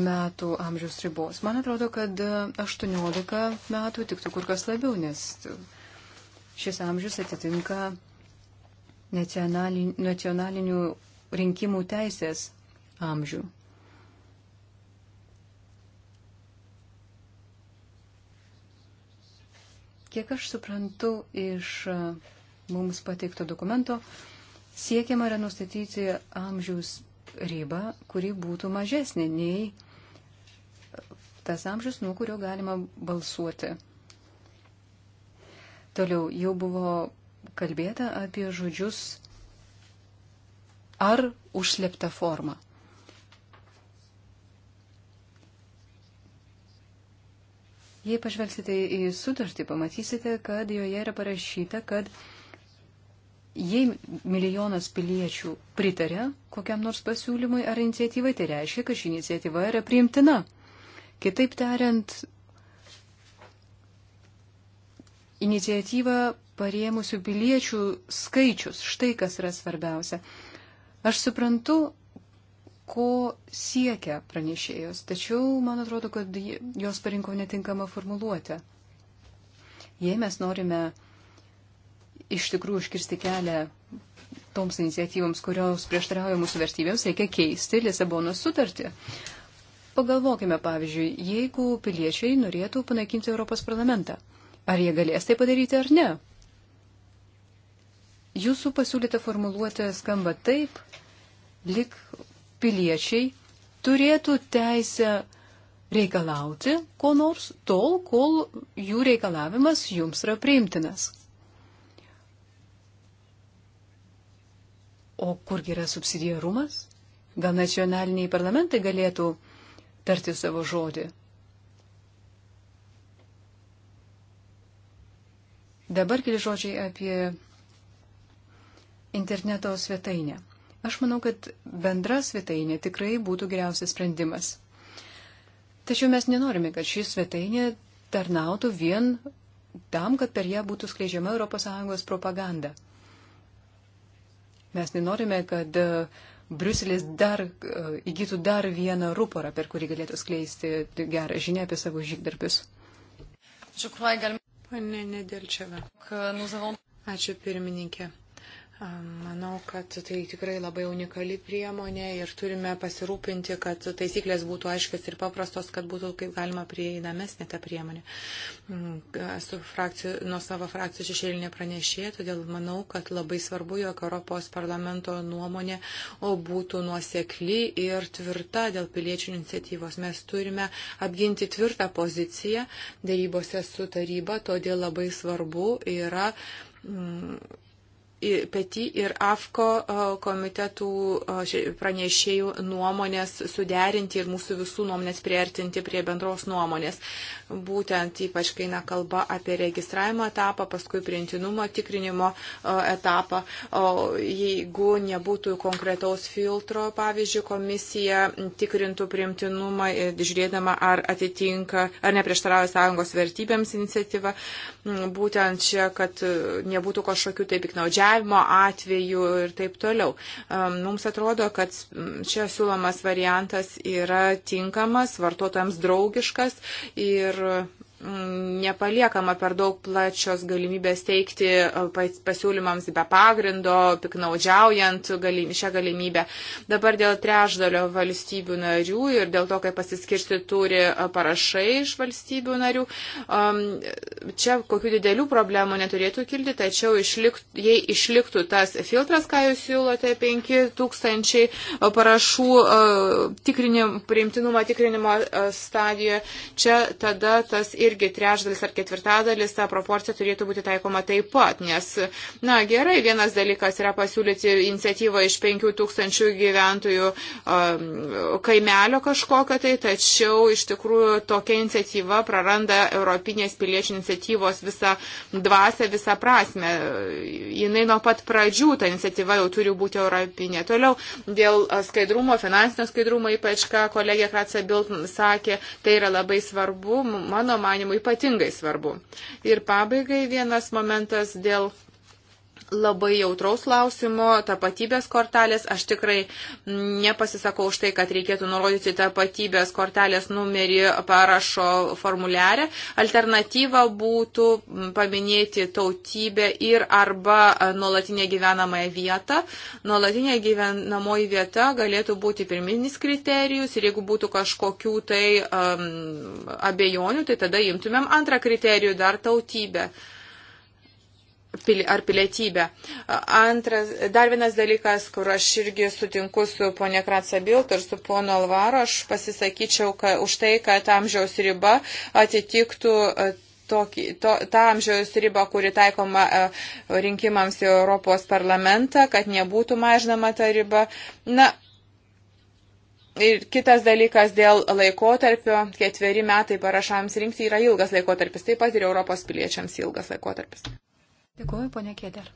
metų amžiaus ribos. Man atrodo, kad 18 metų tiktų kur kas labiau, nes šis amžius atitinka nacionalinių rinkimų teisės amžių. Kiek aš suprantu iš e, mums pateikto dokumento, siekiama yra nustatyti amžiaus ribą, kuri būtų mažesnė nei e, tas amžius, nuo kurio galima balsuoti. Toliau jau buvo kalbėta apie žodžius ar užslepta forma. Jei pažvelgsite į sutartį, pamatysite, kad joje yra parašyta, kad jei milijonas piliečių pritarė kokiam nors pasiūlymui ar iniciatyvai, tai reiškia, kad ši iniciatyva yra priimtina. Kitaip tariant, iniciatyvą parėmusių piliečių skaičius, štai kas yra svarbiausia. Aš suprantu, ko siekia pranešėjos. Tačiau man atrodo, kad jos parinko netinkamą formuluotę. Jei mes norime iš tikrųjų iškirsti kelią toms iniciatyvoms, kurios prieštarauja mūsų vertybėms, reikia keisti Lisabonos sutartį. Pagalvokime, pavyzdžiui, jeigu piliečiai norėtų panaikinti Europos parlamentą, ar jie galės tai padaryti ar ne? Jūsų pasiūlyta formuluotė skamba taip, lik piliečiai turėtų teisę reikalauti ko nors tol, kol jų reikalavimas jums yra priimtinas. O kurgi yra subsidiarumas? Gal nacionaliniai parlamentai galėtų tarti savo žodį? Dabar keli žodžiai apie interneto svetainę. Aš manau, kad bendra svetainė tikrai būtų geriausias sprendimas. Tačiau mes nenorime, kad ši svetainė tarnautų vien tam, kad per ją būtų skleidžiama ES propaganda. Mes nenorime, kad e, Bruselis dar e, įgytų dar vieną ruporą, per kurį galėtų skleisti gerą žinią apie savo žygdarbius. Pane Nedelčiava. Ačiū pirmininkė. Manau, kad tai tikrai labai unikali priemonė ir turime pasirūpinti, kad taisyklės būtų aiškios ir paprastos, kad būtų kaip galima prieinamesnė ta priemonė. Mm, esu frakcijų, nuo savo frakcijų šešėlinė pranešė, todėl manau, kad labai svarbu, jog Europos parlamento nuomonė būtų nuosekli ir tvirta dėl piliečių iniciatyvos. Mes turime apginti tvirtą poziciją dėrybose su taryba, todėl labai svarbu yra. Mm, Peti ir AFKO komitetų pranešėjų nuomonės suderinti ir mūsų visų nuomonės priartinti prie bendros nuomonės. Būtent ypač, kai eina kalba apie registravimo etapą, paskui priimtinumo tikrinimo etapą. Jeigu nebūtų konkretaus filtro, pavyzdžiui, komisija tikrintų priimtinumą, e, žiūrėdama, ar atitinka, ar neprieštarauja sąjungos vertybėms iniciatyva, būtent čia, kad e, nebūtų kažkokių taip piknaudžiavimų sukčiavimo atvejų ir taip toliau. Mums atrodo, kad čia siūlomas variantas yra tinkamas, vartotojams draugiškas ir nepaliekama per daug plačios galimybės teikti e, pasiūlymams be pagrindo, piknaudžiaujant galim, šią galimybę. Dabar dėl trešdalio valstybių narių ir dėl to, kaip pasiskirsti turi e, parašai iš valstybių narių, čia kokių didelių problemų neturėtų kilti, tačiau išlikt, jei išliktų tas filtras, ką jūs siūlote, 5000 e, parašų tikrinim, priimtinumo tikrinimo stadijoje, čia tada tas ir irgi trečdalis ar ketvirtadalis, ta proporcija turėtų būti taikoma taip pat. Nes, na gerai, vienas dalykas yra pasiūlyti iniciatyvą iš 5000 gyventojų um, kaimelio kažkokio tai, tačiau iš tikrųjų tokia iniciatyva praranda Europinės piliečių iniciatyvos visą dvasę, visą prasme. Jinai nuo pat pradžių ta iniciatyva jau turi būti europinė. Toliau dėl skaidrumo, finansinio skaidrumo, ypač ką kolegė Kratsa Bilt sakė, tai yra labai svarbu. Mano man manimu, ypatingai svarbu. Ir pabaigai vienas momentas dėl labai jautraus klausimo, tapatybės kortelės. Aš tikrai nepasisakau už tai, kad reikėtų nurodyti tapatybės kortelės numerį parašo formuliarę. Alternatyva būtų paminėti tautybę ir arba nuolatinę gyvenamąją vietą. Nuolatinė gyvenamoji vieta galėtų būti pirminis kriterijus ir jeigu būtų kažkokių tai um, abejonių, tai tada imtumėm antrą kriterijų, dar tautybę. Uh, ar pilietybę. Antras, dar vienas dalykas, kur aš irgi sutinku su ponė Kratsa Bilt ir su pono Alvaro, aš pasisakyčiau ka, už tai, kad amžiaus riba atitiktų e, tokį, to, tą amžiaus ribą, kuri taikoma e, rinkimams į Europos parlamentą, kad nebūtų mažinama ta riba. Na, Ir kitas dalykas dėl laikotarpio, ketveri metai parašams rinkti yra ilgas laikotarpis, taip pat ir Europos piliečiams ilgas laikotarpis. Dėkuoju, ponė Kėder.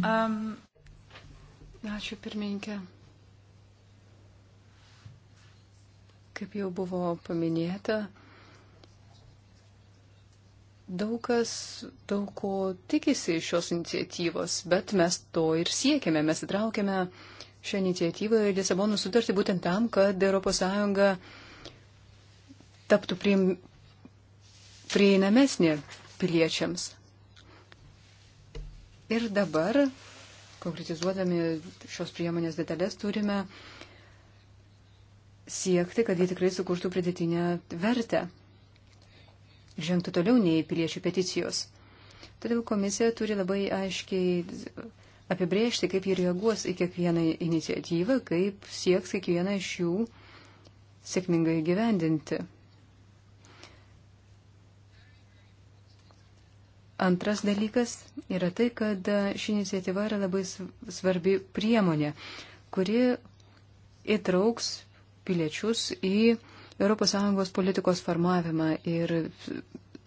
Um, ačiū, pirmininkė. Kaip jau buvo paminėta, daug kas daug ko tikisi iš šios iniciatyvos, bet mes to ir siekiame. Mes įtraukėme šią iniciatyvą ir Lisabonų sutartį būtent tam, kad ES taptų prie, prieinamesnė piliečiams. Ir dabar, konkretizuodami šios priemonės detalės, turime siekti, kad jie tikrai sukurtų pridėtinę vertę. Žengtų toliau nei piliečių peticijos. Todėl komisija turi labai aiškiai apibrėžti, kaip jie reaguos į kiekvieną iniciatyvą, kaip sieks kiekvieną iš jų sėkmingai gyvendinti. Antras dalykas yra tai, kad ši iniciatyva yra labai svarbi priemonė, kuri įtrauks piliečius į ES politikos formavimą ir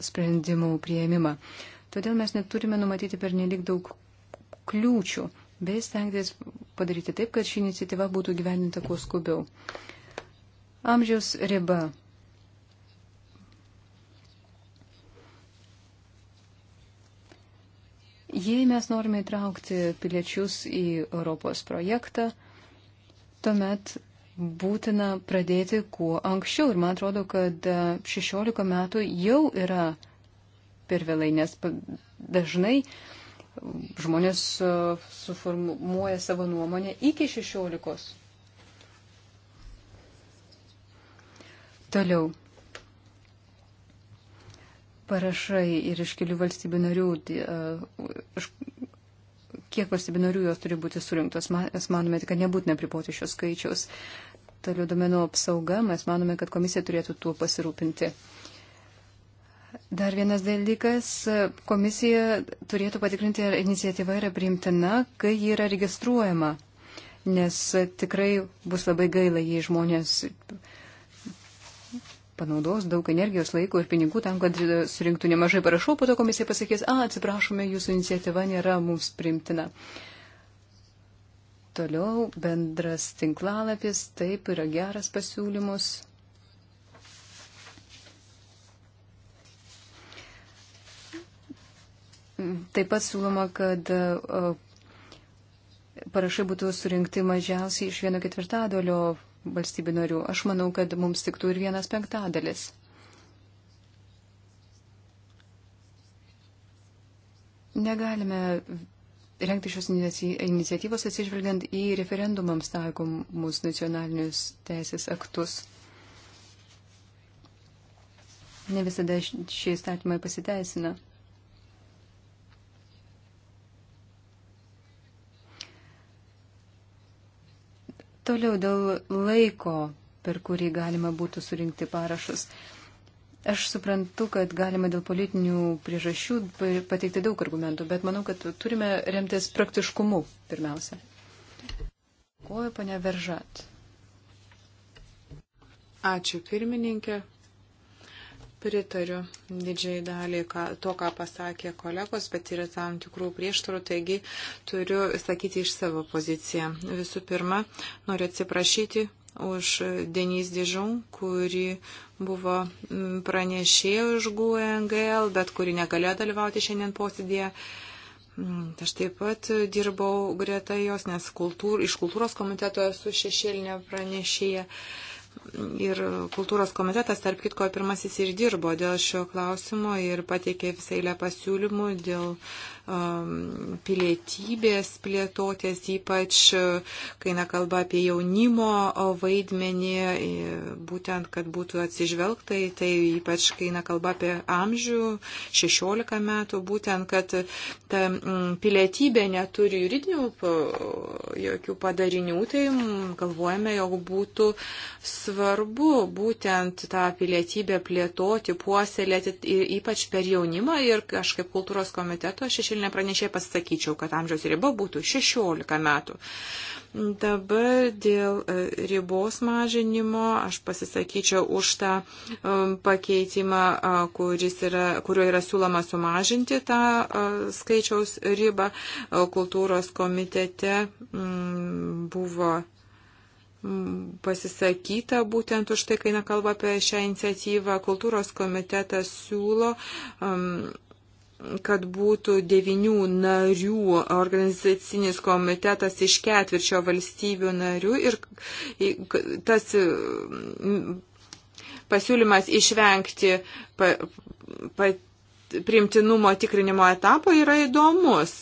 sprendimų prieimimą. Todėl mes neturime numatyti per nelik daug kliūčių, bei stengtis padaryti taip, kad ši iniciatyva būtų gyveninta kuo skubiau. Amžiaus riba Jei mes norime įtraukti piliečius į Europos projektą, tuomet būtina pradėti kuo anksčiau. Ir man atrodo, kad 16 e, metų jau yra per vėlai, nes dažnai žmonės e, suformuoja savo nuomonę iki 16. Toliau parašai ir iš kelių valstybių narių, kiek valstybių narių jos turi būti surinktos, mes manome, kad nebūtina pripoti šios skaičiaus. Toliau domenų apsauga, mes manome, kad komisija turėtų tuo pasirūpinti. Dar vienas dalykas, komisija turėtų patikrinti, ar iniciatyva yra priimtina, kai ji yra registruojama, nes tikrai bus labai gaila, jei žmonės uh, panaudos daug energijos, laiko ir pinigų tam, kad surinktų nemažai parašų, po to komisija pasakys, a, atsiprašome, jūsų iniciatyva nėra mums primtina. Toliau bendras tinklalapis, taip yra geras pasiūlymus. Taip pat siūloma, kad e, parašai būtų surinkti mažiausiai iš vieno ketvirtadalio valstybių narių. Aš manau, kad mums tiktų ir vienas penktadalis. Negalime rengti šios iniciatyvos atsižvelgiant į referendumams taikomus nacionalinius teisės aktus. Ne visada šie įstatymai pasiteisina. Toliau dėl laiko, per kurį galima būtų surinkti parašus. Aš suprantu, kad galima dėl politinių priežasčių pateikti daug argumentų, bet manau, kad turime remtis praktiškumu pirmiausia. Koju, ponia Veržat. Ačiū, pirmininkė. Pritariu didžiai daliai ką, to, ką pasakė kolegos, bet yra tam tikrų prieštarų, taigi turiu sakyti iš savo poziciją. Visų pirma, noriu atsiprašyti už Denys Dižon, kuri buvo mm, pranešėjo iš GUNGL, e bet kuri negalėjo dalyvauti šiandien posėdėje. Mm, aš taip pat dirbau greta jos, nes kultūr, iš kultūros komiteto esu šešėlinė pranešėja. Uh, ir kultūros komitetas, tarp kitko, pirmasis ir dirbo dėl šio klausimo ir pateikė visą eilę pasiūlymų dėl uh, Um, pilietybės plėtotės, ypač uh, kai nekalba apie jaunimo uh, vaidmenį, būtent, kad būtų atsižvelgta į tai, ypač kai nekalba apie amžių, 16 metų, būtent, kad ta mm, pilietybė neturi juridinių jokių padarinių, tai mm, galvojame, jog būtų svarbu būtent tą pilietybę plėtoti, puoselėti, ypač per jaunimą ir kažkaip kultūros komiteto šešėlį šešėlinė pranešė pasakyčiau, kad amžiaus riba būtų 16 metų. Dabar dėl e, ribos mažinimo aš pasisakyčiau už tą e, pakeitimą, e, yra, kurio yra siūloma sumažinti tą skaičiaus ribą. Kultūros komitete mm, buvo mm, pasisakyta būtent už tai, kai nekalba apie šią iniciatyvą. Kultūros komitetas siūlo um, kad būtų devinių narių organizacinis komitetas iš ketvirčio valstybių narių ir tas mm, pasiūlymas išvengti pa, pa, primtinumo tikrinimo etapo yra įdomus.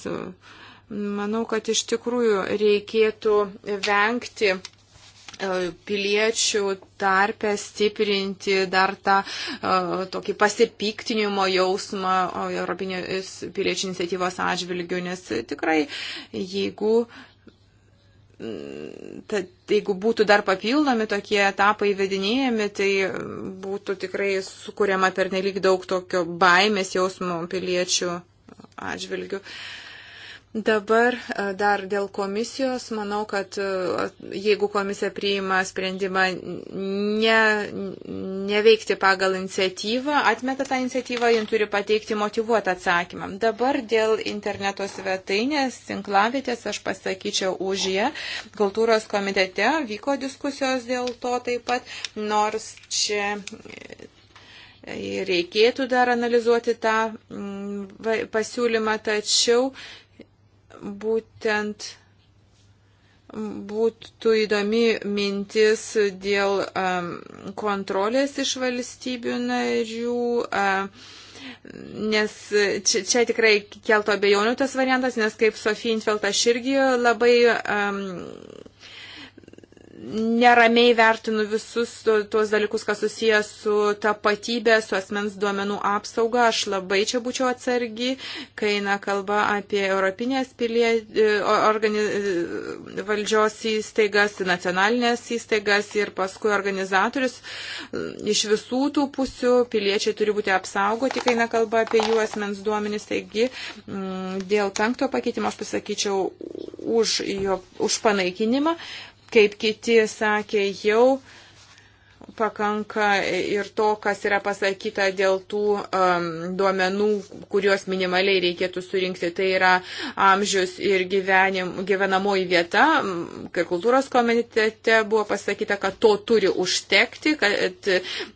Manau, kad iš tikrųjų reikėtų vengti E, piliečių tarpę stiprinti dar tą e, tokį pasipiktinimo jausmą Europinės piliečių iniciatyvos atžvilgių, nes tikrai jeigu tad jeigu būtų dar papildomi tokie etapai įvedinėjami, tai būtų tikrai sukūriama per nelik daug tokio baimės jausmo piliečių atžvilgių. Uh, Dabar dar dėl komisijos. Manau, kad jeigu komisija priima sprendimą ne, neveikti pagal iniciatyvą, atmeta tą iniciatyvą, jin turi pateikti motivuotą atsakymą. Dabar dėl interneto svetainės, tinklavietės, aš pasakyčiau už ją. Kultūros komitete vyko diskusijos dėl to taip pat, nors čia e, reikėtų dar analizuoti tą pasiūlymą, tačiau būtent būtų įdomi mintis dėl um, kontrolės iš valstybių narių. Um, Nes čia, čia tikrai keltų abejonių tas variantas, nes kaip Sofija Infeltas irgi labai um, neramiai vertinu visus tuos dalykus, kas susijęs su tapatybė, su asmens duomenų apsauga. Aš labai čia būčiau atsargi, kai eina kalba apie Europinės pilie, e, organi, e, valdžios įstaigas, nacionalinės įstaigas ir paskui organizatorius. Iš visų tų pusių piliečiai turi būti apsaugoti, kai eina kalba apie jų asmens duomenis. Taigi dėl penkto pakeitimo aš pasakyčiau už, jo, už panaikinimą kaip kiti sakė jau, pakanka ir to, kas yra pasakyta dėl tų um, duomenų, kuriuos minimaliai reikėtų surinkti. Tai yra amžius ir gyvenim, gyvenamoji vieta. Kai kultūros komitete buvo pasakyta, kad to turi užtekti, kad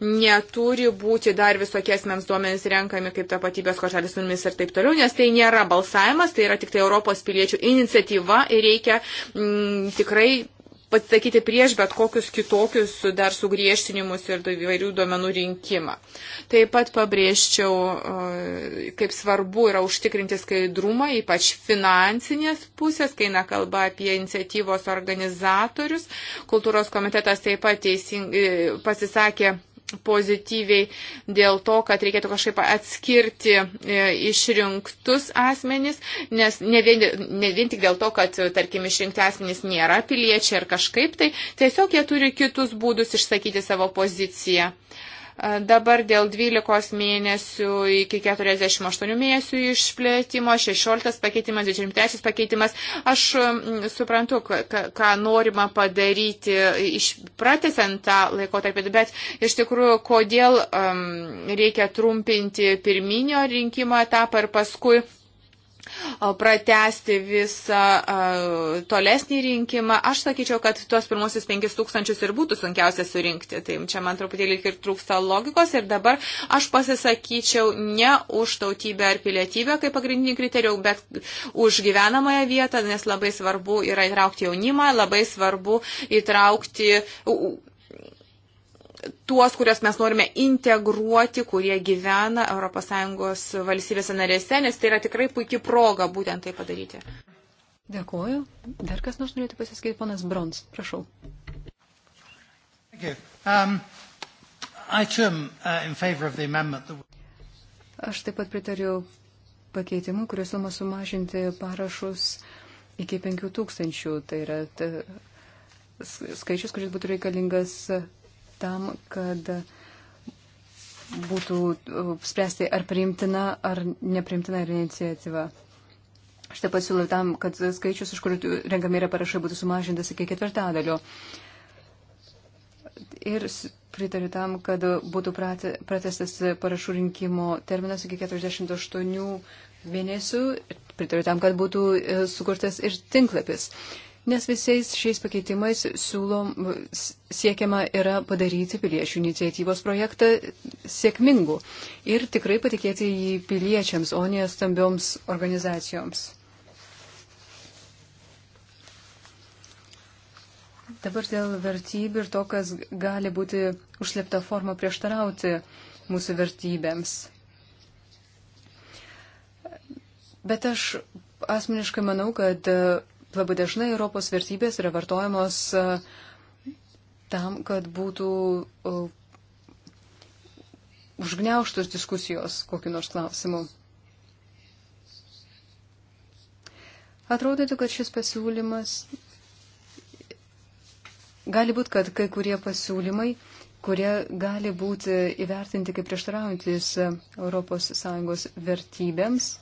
neturi būti dar visokie asmens duomenys renkami kaip tapatybės kortelės numeris ir taip toliau, nes tai nėra balsavimas, tai yra tik tai Europos piliečių iniciatyva ir reikia m, tikrai pasisakyti prieš bet kokius kitokius dar sugriežtinimus ir įvairių duomenų rinkimą. Taip pat pabrėžčiau, e, kaip svarbu yra užtikrinti skaidrumą, ypač finansinės pusės, kai eina kalba apie iniciatyvos organizatorius. Kultūros komitetas taip pat teising, e, pasisakė pozityviai dėl to, kad reikėtų kažkaip atskirti e, išrinktus asmenys, nes ne vien, ne vien tik dėl to, kad, tarkim, išrinkti asmenys nėra piliečiai ar kažkaip tai, tiesiog jie turi kitus būdus išsakyti savo poziciją. Uh, Dabar dėl 12 mėnesių iki 48 mėnesių išplėtimo, 16 pakeitimas, 23 pakeitimas. Aš suprantu, ką norima padaryti, pratesant tą laikotarpį, bet iš tikrųjų, kodėl um, reikia trumpinti pirminio rinkimo etapą ir paskui pratesti visą tolesnį rinkimą. Aš sakyčiau, kad tuos pirmusius 5 tūkstančius ir būtų sunkiausia surinkti. Tai čia man truputėlį ir trūksta logikos ir dabar aš pasisakyčiau ne už tautybę ar pilietybę kaip pagrindinį kriterijų, bet už gyvenamąją vietą, nes labai svarbu yra įtraukti jaunimą, labai svarbu įtraukti tuos, kuriuos mes norime integruoti, kurie gyvena ES valstybėse narėse, nes tai yra tikrai puikia proga būtent tai padaryti. Dėkuoju. Dar kas nors norėtų pasiskaityti, ponas Brons, prašau. Um, uh, Aš taip pat pritariu pakeitimu, kuriuo siūloma sumažinti parašus iki 5000. Tai yra ta, skaičius, kuris būtų reikalingas tam, kad būtų uh, spręsti ar priimtina, ar neprimtina iniciatyva. Aš taip pat siūlau tam, kad skaičius, iš kurių renkami yra parašai, būtų sumažintas iki ketvirtadalio. Ir pritariu tam, kad būtų pratestas parašų rinkimo terminas iki 48 mėnesių. Pritariu tam, kad būtų uh, sukurtas ir tinklapis. Uh, nes visais šiais pakeitimais siūlom, siekiama yra padaryti piliečių iniciatyvos projektą sėkmingu ir tikrai patikėti jį piliečiams, o ne stambioms organizacijoms. Dabar dėl vertybių ir to, kas gali būti užslepta forma prieštarauti mūsų vertybėms. Bet aš asmeniškai manau, kad labai dažnai Europos vertybės yra vartojamos e, tam, kad būtų e, užgneuštos diskusijos kokiu nors klausimu. Atrodytų, kad šis pasiūlymas. Gali būti, kad kai kurie pasiūlymai, kurie gali būti įvertinti kaip prieštaraujantis ES vertybėms,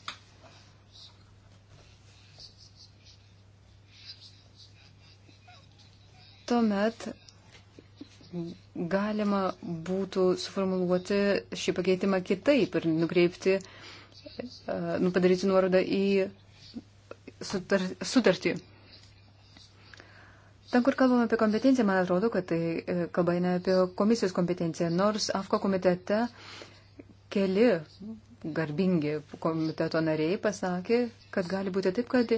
tuomet galima būtų suformuluoti šį pakeitimą kitaip ir nukreipti, e, nu, padaryti nuorodą į sutar, sutartį. Ten, kur kalbame apie kompetenciją, man atrodo, kad tai e, kalba eina apie komisijos kompetenciją, nors AFKO komitete keli garbingi komiteto nariai pasakė, kad gali būti taip, kad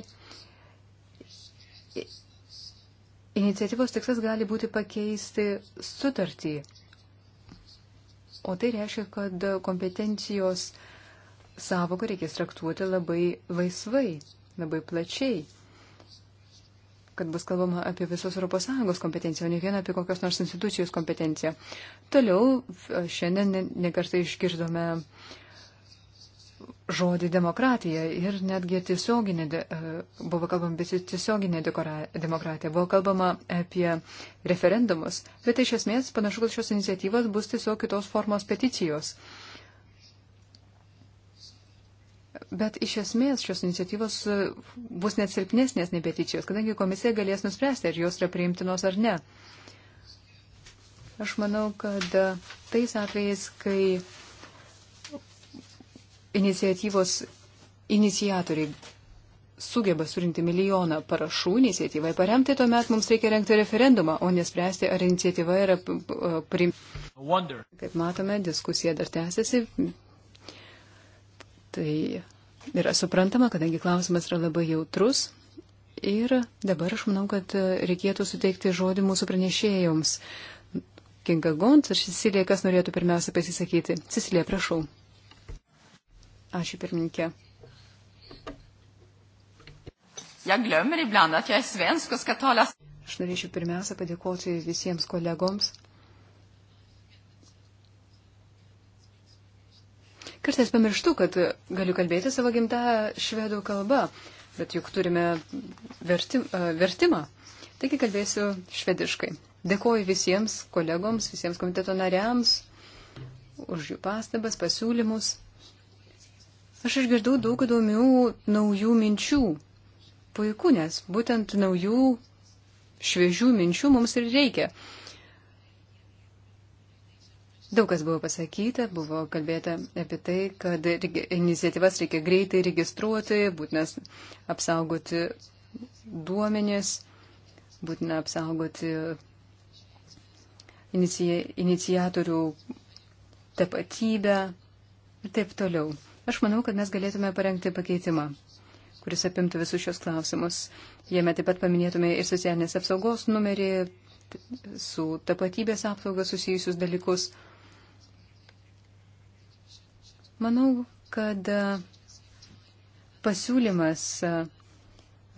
Iniciatyvos tikslas gali būti pakeisti sutartį, o tai reiškia, kad kompetencijos savoką reikės traktuoti labai laisvai, labai plačiai, kad bus kalbama apie visos ES kompetenciją, o ne vieną apie kokios nors institucijos kompetenciją. Toliau e, šiandien nekartai išgirdome uh, žodį demokratija ir netgi tiesioginė, e, buvo kalbama apie tiesioginę demokratiją, buvo kalbama apie referendumus, bet iš esmės panašu, kad šios iniciatyvos bus tiesiog kitos formos peticijos. Bet iš esmės šios iniciatyvos e, bus net silpnesnės nei peticijos, kadangi komisija galės nuspręsti, ar jos yra priimtinos ar ne. Aš manau, kad e, tais atvejais, kai iniciatyvos inicijatoriai sugeba surinkti milijoną parašų iniciatyvai paremti, tuomet mums reikia renkti referendumą, o nespręsti, ar iniciatyva yra priimta. Kaip matome, diskusija dar tęsiasi. Tai yra suprantama, kadangi klausimas yra labai jautrus. Ir dabar aš manau, kad reikėtų suteikti žodį mūsų pranešėjams. Kinga Gont, aš Cecilija, kas norėtų pirmiausia pasisakyti. Cecilija, prašau. Ačiū pirmininkė. Aš norėčiau pirmiausia padėkoti visiems kolegoms. Kartais pamirštu, kad galiu kalbėti savo gimtą švedų kalbą, bet juk turime vertim, vertimą. Taigi kalbėsiu švediškai. Dėkoju visiems kolegoms, visiems komiteto nariams už jų pastabas, pasiūlymus. Aš išgirdau daug įdomių naujų minčių. Puiku, nes būtent naujų, šviežių minčių mums ir reikia. Daug kas buvo pasakyta, buvo kalbėta apie tai, kad iniciatyvas reikia greitai registruoti, būtinas apsaugoti duomenis, būtina apsaugoti iniciatorių tapatybę ir taip toliau. Aš manau, kad mes galėtume parengti pakeitimą kuris apimtų visus šios klausimus. Jame taip pat paminėtume ir socialinės apsaugos numerį, su tapatybės apsauga susijusius dalykus. Manau, kad e, pasiūlymas e,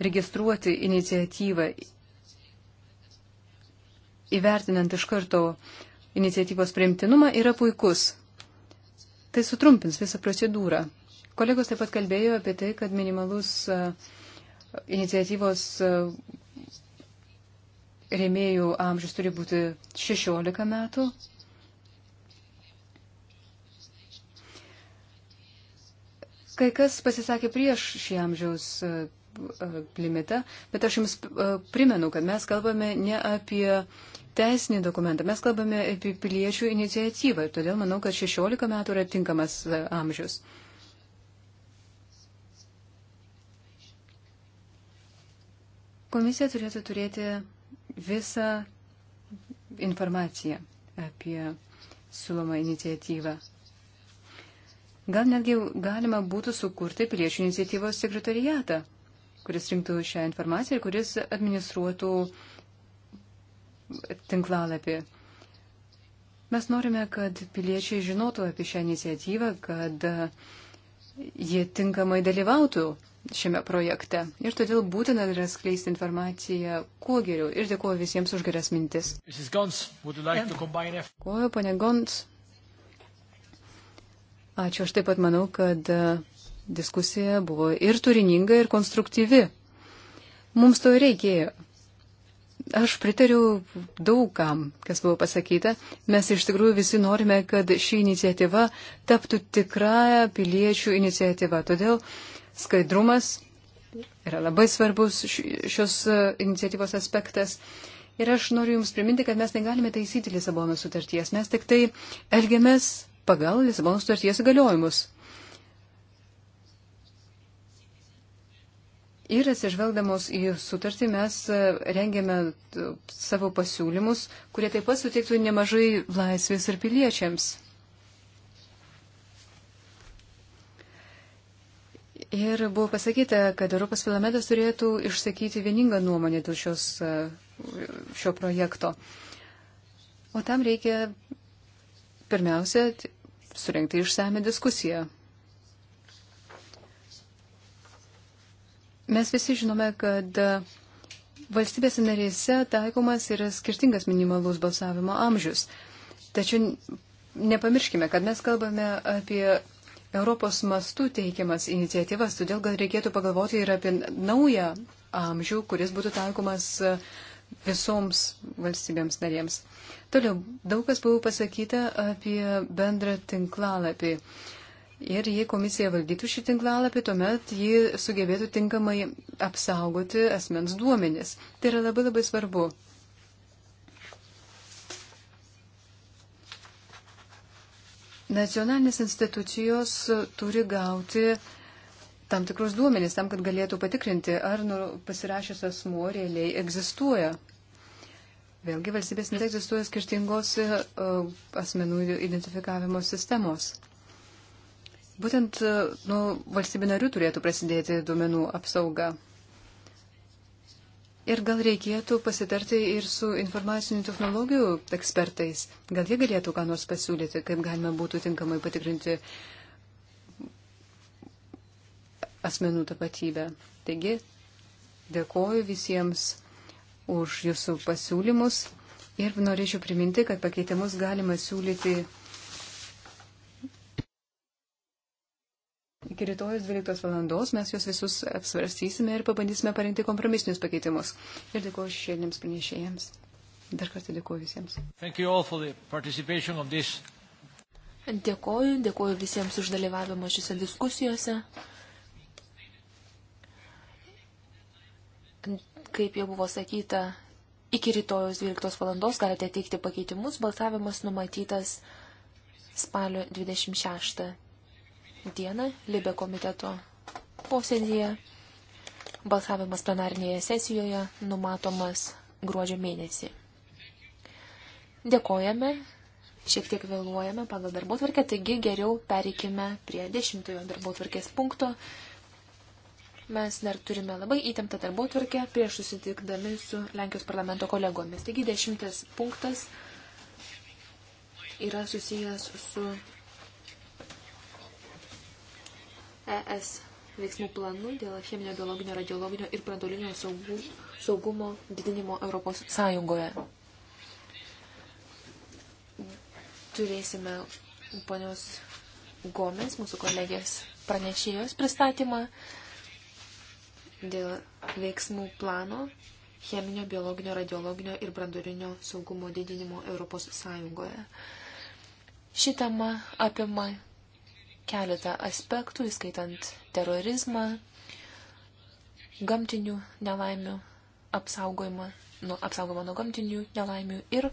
registruoti iniciatyvą, įvertinant iš karto iniciatyvos priimtinumą, yra puikus. Tai sutrumpins visą procedūrą. Kolegos taip pat kalbėjo apie tai, kad minimalus e, iniciatyvos e, rėmėjų amžius turi būti 16 metų. Kai kas pasisakė prieš šį amžiaus e, limitą, bet aš jums primenu, kad mes kalbame ne apie uh, teisinį dokumentą. Mes kalbame apie piliečių iniciatyvą ir todėl manau, kad 16 metų yra tinkamas e, amžius. Komisija turėtų turėti visą informaciją apie siūlomą iniciatyvą. Gal netgi galima būtų sukurti piliečių iniciatyvos sekretariatą, kuris rinktų šią informaciją ir kuris administruotų uh, tinklalapį. Mes norime, kad piliečiai žinotų apie šią iniciatyvą, kad jie tinkamai dalyvautų šiame projekte. Ir todėl būtina yra skleisti informaciją kuo geriau. Ir dėkuoju visiems už geras mintis. Dėkuoju, ponė Gons. Ačiū, aš taip pat manau, kad diskusija buvo ir turininga, ir konstruktyvi. Mums to reikėjo. Aš pritariu daugam, kas buvo pasakyta. Mes iš tikrųjų visi norime, kad ši iniciatyva taptų tikrąją piliečių iniciatyvą. Todėl skaidrumas yra labai svarbus šios e, iniciatyvos aspektas. Ir aš noriu Jums priminti, kad mes negalime taisyti Lisabono sutarties. Mes tik tai elgiamės pagal Lisabono sutarties įgaliojimus. Ir atsižvelgdamos į sutartį mes e, rengėme savo pasiūlymus, kurie taip pat suteiktų nemažai laisvės ir piliečiams. Ir buvo pasakyta, kad Europos parlamentas turėtų išsakyti vieningą nuomonę dėl šios, e, šio projekto. O tam reikia pirmiausia surinkti išsame diskusiją Mes visi žinome, kad valstybės narėse taikomas yra skirtingas minimalus balsavimo amžius. Tačiau nepamirškime, kad mes kalbame apie Europos mastų teikiamas iniciatyvas, todėl gal reikėtų pagalvoti ir apie naują amžių, kuris būtų taikomas visoms valstybėms narėms. Toliau, daug kas buvo pasakyta apie bendrą tinklalapį. Uh, Ir jei komisija valdytų šį tinklalapį, tuomet ji sugebėtų tinkamai apsaugoti asmens duomenis. Tai yra labai labai svarbu. Nacionalinės institucijos turi gauti tam tikrus duomenys tam, kad galėtų patikrinti, ar nu, pasirašęs asmuo realiai egzistuoja. Vėlgi valstybės net egzistuoja skirtingos uh, asmenų identifikavimo sistemos. Būtent e, nuo valstybių narių turėtų prasidėti duomenų apsauga. Ir gal reikėtų pasitarti ir su informacinių technologijų ekspertais. Gal jie galėtų ką nors pasiūlyti, kaip galima būtų tinkamai patikrinti asmenų tapatybę. Taigi, dėkoju visiems už jūsų pasiūlymus ir norėčiau priminti, kad pakeitimus galima siūlyti Iki rytojus 12 valandos mes juos visus apsvarstysime ir pabandysime parengti kompromisinius pakeitimus. Ir dėkuoju šešėlėms pranešėjams. Dar kartą dėkuoju visiems. Dėkuoju, dėkuoju visiems už dalyvavimą šiuose diskusijose. Kaip jau buvo sakyta, iki rytojus 12 valandos galite teikti pakeitimus. Balsavimas numatytas spalio 26 dieną Libe komiteto posėdėje. Balsavimas plenarinėje sesijoje numatomas gruodžio mėnesį. Dėkojame, šiek tiek vėluojame pagal darbo tvarkę, taigi geriau pereikime prie dešimtojo darbo tvarkės punkto. Mes dar turime labai įtemptą darbo tvarkę prieš susitikdami su Lenkijos parlamento kolegomis. Taigi dešimtas punktas yra susijęs su ES veiksmų planu dėl cheminio, biologinio, radiologinio ir brandolinio saugų, saugumo didinimo Europos Sąjungoje. Turėsime ponios Gomes, mūsų kolegės pranešėjos pristatymą dėl veiksmų plano cheminio, biologinio, radiologinio ir brandurinio saugumo didinimo Europos Sąjungoje. Ši tema apima keletą aspektų, įskaitant terorizmą, gamtinių nelaimių apsaugojimą, nu, apsaugojimą nuo gamtinių nelaimių ir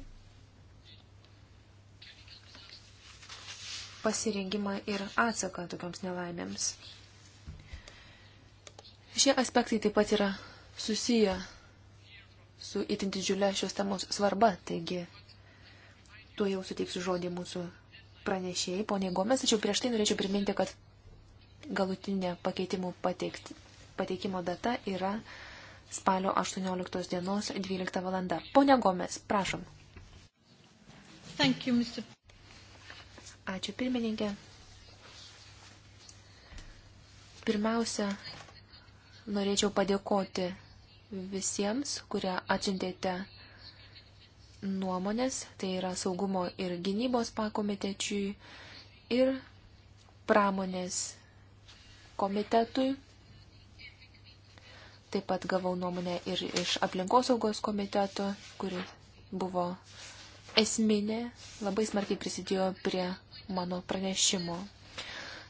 pasirengimą ir atsaką tokioms nelaimėms. Šie aspektai taip pat yra susiję su itin didžiulė šios temos svarba, taigi tuo jau suteiksiu žodį mūsų pranešėjai, poniai Gomes, tačiau prieš tai norėčiau priminti, kad galutinė pakeitimų pateikti, pateikimo data yra spalio 18 dienos 12 valanda. Pone Gomes, prašom. Thank you, Mr. Ačiū pirmininkė. Pirmiausia, norėčiau padėkoti visiems, kurie atsintėte nuomonės, tai yra saugumo ir gynybos pakomitečiui ir pramonės komitetui. Taip pat gavau nuomonę ir iš aplinkosaugos komiteto, kuri buvo esminė, labai smarkiai prisidėjo prie mano pranešimo.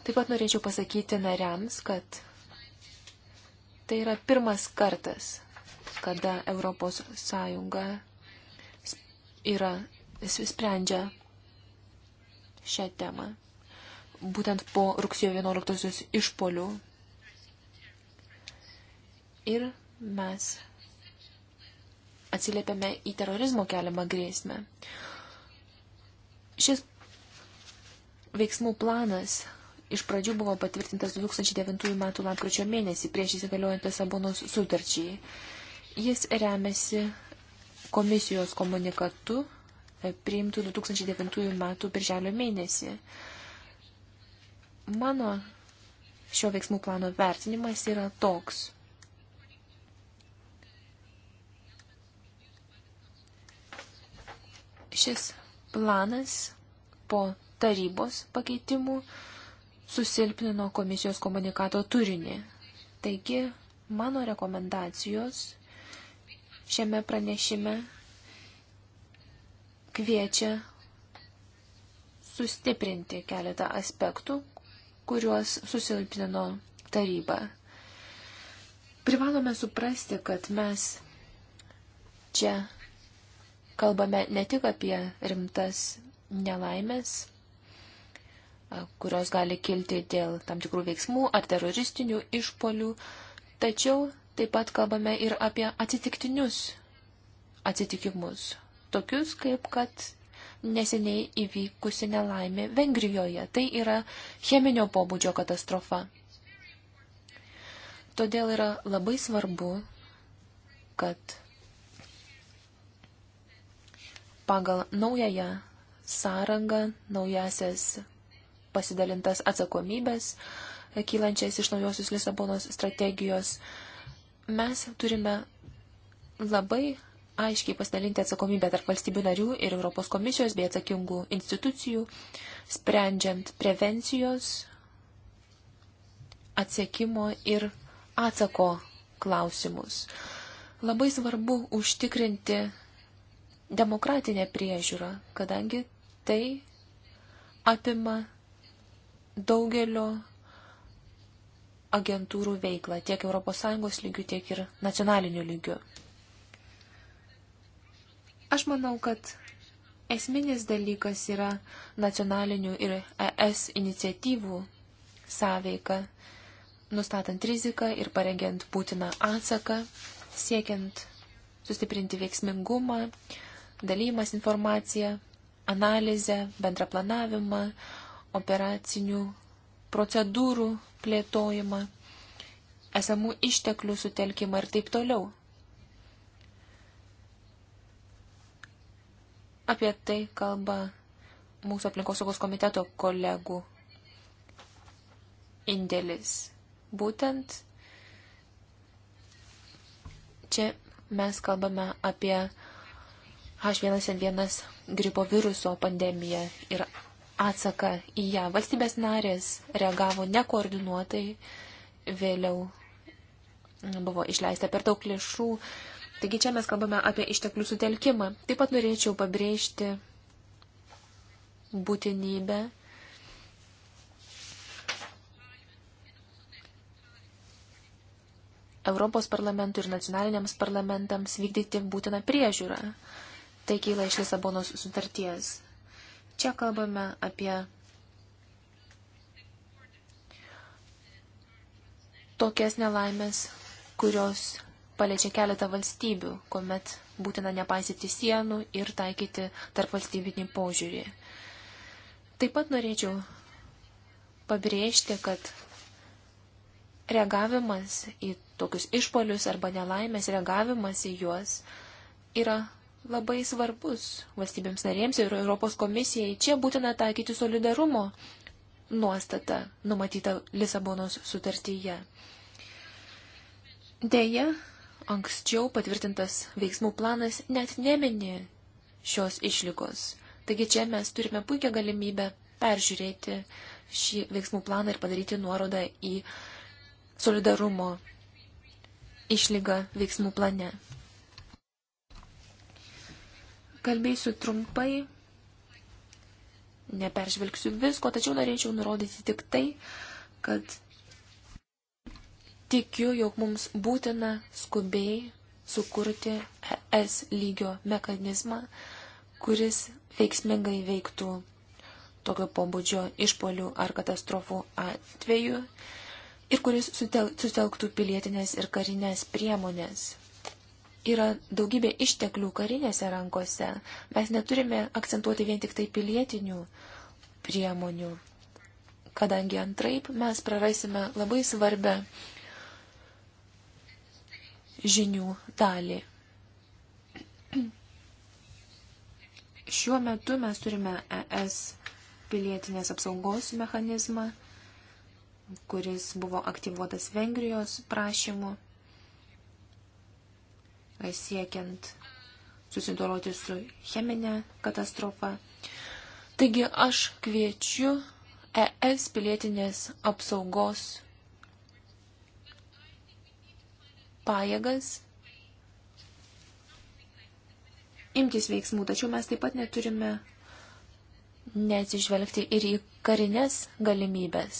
Taip pat norėčiau pasakyti nariams, kad tai yra pirmas kartas, kada Europos Sąjunga yra, sprendžia šią temą. Būtent po rugsėjo 11 išpolių. Ir mes atsiliepiame į terorizmo keliamą grėsmę. Šis veiksmų planas iš pradžių buvo patvirtintas 2009 m. lapkričio mėnesį prieš įsigaliojant Lisabonos sutarčiai. Jis remiasi komisijos komunikatu e, priimtų 2009 metų birželio mėnesį. Mano šio veiksmų plano vertinimas yra toks. Šis planas po tarybos pakeitimų susilpnino komisijos komunikato turinį. Taigi, mano rekomendacijos šiame pranešime kviečia sustiprinti keletą aspektų, kuriuos susilpnino taryba. Privalome suprasti, kad mes čia kalbame ne tik apie rimtas nelaimės, kurios gali kilti dėl tam tikrų veiksmų ar teroristinių išpolių, tačiau Taip pat kalbame ir apie atsitiktinius atsitikimus, tokius kaip kad neseniai įvykusi nelaimė Vengrijoje. Tai yra cheminio pobūdžio katastrofa. Todėl yra labai svarbu, kad pagal naująją sąrangą, naujasias pasidalintas atsakomybės, kylančias iš naujosios Lisabonos strategijos, Mes turime labai aiškiai pasidalinti atsakomybę tarp valstybių narių ir Europos komisijos bei atsakingų institucijų, sprendžiant prevencijos, atsiekimo ir atsako klausimus. Labai svarbu užtikrinti demokratinę priežiūrą, kadangi tai apima daugelio agentūrų veiklą tiek ES lygių, tiek ir nacionalinių lygių. Aš manau, kad esminis dalykas yra nacionalinių ir ES iniciatyvų sąveika, nustatant riziką ir parengiant būtiną atsaką, siekiant sustiprinti veiksmingumą, dalymas informaciją, analizę, bendrą planavimą, operacinių procedūrų plėtojimą, esamų išteklių sutelkimą ir taip toliau. Apie tai kalba mūsų aplinkosaugos komiteto kolegų indėlis. Būtent čia mes kalbame apie H1N1 gripo viruso pandemiją ir atsaką į ją. Valstybės narės reagavo nekoordinuotai, vėliau buvo išleista per daug lėšų. Taigi čia mes kalbame apie išteklių sutelkimą. Taip pat norėčiau pabrėžti būtinybę Europos parlamentui ir nacionaliniams parlamentams vykdyti būtiną priežiūrą. Tai kyla iš Lisabonos sutarties. Čia kalbame apie tokias nelaimės, kurios paliečia keletą valstybių, kuomet būtina nepaisyti sienų ir taikyti tarp valstybinį požiūrį. Taip pat norėčiau pabrėžti, kad reagavimas į tokius išpolius arba nelaimės, reagavimas į juos yra labai svarbus valstybėms narėms ir Europos komisijai. Čia būtina taikyti solidarumo nuostatą numatytą Lisabonos sutartyje. Deja, anksčiau patvirtintas veiksmų planas net nemini šios išlygos. Taigi čia mes turime puikią galimybę peržiūrėti šį veiksmų planą ir padaryti nuorodą į solidarumo išlygą veiksmų plane. Kalbėsiu trumpai, neperžvelgsiu visko, tačiau norėčiau nurodyti tik tai, kad tikiu, jog mums būtina skubiai sukurti ES lygio mechanizmą, kuris veiksmingai veiktų tokio pobūdžio išpolių ar katastrofų atveju ir kuris sutelktų pilietinės ir karinės priemonės yra daugybė išteklių karinėse rankose. Mes neturime akcentuoti vien tik tai pilietinių priemonių, kadangi antraip mes prarasime labai svarbę žinių dalį. Šiuo metu mes turime ES pilietinės apsaugos mechanizmą, kuris buvo aktyvuotas Vengrijos prašymu siekiant susidoroti su cheminė katastrofa. Taigi aš kviečiu ES pilietinės apsaugos pajėgas imtis veiksmų, tačiau mes taip pat neturime neatsižvelgti ir į karinės galimybės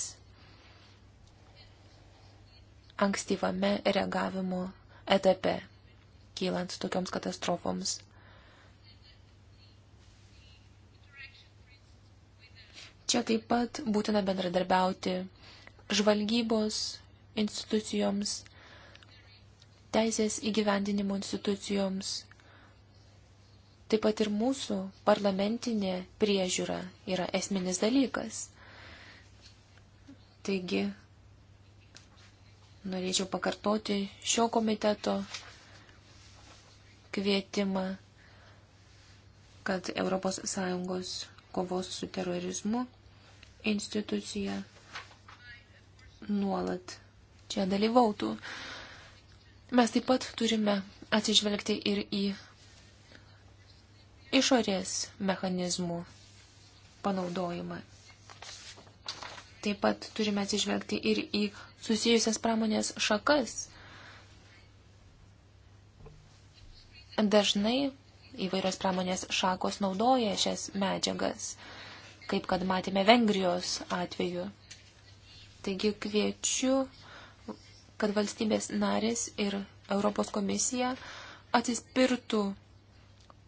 ankstyvame reagavimo etape kylant tokioms katastrofoms. Čia taip pat būtina bendradarbiauti žvalgybos institucijoms, teisės įgyvendinimo institucijoms, taip pat ir mūsų parlamentinė priežiūra yra esminis dalykas. Taigi, norėčiau pakartoti šio komiteto kvietimą, kad ES kovos su terorizmu institucija nuolat čia dalyvautų. Mes taip pat turime atsižvelgti ir į išorės mechanizmų panaudojimą. Taip pat turime atsižvelgti ir į susijusias pramonės šakas, Dažnai įvairios pramonės šakos naudoja šias medžiagas, kaip kad matėme Vengrijos atveju. Taigi kviečiu, kad valstybės narės ir Europos komisija atsispirtų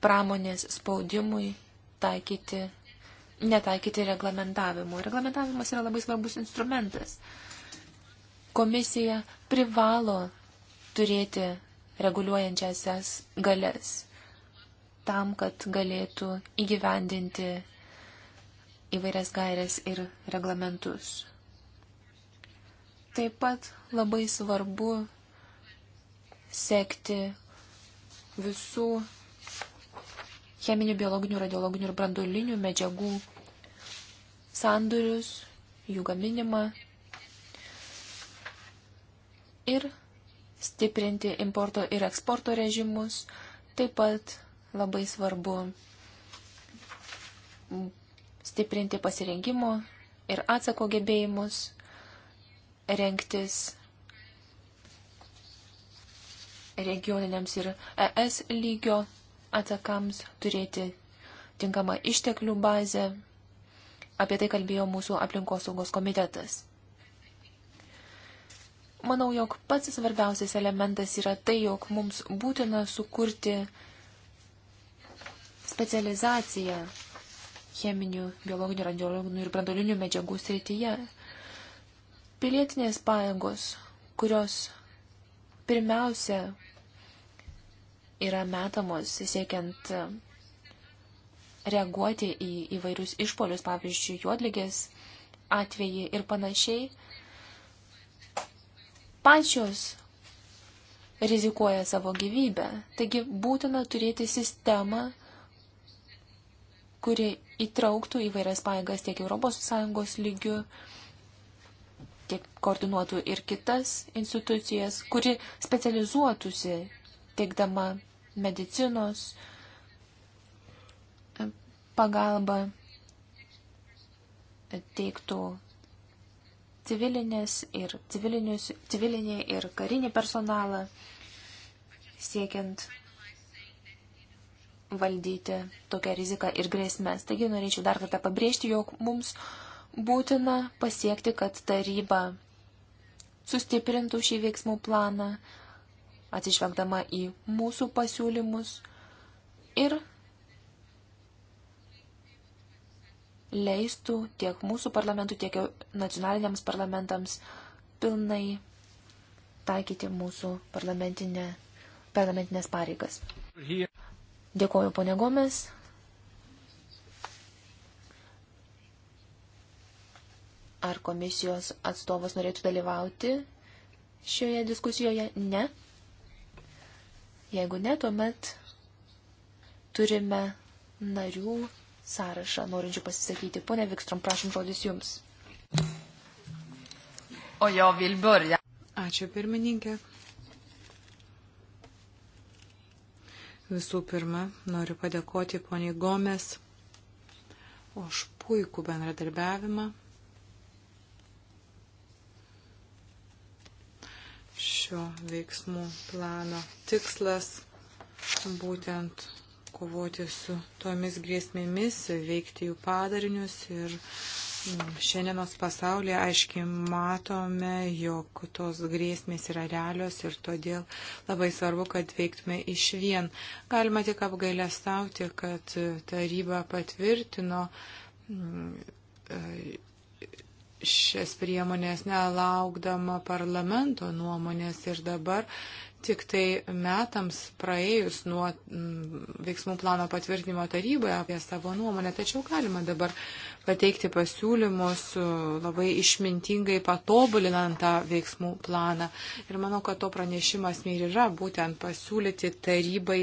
pramonės spaudimui taikyti, netaikyti reglamentavimu. Reglamentavimas yra labai svarbus instrumentas. Komisija privalo turėti reguliuojančiasias galės tam, kad galėtų įgyvendinti įvairias gairias ir reglamentus. Taip pat labai svarbu sekti visų cheminių, biologinių, radiologinių ir brandolinių medžiagų sandurius, jų gaminimą ir stiprinti importo ir eksporto režimus. Taip pat labai svarbu stiprinti pasirengimo ir atsako gebėjimus, rengtis regioniniams ir ES lygio atsakams, turėti tinkamą išteklių bazę. Apie tai kalbėjo mūsų aplinkosaugos komitetas. Manau, jog pats svarbiausias elementas yra tai, jog mums būtina sukurti specializaciją cheminių, biologinių, radiologinių ir brandolinių medžiagų srityje. Pilietinės pajėgos, kurios pirmiausia yra metamos siekiant reaguoti į įvairius išpolius, pavyzdžiui, juodligės atvejį ir panašiai, pačios rizikuoja savo gyvybę. Taigi būtina turėti sistemą, kuri įtrauktų įvairias paėgas tiek ES lygių, tiek koordinuotų ir kitas institucijas, kuri specializuotųsi teikdama medicinos e, pagalbą, teiktų civilinės ir civilinį ir karinį personalą, siekiant valdyti tokią riziką ir grėsmės. Taigi norėčiau dar kartą pabrėžti, jog mums būtina pasiekti, kad taryba sustiprintų šį veiksmų planą, atsižvelgdama į mūsų pasiūlymus ir leistų tiek mūsų parlamentui, tiek nacionaliniams parlamentams pilnai taikyti mūsų parlamentinė, parlamentinės pareigas. Dėkoju, ponė Gomes. Ar komisijos atstovas norėtų dalyvauti šioje diskusijoje? Ne. Jeigu ne, tuomet turime narių sąrašą norinčių pasisakyti. Pone Vikstrom, prašom žodis jums. O jo Vilburja. Ačiū pirmininkė. Visų pirma, noriu padėkoti poniai Gomes už puikų bendradarbiavimą. Šio veiksmų plano tikslas būtent kovoti su tomis grėsmėmis, veikti jų padarinius ir mm, šiandienos pasaulyje aiškiai matome, jog tos grėsmės yra realios ir todėl labai svarbu, kad veiktume iš vien. Galima tik apgailę stauti, kad taryba patvirtino mm, šias priemonės nelaukdama parlamento nuomonės ir dabar Tik tai metams praėjus nuo veiksmų plano patvirtinimo taryboje apie savo nuomonę, tačiau galima dabar pateikti pasiūlymus e, labai išmintingai patobulinant tą veiksmų planą. Ir manau, kad to pranešimas ir yra būtent pasiūlyti tarybai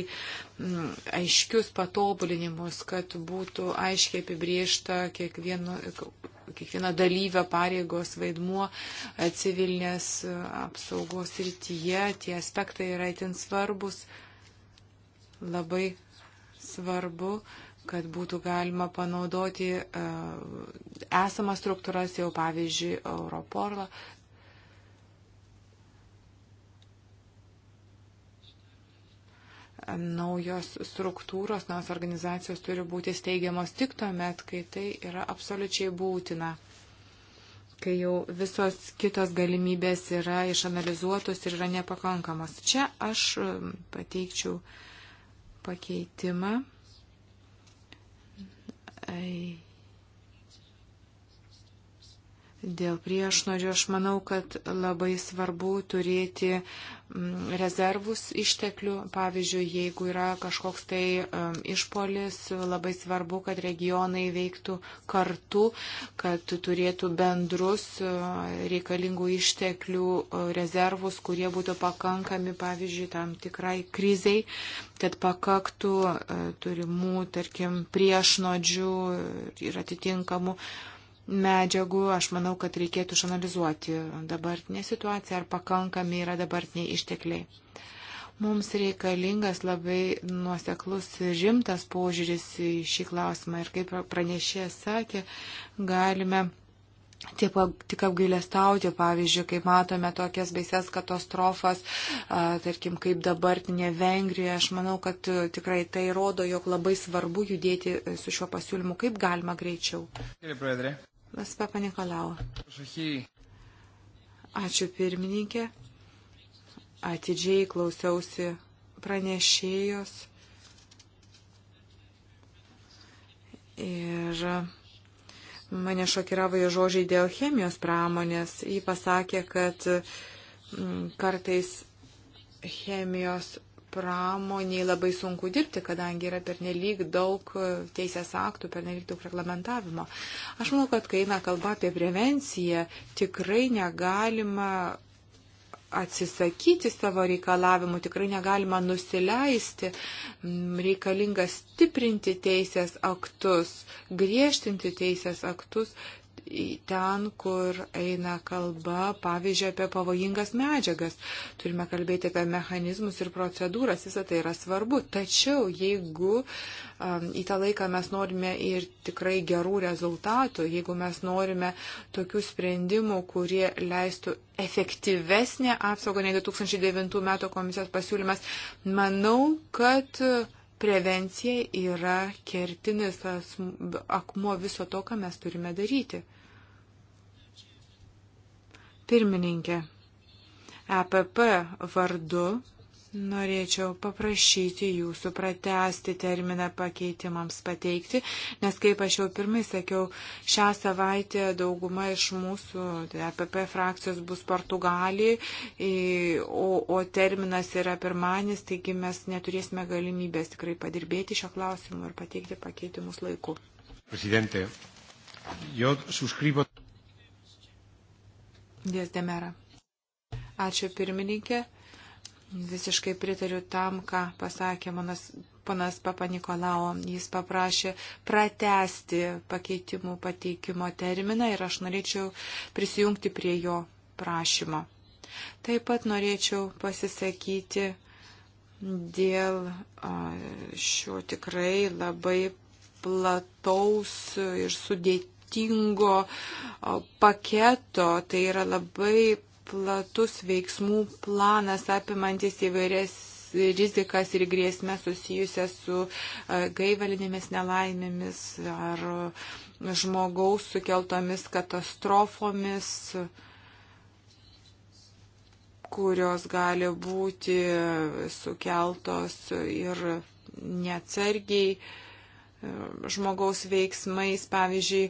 aiškius patobulinimus, kad būtų aiškiai apibriešta kiekvieno kiekvieno dalyvio pareigos vaidmuo e, civilinės e, apsaugos rytyje. Tie aspektai yra itin svarbus. Labai svarbu, kad būtų galima panaudoti e, esamas struktūras, jau pavyzdžiui, Europorlą, naujos struktūros, naujos organizacijos turi būti steigiamos tik tuo met, kai tai yra absoliučiai būtina kai jau visos kitos galimybės yra išanalizuotos ir yra nepakankamos. Čia aš um, pateikčiau pakeitimą. Ai Dėl priešnorio aš manau, kad labai svarbu turėti mm, rezervus išteklių. Pavyzdžiui, jeigu yra kažkoks tai mm, išpolis, labai svarbu, kad regionai veiktų kartu, kad turėtų bendrus mm, reikalingų išteklių rezervus, kurie būtų pakankami, pavyzdžiui, tam tikrai krizai, kad pakaktų turimų, tarkim, priešnodžių ir atitinkamų medžiagų, aš manau, kad reikėtų išanalizuoti dabartinę situaciją, ar pakankami yra dabartiniai ištekliai. Mums reikalingas labai nuoseklus rimtas požiūris į šį klausimą ir kaip pranešė sakė, galime Taip, tik apgailestauti, pavyzdžiui, kai matome tokias baises katastrofas, a, tarkim, kaip dabartinė Vengrija, aš manau, kad e, tikrai tai rodo, jog labai svarbu judėti e, su šiuo pasiūlymu kaip galima greičiau. Vas papa Nikolau. Ačiū pirmininkė. Atidžiai klausiausi pranešėjos. Ir mane šokiravo jo žodžiai dėl chemijos pramonės. Ji pasakė, kad mm, kartais chemijos pramoniai labai sunku dirbti, kadangi yra pernelyg daug teisės aktų, pernelyg daug reglamentavimo. Aš manau, kad kai eina kalba apie prevenciją, tikrai negalima atsisakyti savo reikalavimų, tikrai negalima nusileisti, reikalinga stiprinti teisės aktus, griežtinti teisės aktus, ten, kur eina kalba, pavyzdžiui, apie pavojingas medžiagas. Turime kalbėti apie mechanizmus ir procedūras, visą tai yra svarbu. Tačiau jeigu um, į tą laiką mes norime ir tikrai gerų rezultatų, jeigu mes norime tokių sprendimų, kurie leistų efektyvesnę apsaugą negu 2009 metų komisijos pasiūlymas, manau, kad uh, prevencija yra kertinis akmuo viso to, ką mes turime daryti. Pirmininkė, EPP vardu Norėčiau paprašyti jūsų pratesti terminą pakeitimams pateikti, nes kaip aš jau pirmai sakiau, šią savaitę dauguma iš mūsų tai APP frakcijos bus Portugalijai, o, o terminas yra pirmanis, taigi mes neturėsime galimybės tikrai padirbėti šio klausimu ir pateikti pakeitimus laiku. Presidente, yo suscribo. Dės demera. Ačiū pirmininkė Visiškai pritariu tam, ką pasakė manas, panas Papa Nikolao. Jis paprašė pratesti pakeitimų pateikimo terminą ir aš norėčiau prisijungti prie jo prašymo. Taip pat norėčiau pasisakyti dėl šio tikrai labai plataus ir sudėtingo paketo. Tai yra labai platus veiksmų planas apimantis įvairias rizikas ir grėsmės susijusias su e, gaivalinėmis nelaimėmis ar e, žmogaus sukeltomis katastrofomis, kurios gali būti sukeltos ir neatsargiai e, žmogaus veiksmais, pavyzdžiui,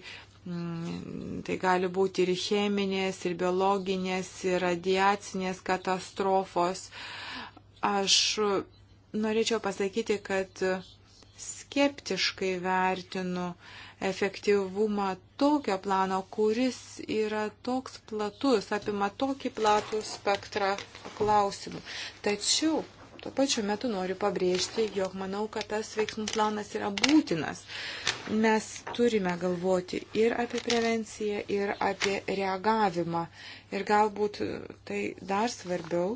Mm, tai gali būti ir cheminės, ir biologinės, ir radiacinės katastrofos. Aš norėčiau pasakyti, kad skeptiškai vertinu efektyvumą tokio plano, kuris yra toks platus, apima tokį platų spektrą klausimų. Tačiau Tuo pačiu metu noriu pabrėžti, jog manau, kad tas veiksmų planas yra būtinas. Mes turime galvoti ir apie prevenciją, ir apie reagavimą. Ir galbūt tai dar svarbiau,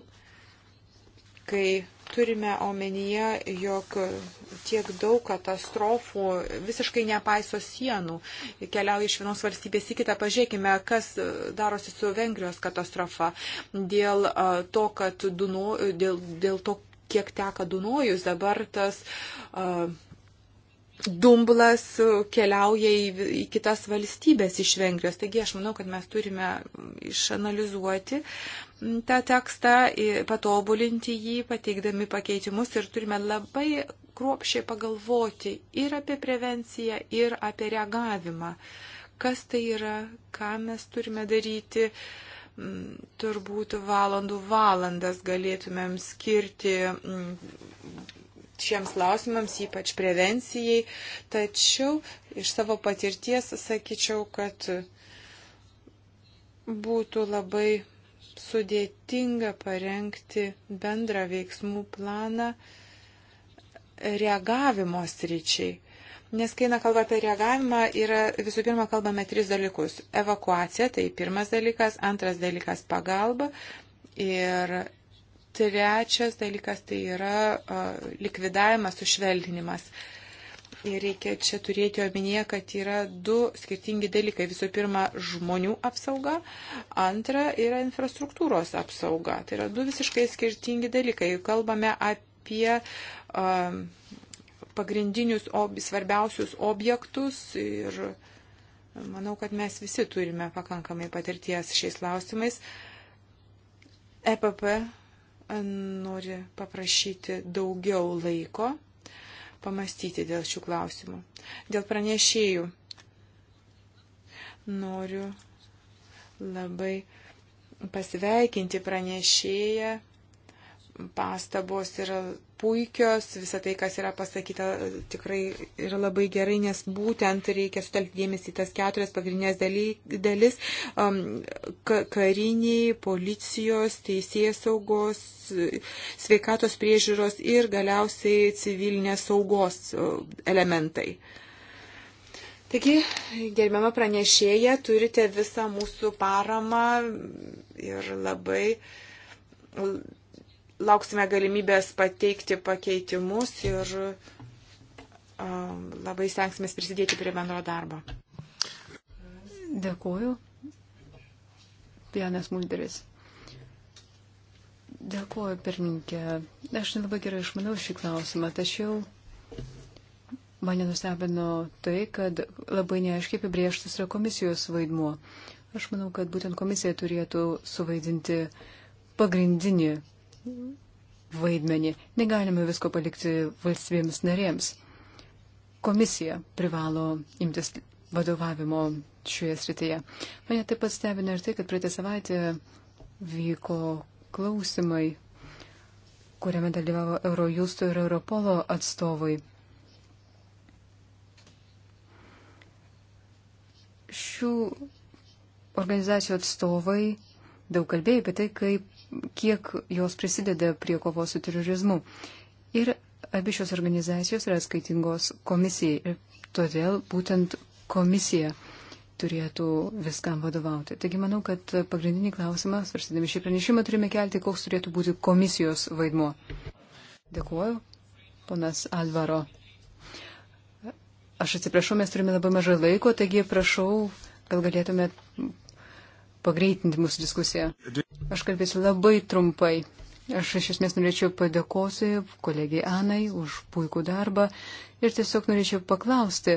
kai turime omenyje, jog tiek daug katastrofų visiškai nepaiso sienų, keliauja iš vienos valstybės į kitą. Pažiūrėkime, kas darosi su Vengrijos katastrofa dėl to, kad Dunu, dėl, dėl to, kiek teka Dunojus, dabar tas uh, dumblas keliauja į, į kitas valstybės iš Vengrijos. Taigi aš manau, kad mes turime išanalizuoti tą tekstą, patobulinti jį, pateikdami pakeitimus ir turime labai kruopšiai pagalvoti ir apie prevenciją, ir apie reagavimą. Kas tai yra, ką mes turime daryti. Uh, Mm, turbūt valandų valandas galėtumėm skirti mm, šiems klausimams, ypač prevencijai. Tačiau iš savo patirties sakyčiau, kad būtų labai sudėtinga parengti bendrą veiksmų planą reagavimo sričiai. Nes kai kalba apie reagavimą, yra visų pirma kalbame tris dalykus. Evakuacija, tai pirmas dalykas, antras dalykas pagalba ir trečias dalykas tai yra uh, likvidavimas, sušvelninimas. Ir reikia čia turėti omenyje, kad yra du skirtingi dalykai. Visų pirma, žmonių apsauga, antra yra infrastruktūros apsauga. Tai yra du visiškai skirtingi dalykai. Kalbame apie um, uh, pagrindinius ob, svarbiausius objektus ir manau, kad mes visi turime pakankamai patirties šiais klausimais. EPP nori paprašyti daugiau laiko pamastyti dėl šių klausimų. Dėl pranešėjų noriu labai pasveikinti pranešėją. Pastabos yra puikios, visą tai, kas yra pasakyta, tikrai yra labai gerai, nes būtent reikia sutelkti dėmesį į tas keturias pagrindinės dalis um, - kariniai, policijos, teisės saugos, sveikatos priežiūros ir galiausiai civilinės saugos elementai. Taigi, gerbiama pranešėja, turite visą mūsų paramą ir labai lauksime galimybės pateikti pakeitimus ir um, labai stengsime prisidėti prie bendro darbo. Dėkuoju. Janas Mulderis. Dėkuoju, pirmininkė. Aš nelabai gerai išmanau šį klausimą, tačiau mane nustebino tai, kad labai neaiškiai apibrieštas yra komisijos vaidmuo. Aš manau, kad būtent komisija turėtų suvaidinti pagrindinį vaidmenį. Negalime visko palikti valstybėms narėms. Komisija privalo imtis vadovavimo šioje srityje. Mane taip pat stebina ir tai, kad praeitą savaitę vyko klausimai, kuriame dalyvavo Eurojusto ir Europolo atstovai. Šių organizacijų atstovai daug kalbėjo apie tai, kaip kiek jos prisideda prie kovos su terorizmu. Ir abi šios organizacijos yra skaitingos komisijai. Ir todėl būtent komisija turėtų viskam vadovauti. Taigi manau, kad pagrindinį klausimą, svarstydami šį pranešimą, turime kelti, koks turėtų būti komisijos vaidmuo. Dėkuoju, ponas Alvaro. Aš atsiprašau, mes turime labai mažai laiko, taigi prašau, gal galėtume pagreitinti mūsų diskusiją. Aš kalbėsiu labai trumpai. Aš iš esmės norėčiau padėkoti kolegiai Anai už puikų darbą ir tiesiog norėčiau paklausti,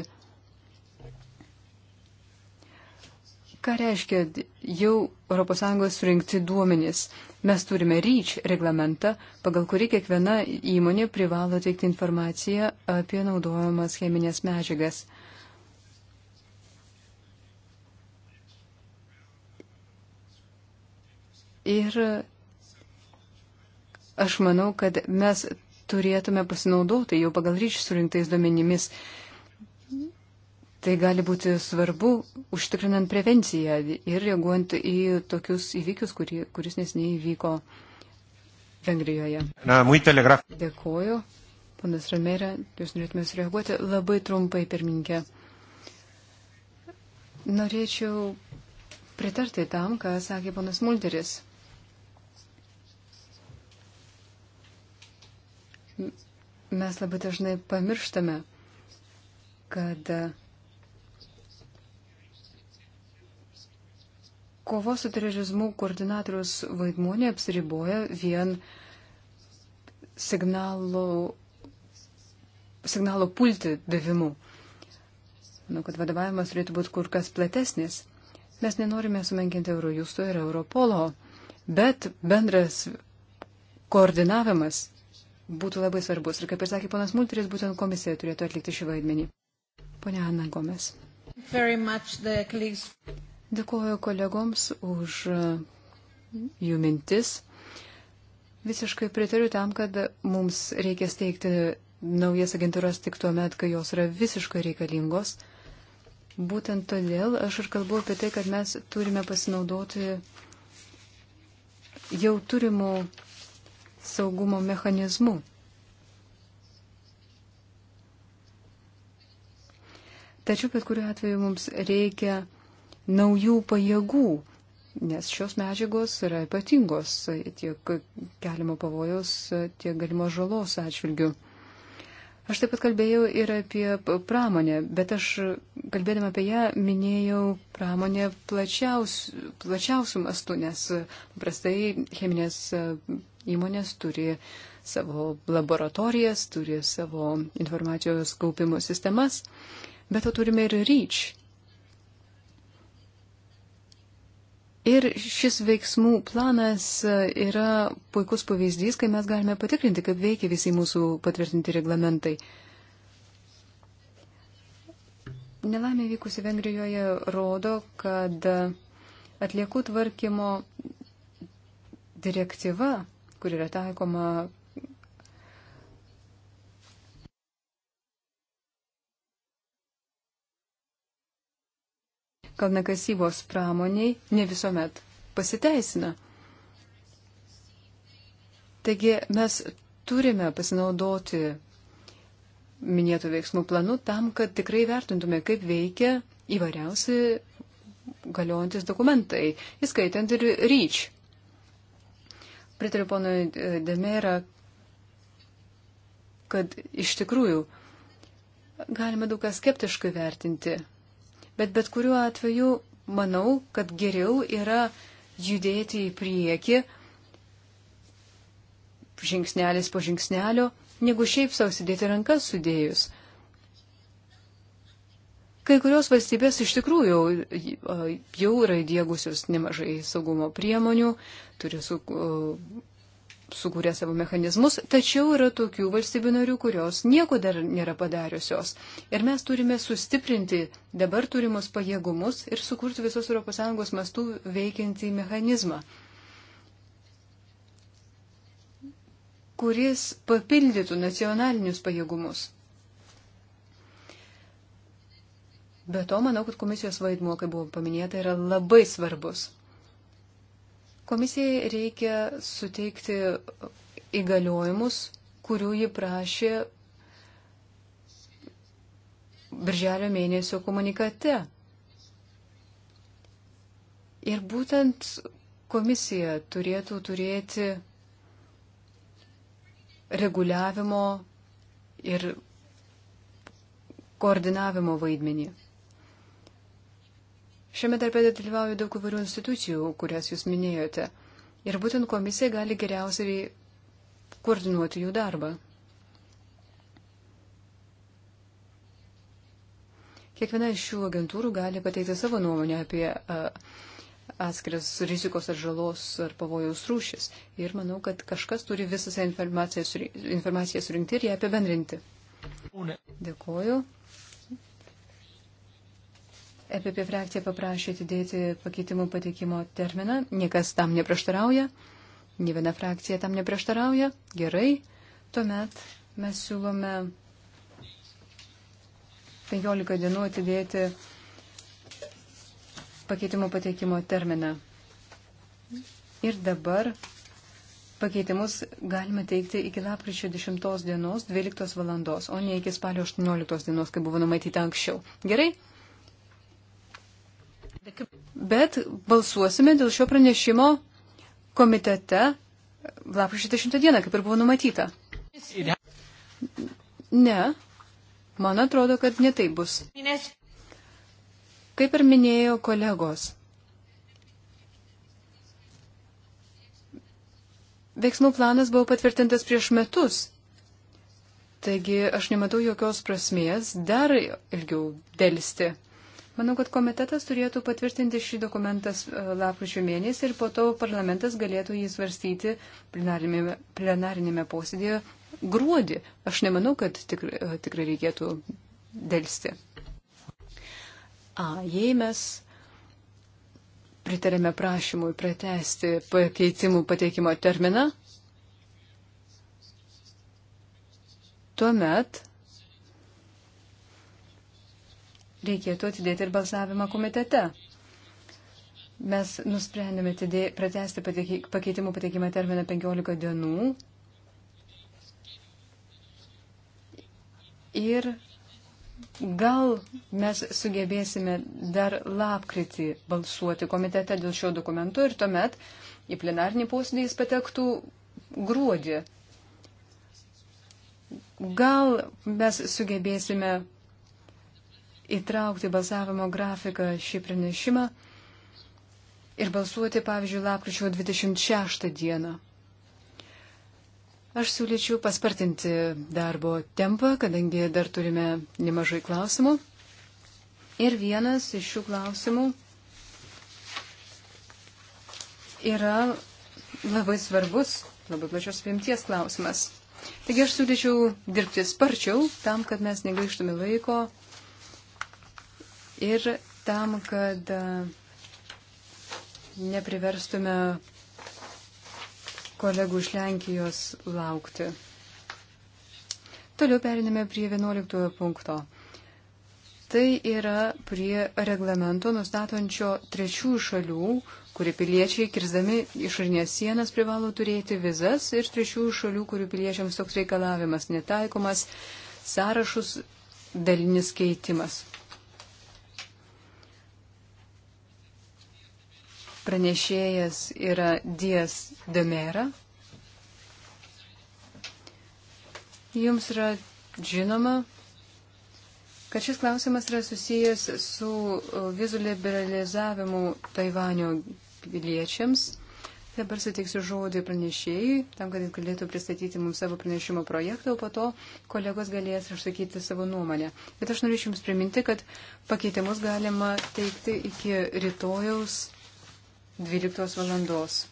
ką reiškia jau ES surinkti duomenys. Mes turime REACH reglamentą, pagal kurį kiekviena įmonė privalo teikti informaciją apie naudojamas cheminės medžiagas. Ir aš manau, kad mes turėtume pasinaudoti jau pagal ryšį surinktais duomenimis. Tai gali būti svarbu užtikrinant prevenciją ir reaguojant į tokius įvykius, kuri, kuris nesiniai įvyko Vengrijoje. Na, Dėkuoju. Panas Ramerė, jūs norėtumės reaguoti labai trumpai, pirminkė. Norėčiau pritarti tam, ką sakė panas Mulderis. mes labai dažnai pamirštame, kad kovos su terorizmu koordinatorius vaidmuo neapsiriboja vien signalo, signalo pulti davimu. Manau, kad vadovavimas turėtų būti kur kas platesnis. Mes nenorime sumenkinti Eurojusto ir Europolo, bet bendras koordinavimas būtų labai svarbus. Ir kaip ir sakė ponas Multeris, būtent komisija turėtų atlikti šį vaidmenį. Pone Anna Gomes. Dėkuoju kolegoms už uh, jų mintis. Visiškai pritariu tam, kad mums reikia steigti naujas agentūras tik tuo met, kai jos yra visiškai reikalingos. Būtent todėl aš ir kalbu apie tai, kad mes turime pasinaudoti jau turimų saugumo mechanizmu. Tačiau bet kuriuo atveju mums reikia naujų pajėgų, nes šios medžiagos yra ypatingos tiek galimo pavojos, tiek galimo žalos atžvilgių. Aš taip pat kalbėjau ir apie pramonę, bet aš kalbėdama apie ją minėjau pramonę plačiaus, plačiausių mastų, nes paprastai cheminės Įmonės turi savo laboratorijas, turi savo informacijos kaupimo sistemas, bet to turime ir REACH. Ir šis veiksmų planas e, yra puikus pavyzdys, kai mes galime patikrinti, kaip veikia visi mūsų patvirtinti reglamentai. Nelaimė vykusi Vengrijoje rodo, kad atliekų tvarkymo direktyva kur yra taikoma kalnakasybos pramoniai, ne visuomet pasiteisina. Taigi mes turime pasinaudoti minėtų veiksmų planu tam, kad tikrai vertintume, kaip veikia įvairiausi galiojantis dokumentai, įskaitant ir ryč pritariu ponui e, Demera, kad iš tikrųjų galime daug ką skeptiškai vertinti. Bet bet kuriuo atveju manau, kad geriau yra judėti į priekį žingsnelis po žingsnelio, negu šiaip savo sudėti rankas sudėjus. Kai kurios valstybės iš tikrųjų jau yra įdėgusios nemažai saugumo priemonių, turi su, sukūrę savo mechanizmus, tačiau yra tokių valstybių narių, kurios nieko dar nėra padariusios. Ir mes turime sustiprinti dabar turimus pajėgumus ir sukurti visos ES mastų veikiantį mechanizmą, kuris papildytų nacionalinius pajėgumus. Be to, manau, kad komisijos vaidmuo, kaip buvo paminėta, yra labai svarbus. Komisijai reikia suteikti įgaliojimus, kurių ji prašė birželio mėnesio komunikate. Ir būtent komisija turėtų turėti reguliavimo ir koordinavimo vaidmenį. Šiame darbe dalyvauja daug įvairių institucijų, kurias jūs minėjote. Ir būtent komisija gali geriausiai koordinuoti jų darbą. Kiekviena iš šių agentūrų gali pateikti savo nuomonę apie atskiras rizikos ar žalos ar pavojaus rūšis. Ir manau, kad kažkas turi visą informaciją surinkti ir ją apibendrinti. Dėkuoju. EPP frakcija paprašė atidėti pakeitimų pateikimo terminą. Niekas tam neprieštarauja. Nė viena frakcija tam neprieštarauja. Gerai. Tuomet mes siūlome 15 dienų atidėti pakeitimų pateikimo terminą. Ir dabar pakeitimus galima teikti iki lapkričio 10 dienos 12 valandos, o ne iki spalio 18 dienos, kaip buvo numatyta anksčiau. Gerai? Bet balsuosime dėl šio pranešimo komitete lapkričio 10 dieną, kaip ir buvo numatyta. Ne, man atrodo, kad netai bus. Kaip ir minėjo kolegos, veiksmų planas buvo patvirtintas prieš metus. Taigi aš nematau jokios prasmės dar ilgiau dėlisti. Manau, kad komitetas turėtų patvirtinti šį dokumentą e, lapkričio mėnesį ir po to parlamentas galėtų jį svarstyti plenarinėme, plenarinėme posėdėje gruodį. Aš nemanau, kad tikrai, e, tikrai reikėtų dėlsti. A, jei mes pritarėme prašymui pratesti pakeitimų pateikimo terminą, tuomet reikėtų atidėti ir balsavimą komitete. Mes nusprendėme atidė, pratesti pakeitimų pateikimą terminą 15 dienų ir gal mes sugebėsime dar lapkritį balsuoti komitete dėl šio dokumento ir tuomet į plenarnį posėdį jis patektų gruodį. Gal mes sugebėsime įtraukti balsavimo grafiką šį pranešimą ir balsuoti, pavyzdžiui, lapkričio 26 dieną. Aš siūlyčiau paspartinti darbo tempą, kadangi dar turime nemažai klausimų. Ir vienas iš šių klausimų yra labai svarbus, labai plačios apimties klausimas. Taigi aš siūlyčiau dirbti sparčiau, tam, kad mes negaištume laiko ir tam, kad e, nepriverstume kolegų iš Lenkijos laukti. Toliau periname prie 11 punkto. Tai yra prie reglamento nustatančio trečių šalių, kuri piliečiai, kirzdami išorinės sienas, privalo turėti vizas ir trečių šalių, kurių piliečiams toks reikalavimas netaikomas, sąrašus dalinis keitimas. Pranešėjas yra Dijas Demera. Jums yra žinoma, kad šis klausimas yra susijęs su e, vizų liberalizavimu Taivanio piliečiams. Dabar suteiksiu žodį pranešėjai, tam, kad jis galėtų pristatyti mums savo pranešimo projektą, o po to kolegos galės išsakyti savo nuomonę. Bet aš norėčiau Jums priminti, kad pakeitimus galima teikti iki rytojaus 12 valandos.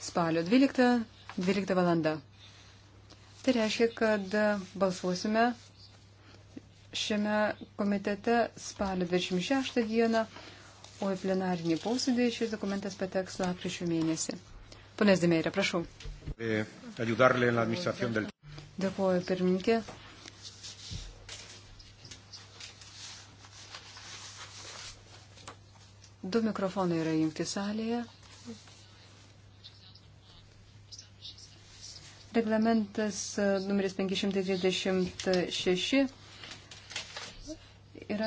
Spalio 12, 12 valanda. Tai reiškia, kad balsuosime šiame komitete spalio 26 dieną, o į plenarinį posėdį šis dokumentas pateks lapkričio mėnesį. Ponas Dimeirė, prašau. Eh, Dėkuoju, pirmininkė. Du mikrofonai yra jungti salėje. Reglamentas uh, numeris 536 yra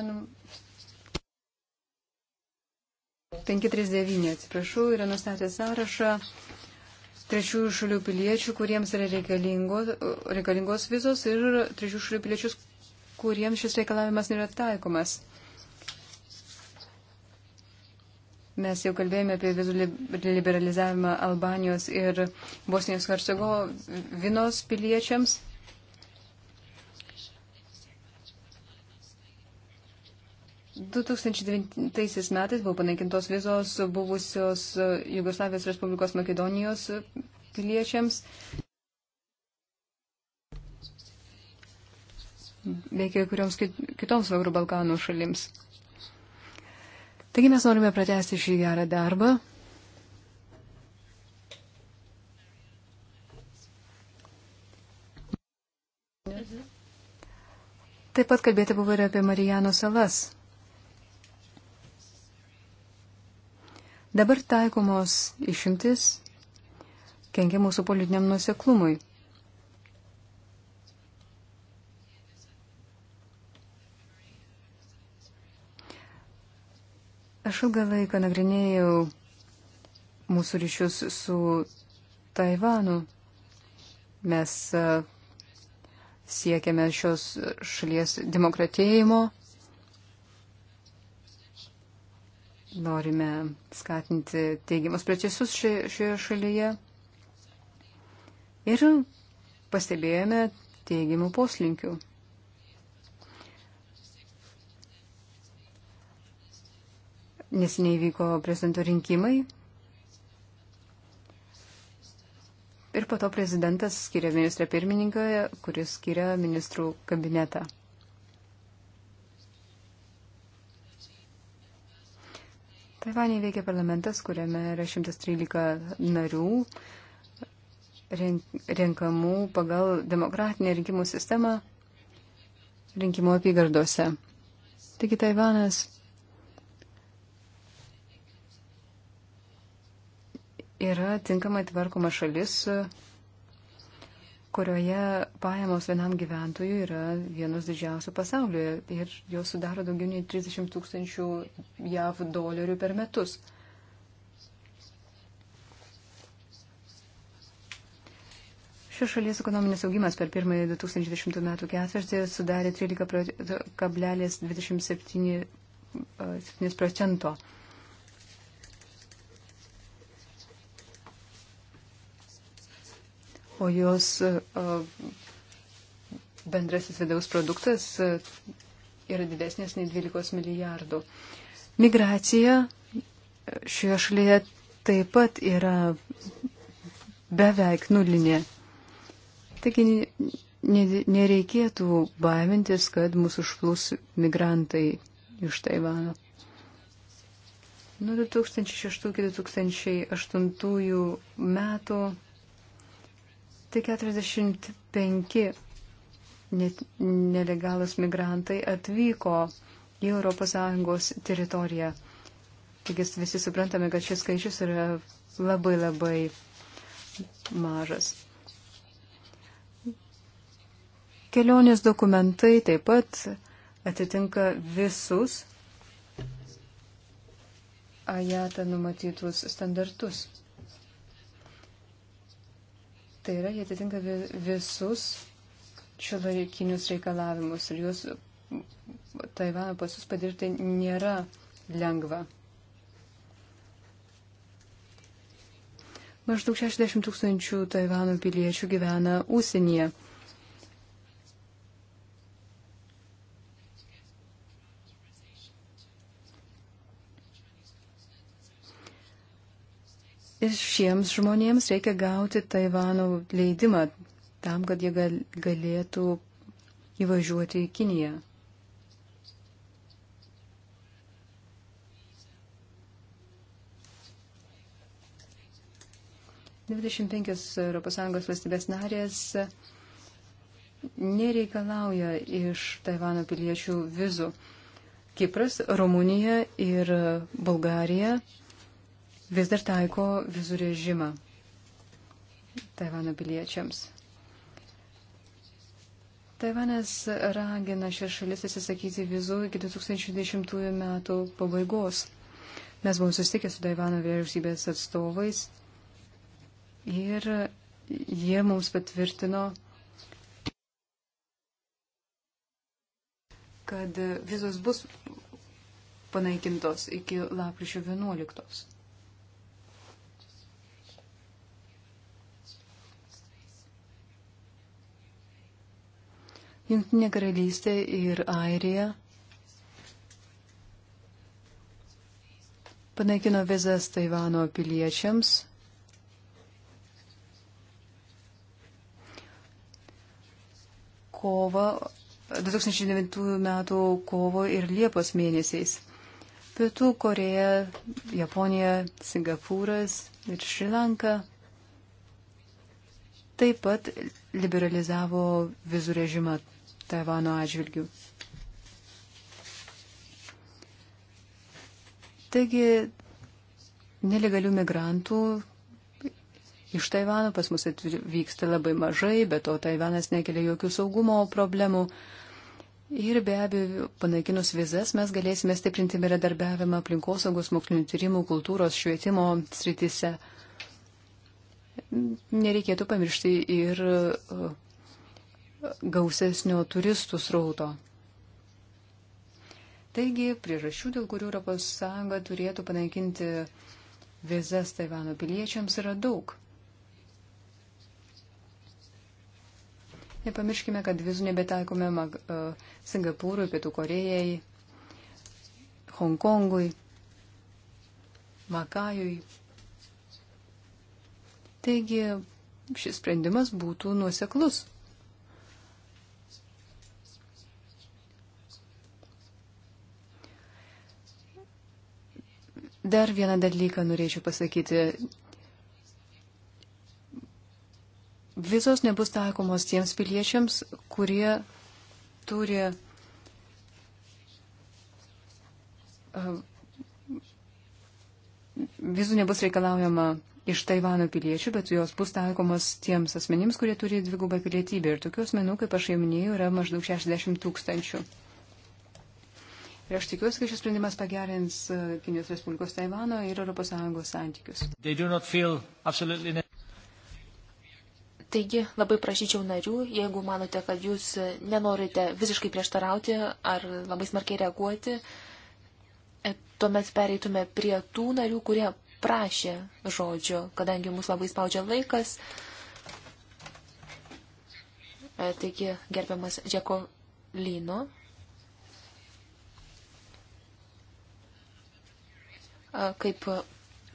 539, atsiprašau, yra nustatęs sąrašą trečiųjų šalių piliečių, kuriems yra reikalingos, reikalingos vizos ir trečiųjų šalių piliečius, kuriems šis reikalavimas nėra taikomas. Mes jau kalbėjome apie vizų liberalizavimą Albanijos ir Bosnijos Hercegovinos piliečiams. ...2009 metais buvo panaikintos vizos buvusios Jugoslavijos Respublikos Makedonijos piliečiams. Bei kai kurioms kitoms Vakarų Balkanų šalims. Taigi mes norime pratesti šį gerą darbą. Taip pat kalbėti buvo ir apie Marijano salas. Dabar taikomos išimtis kenkia mūsų politiniam nuseklumui. Aš ilgą laiką nagrinėjau mūsų ryšius su Taivanu. Mes siekiame šios šalies demokratėjimo, norime skatinti teigiamus procesus šioje šalyje ir pastebėjome teigiamų poslinkių. nesiniai vyko prezidento rinkimai. Ir po to prezidentas skiria ministrą pirmininką, kuris skiria ministrų kabinetą. Taivanė veikia parlamentas, kuriame yra 113 narių, renkamų pagal demokratinę rinkimų sistemą rinkimų apygardose. Taigi Taivanas yra tinkamai tvarkoma šalis, kurioje pajamos vienam gyventojui yra vienos didžiausių pasaulyje ir jos sudaro daugiau nei 30 tūkstančių JAV dolerių per metus. Šios šalies ekonominis augimas per pirmąjį 2010 metų ketvirtį sudarė 13,27 e, procento. o jos bendrasis vidaus produktas yra didesnės nei 12 milijardų. Migracija šioje šalyje taip pat yra beveik nulinė. Taigi nereikėtų baimintis, kad mūsų užplūs migrantai iš Taivano. Nuo 2006-2008 metų Tik 45 nelegalus migrantai atvyko į ES teritoriją. Taigi visi suprantame, kad šis skaičius yra labai labai mažas. Kelionės dokumentai taip pat atitinka visus ajata numatytus standartus. Tai yra, jie atitinka visus šiolaikinius reikalavimus ir juos Taivano pasus padirti nėra lengva. Maždaug 60 tūkstančių Taivano piliečių gyvena ūsienyje. šiems žmonėms reikia gauti Taivano leidimą tam, kad jie gal, galėtų įvažiuoti į Kiniją. Dvidešimt penkios Europos Sąjungos valstybės narės nereikalauja iš Taivano piliečių vizų. Kipras, Rumunija ir Bulgarija vis dar taiko vizų režimą Taivano piliečiams. Taivanas ragina šias šalis atsisakyti vizų iki 2010 metų pabaigos. Mes buvome susitikę su Taivano vyriausybės atstovais ir jie mums patvirtino, kad vizos bus panaikintos iki lapkričio 11. Junktinė karalystė ir Airija panaikino vizas Taivano piliečiams. Kovo 2009 metų kovo ir liepos mėnesiais. Pietų Koreja, Japonija, Singapūras ir Šrilanka taip pat liberalizavo vizų režimą Taivano atžvilgių. Taigi, nelegalių migrantų iš Taivano pas mus atvyksta labai mažai, bet to Taivanas nekelia jokių saugumo problemų. Ir be abejo, panaikinus vizas mes galėsime stiprinti bendradarbiavimą aplinkosaugos mokslinių tyrimų, kultūros, švietimo sritise. Nereikėtų pamiršti ir gausesnio turistų srauto. Taigi, priežasčių, dėl kurių ES turėtų panaikinti vizas Taivano piliečiams, yra daug. Nepamirškime, kad vizų nebetaikome e, Singapūrui, Pietų Korejai, Hongkongui, Makajui. Taigi šis sprendimas būtų nuoseklus. Dar vieną dalyką norėčiau pasakyti. Visos nebus taikomos tiems piliečiams, kurie turi uh, vizų nebus reikalaujama iš Taivano piliečių, bet jos bus taikomos tiems asmenims, kurie turi dvigubą pilietybę. Ir tokių asmenų, kaip aš jau minėjau, yra maždaug 60 tūkstančių. Ir aš tikiuosi, kad šis sprendimas pagerins uh, Kinijos Respublikos Taivano ir ES santykius. Taigi, labai prašyčiau narių, jeigu manote, kad jūs uh, nenorite visiškai prieštarauti ar labai smarkiai reaguoti, e, tuomet pereitume prie tų narių, kurie prašė žodžio, kadangi mus labai spaudžia laikas. E, taigi, gerbiamas Džeko Lino, kaip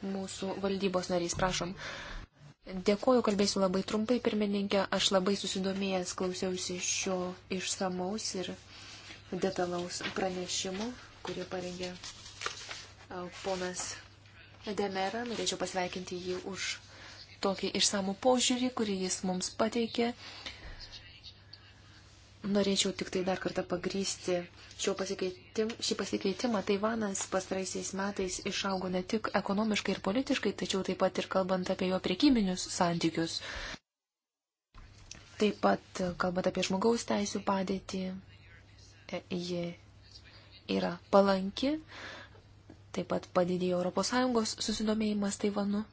mūsų valdybos narys. Prašom. Dėkuoju, kalbėsiu labai trumpai, pirmininkė. Aš labai susidomėjęs klausiausi šio išsamaus ir detalaus pranešimo, kurį parengė ponas Demera. Norėčiau pasveikinti jį už tokį išsamų požiūrį, kurį jis mums pateikė. Uh, Norėčiau tik tai dar kartą pagrysti pasikeitim, šį pasikeitimą. Taivanas pastaraisiais metais išaugo ne tik ekonomiškai ir politiškai, tačiau taip pat ir kalbant apie jo priekybinius santykius. Taip pat e, kalbant apie žmogaus teisų padėtį, e, ji yra palanki. Taip pat padidėjo ES susidomėjimas Taivanu.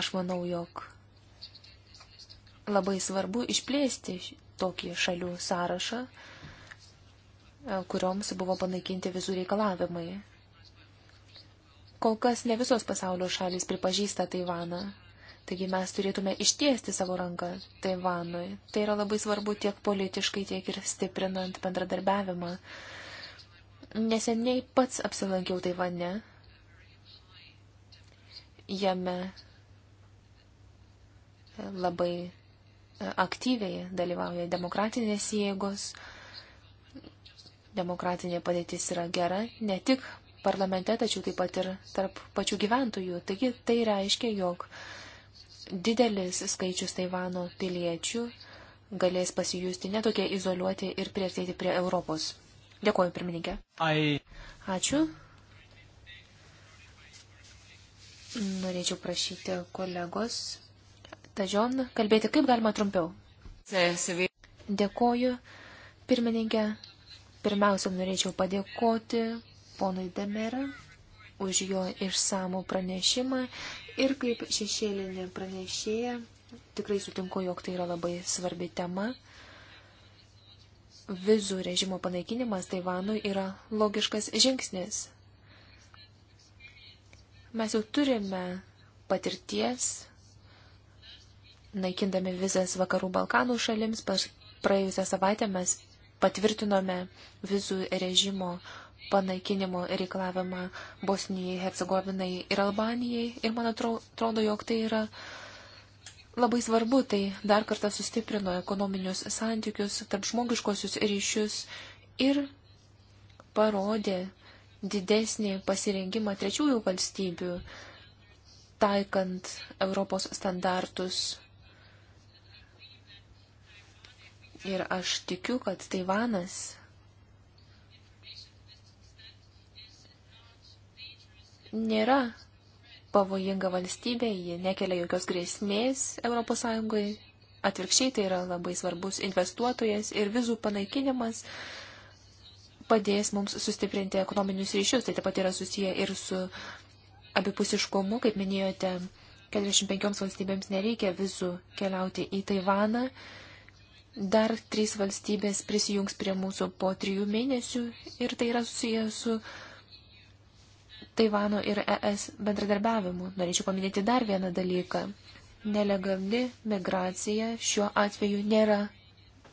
Aš manau, jog labai svarbu išplėsti tokį šalių sąrašą, e, kurioms buvo panaikinti vizų reikalavimai. Kol kas ne visos pasaulio šalis pripažįsta Taivaną, taigi mes turėtume ištiesti savo ranką Taivanui. Tai yra labai svarbu tiek politiškai, tiek ir stiprinant bendradarbiavimą. Neseniai pats apsilankiau Taivane. Jame labai aktyviai dalyvauja demokratinės jėgos. Demokratinė padėtis yra gera ne tik parlamente, tačiau taip pat ir tarp pačių gyventojų. Taigi tai reiškia, jog didelis skaičius Taivano piliečių galės pasijusti netokie izoliuoti ir prieartėti prie Europos. Dėkuoju, pirmininkė. I... Ačiū. Norėčiau prašyti kolegos Tažion kalbėti kaip galima trumpiau. Dėkoju, pirmininkė. Pirmiausia, norėčiau padėkoti ponui Demera už jo išsamų pranešimą ir kaip šešėlinė pranešėja. Tikrai sutinku, jog tai yra labai svarbi tema. Vizų režimo panaikinimas Taivanui yra logiškas žingsnis. Mes jau turime patirties naikindami vizas Vakarų Balkanų šalims. Praėjusią savaitę mes patvirtinome vizų režimo panaikinimo reikalavimą Bosnijai, Hercegovinai ir Albanijai. Ir man atrodo, jog tai yra labai svarbu. Tai dar kartą sustiprino ekonominius santykius, tarp žmogiškosius ryšius ir parodė didesnį pasirengimą trečiųjų valstybių taikant Europos standartus Ir aš tikiu, kad Taivanas nėra pavojinga valstybė, ji nekelia jokios grėsmės ES. Atvirkščiai tai yra labai svarbus investuotojas ir vizų panaikinimas padės mums sustiprinti ekonominius ryšius. Tai taip pat yra susiję ir su abipusiškumu, kaip minėjote, 45 valstybėms nereikia vizų keliauti į Taivaną. Dar trys valstybės prisijungs prie mūsų po trijų mėnesių ir tai yra susiję su Taivano ir ES bendradarbiavimu. Norėčiau paminėti dar vieną dalyką. Nelegali migracija šiuo atveju nėra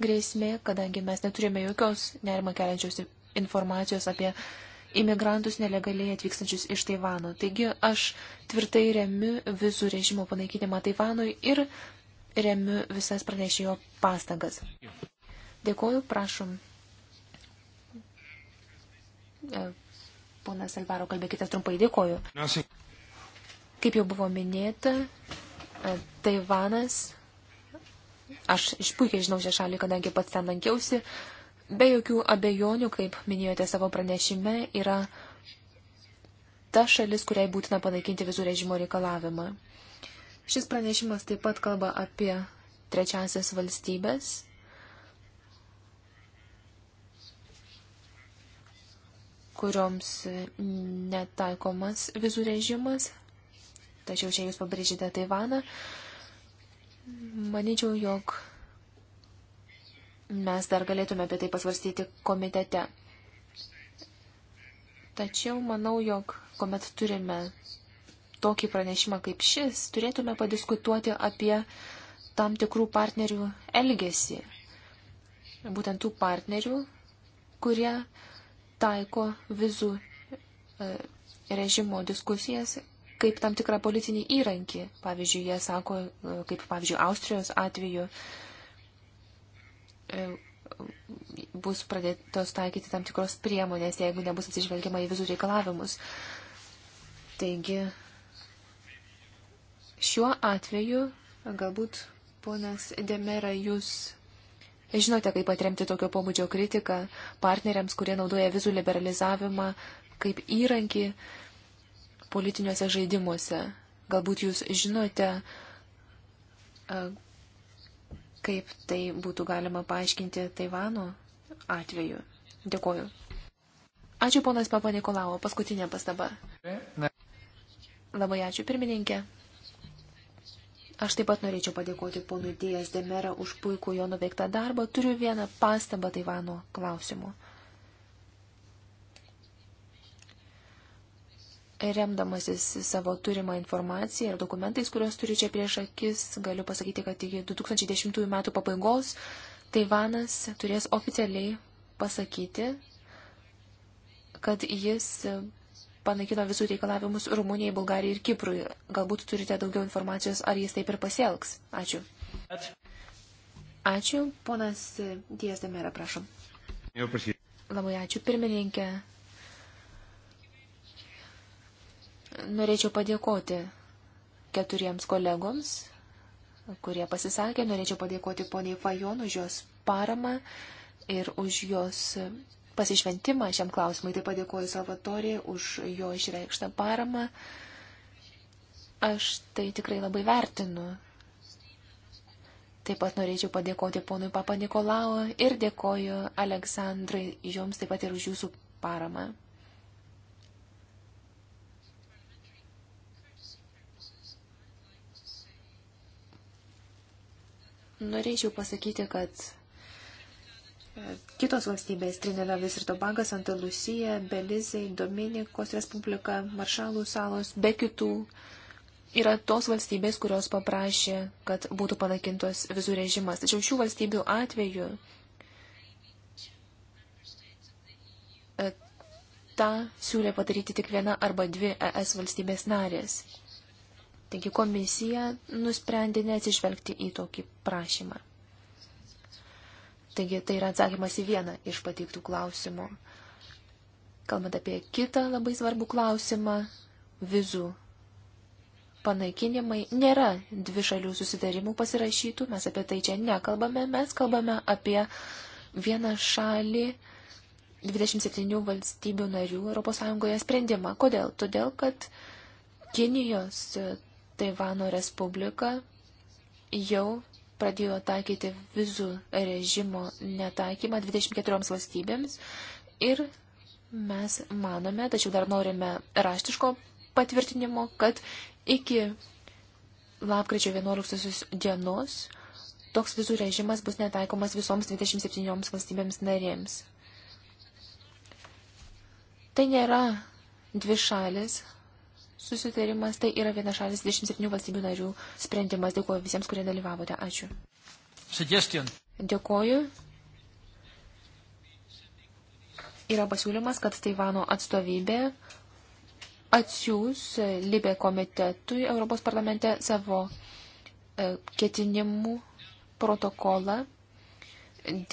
grėsmė, kadangi mes neturime jokios nerimą keliančios informacijos apie imigrantus nelegaliai atvykstančius iš Taivano. Taigi aš tvirtai remiu vizų režimo panaikinimą Taivanui ir remiu visas pranešėjo pastangas. Dėkoju, prašom. E, ponas Alvaro, kalbėkite trumpai, dėkoju. Kaip jau buvo minėta, e, Taivanas, aš iš puikiai žinau šią šalį, kadangi pats ten lankiausi, be jokių abejonių, kaip minėjote savo pranešime, yra ta šalis, kuriai būtina panaikinti vizų režimo reikalavimą. Šis pranešimas taip pat kalba apie trečiasias valstybės. kurioms netaikomas vizų režimas, tačiau čia jūs pabrėžite Taivaną. Manyčiau, jog mes dar galėtume apie tai pasvarstyti komitete. Tačiau manau, jog kuomet turime tokį pranešimą kaip šis, turėtume padiskutuoti apie tam tikrų partnerių elgesį. Būtent tų partnerių, kurie taiko vizų e, režimo diskusijas kaip tam tikrą politinį įrankį. Pavyzdžiui, jie sako, e, kaip pavyzdžiui, Austrijos atveju e, bus pradėtos taikyti tam tikros priemonės, jeigu nebus atsižvelgiama į vizų reikalavimus. Taigi, Šiuo atveju galbūt ponas Demera jūs Žinote, kaip atremti tokio pobūdžio kritiką partneriams, kurie naudoja vizų liberalizavimą kaip įrankį politiniuose žaidimuose. Galbūt jūs žinote, kaip tai būtų galima paaiškinti Taivano atveju. Dėkoju. Ačiū ponas Papa Nikolavo. Paskutinė pastaba. Labai ačiū pirmininkė. Aš taip pat norėčiau padėkoti ponui Dėjas Demera už puikų jo nuveiktą darbą. Turiu vieną pastabą Taivano klausimu. Remdamasis savo turimą informaciją ir dokumentais, kuriuos turiu čia prieš akis, galiu pasakyti, kad iki 2010 metų pabaigos Taivanas turės oficialiai pasakyti, kad jis panaikino visus reikalavimus Rumunijai, Bulgarijai ir Kiprui. Galbūt turite daugiau informacijos, ar jis taip ir pasielgs. Ačiū. Ačiū, ponas Dijas Demera, prašom. Labai ačiū, pirmininkė. Norėčiau padėkoti keturiems kolegoms, kurie pasisakė. Norėčiau padėkoti poniai Fajon už jos paramą ir už jos pasišventimą šiam klausimui. Taip pat dėkoju Salvatorė už jo išreikštą paramą. Aš tai tikrai labai vertinu. Taip pat norėčiau padėkoti ponui Papa Nikolao ir dėkoju Aleksandrai jums taip pat ir už jūsų paramą. Norėčiau pasakyti, kad Kitos valstybės - Trinidad ir Tobagas, Antalusija, Belizai, Dominikos Respublika, Maršalų salos, be kitų. Yra tos valstybės, kurios paprašė, kad būtų panaikintos vizų režimas. Tačiau šių valstybių atveju e, tą siūlė padaryti tik viena arba dvi ES valstybės narės. Taigi komisija nusprendė neatsižvelgti į tokį prašymą. Taigi tai yra atsakymas į vieną iš pateiktų klausimų. Kalbant apie kitą labai svarbų klausimą, vizų panaikinimai nėra dvi šalių susitarimų pasirašytų, mes apie tai čia nekalbame, mes kalbame apie vieną šalį 27 valstybių narių ES sprendimą. Kodėl? Todėl, kad Kinijos Taivano Respublika jau pradėjo taikyti vizų režimo netaikymą 24 valstybėms ir mes manome, tačiau dar norime raštiško patvirtinimo, kad iki lapkričio 11 dienos toks vizų režimas bus netaikomas visoms 27 valstybėms narėms. Tai nėra dvi šalis susitarimas, tai yra viena šalis 27 valstybių narių sprendimas. Dėkuoju visiems, kurie dalyvavote. Ačiū. Suggestion. Dėkuoju. Yra pasiūlymas, kad Taivano atstovybė atsiūs Libė komitetui Europos parlamente savo e, ketinimų protokolą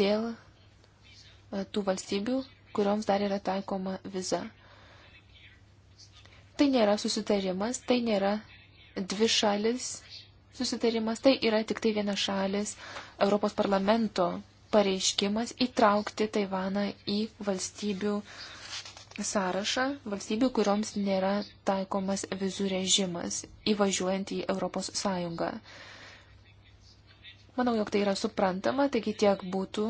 dėl e, tų valstybių, kurioms dar yra taikoma viza. Tai nėra susitarimas, tai nėra dvi šalis susitarimas, tai yra tik tai viena šalis Europos parlamento pareiškimas įtraukti Taivaną į valstybių sąrašą, valstybių, kurioms nėra taikomas vizų režimas įvažiuojant į Europos Sąjungą. Manau, jog tai yra suprantama, taigi tiek būtų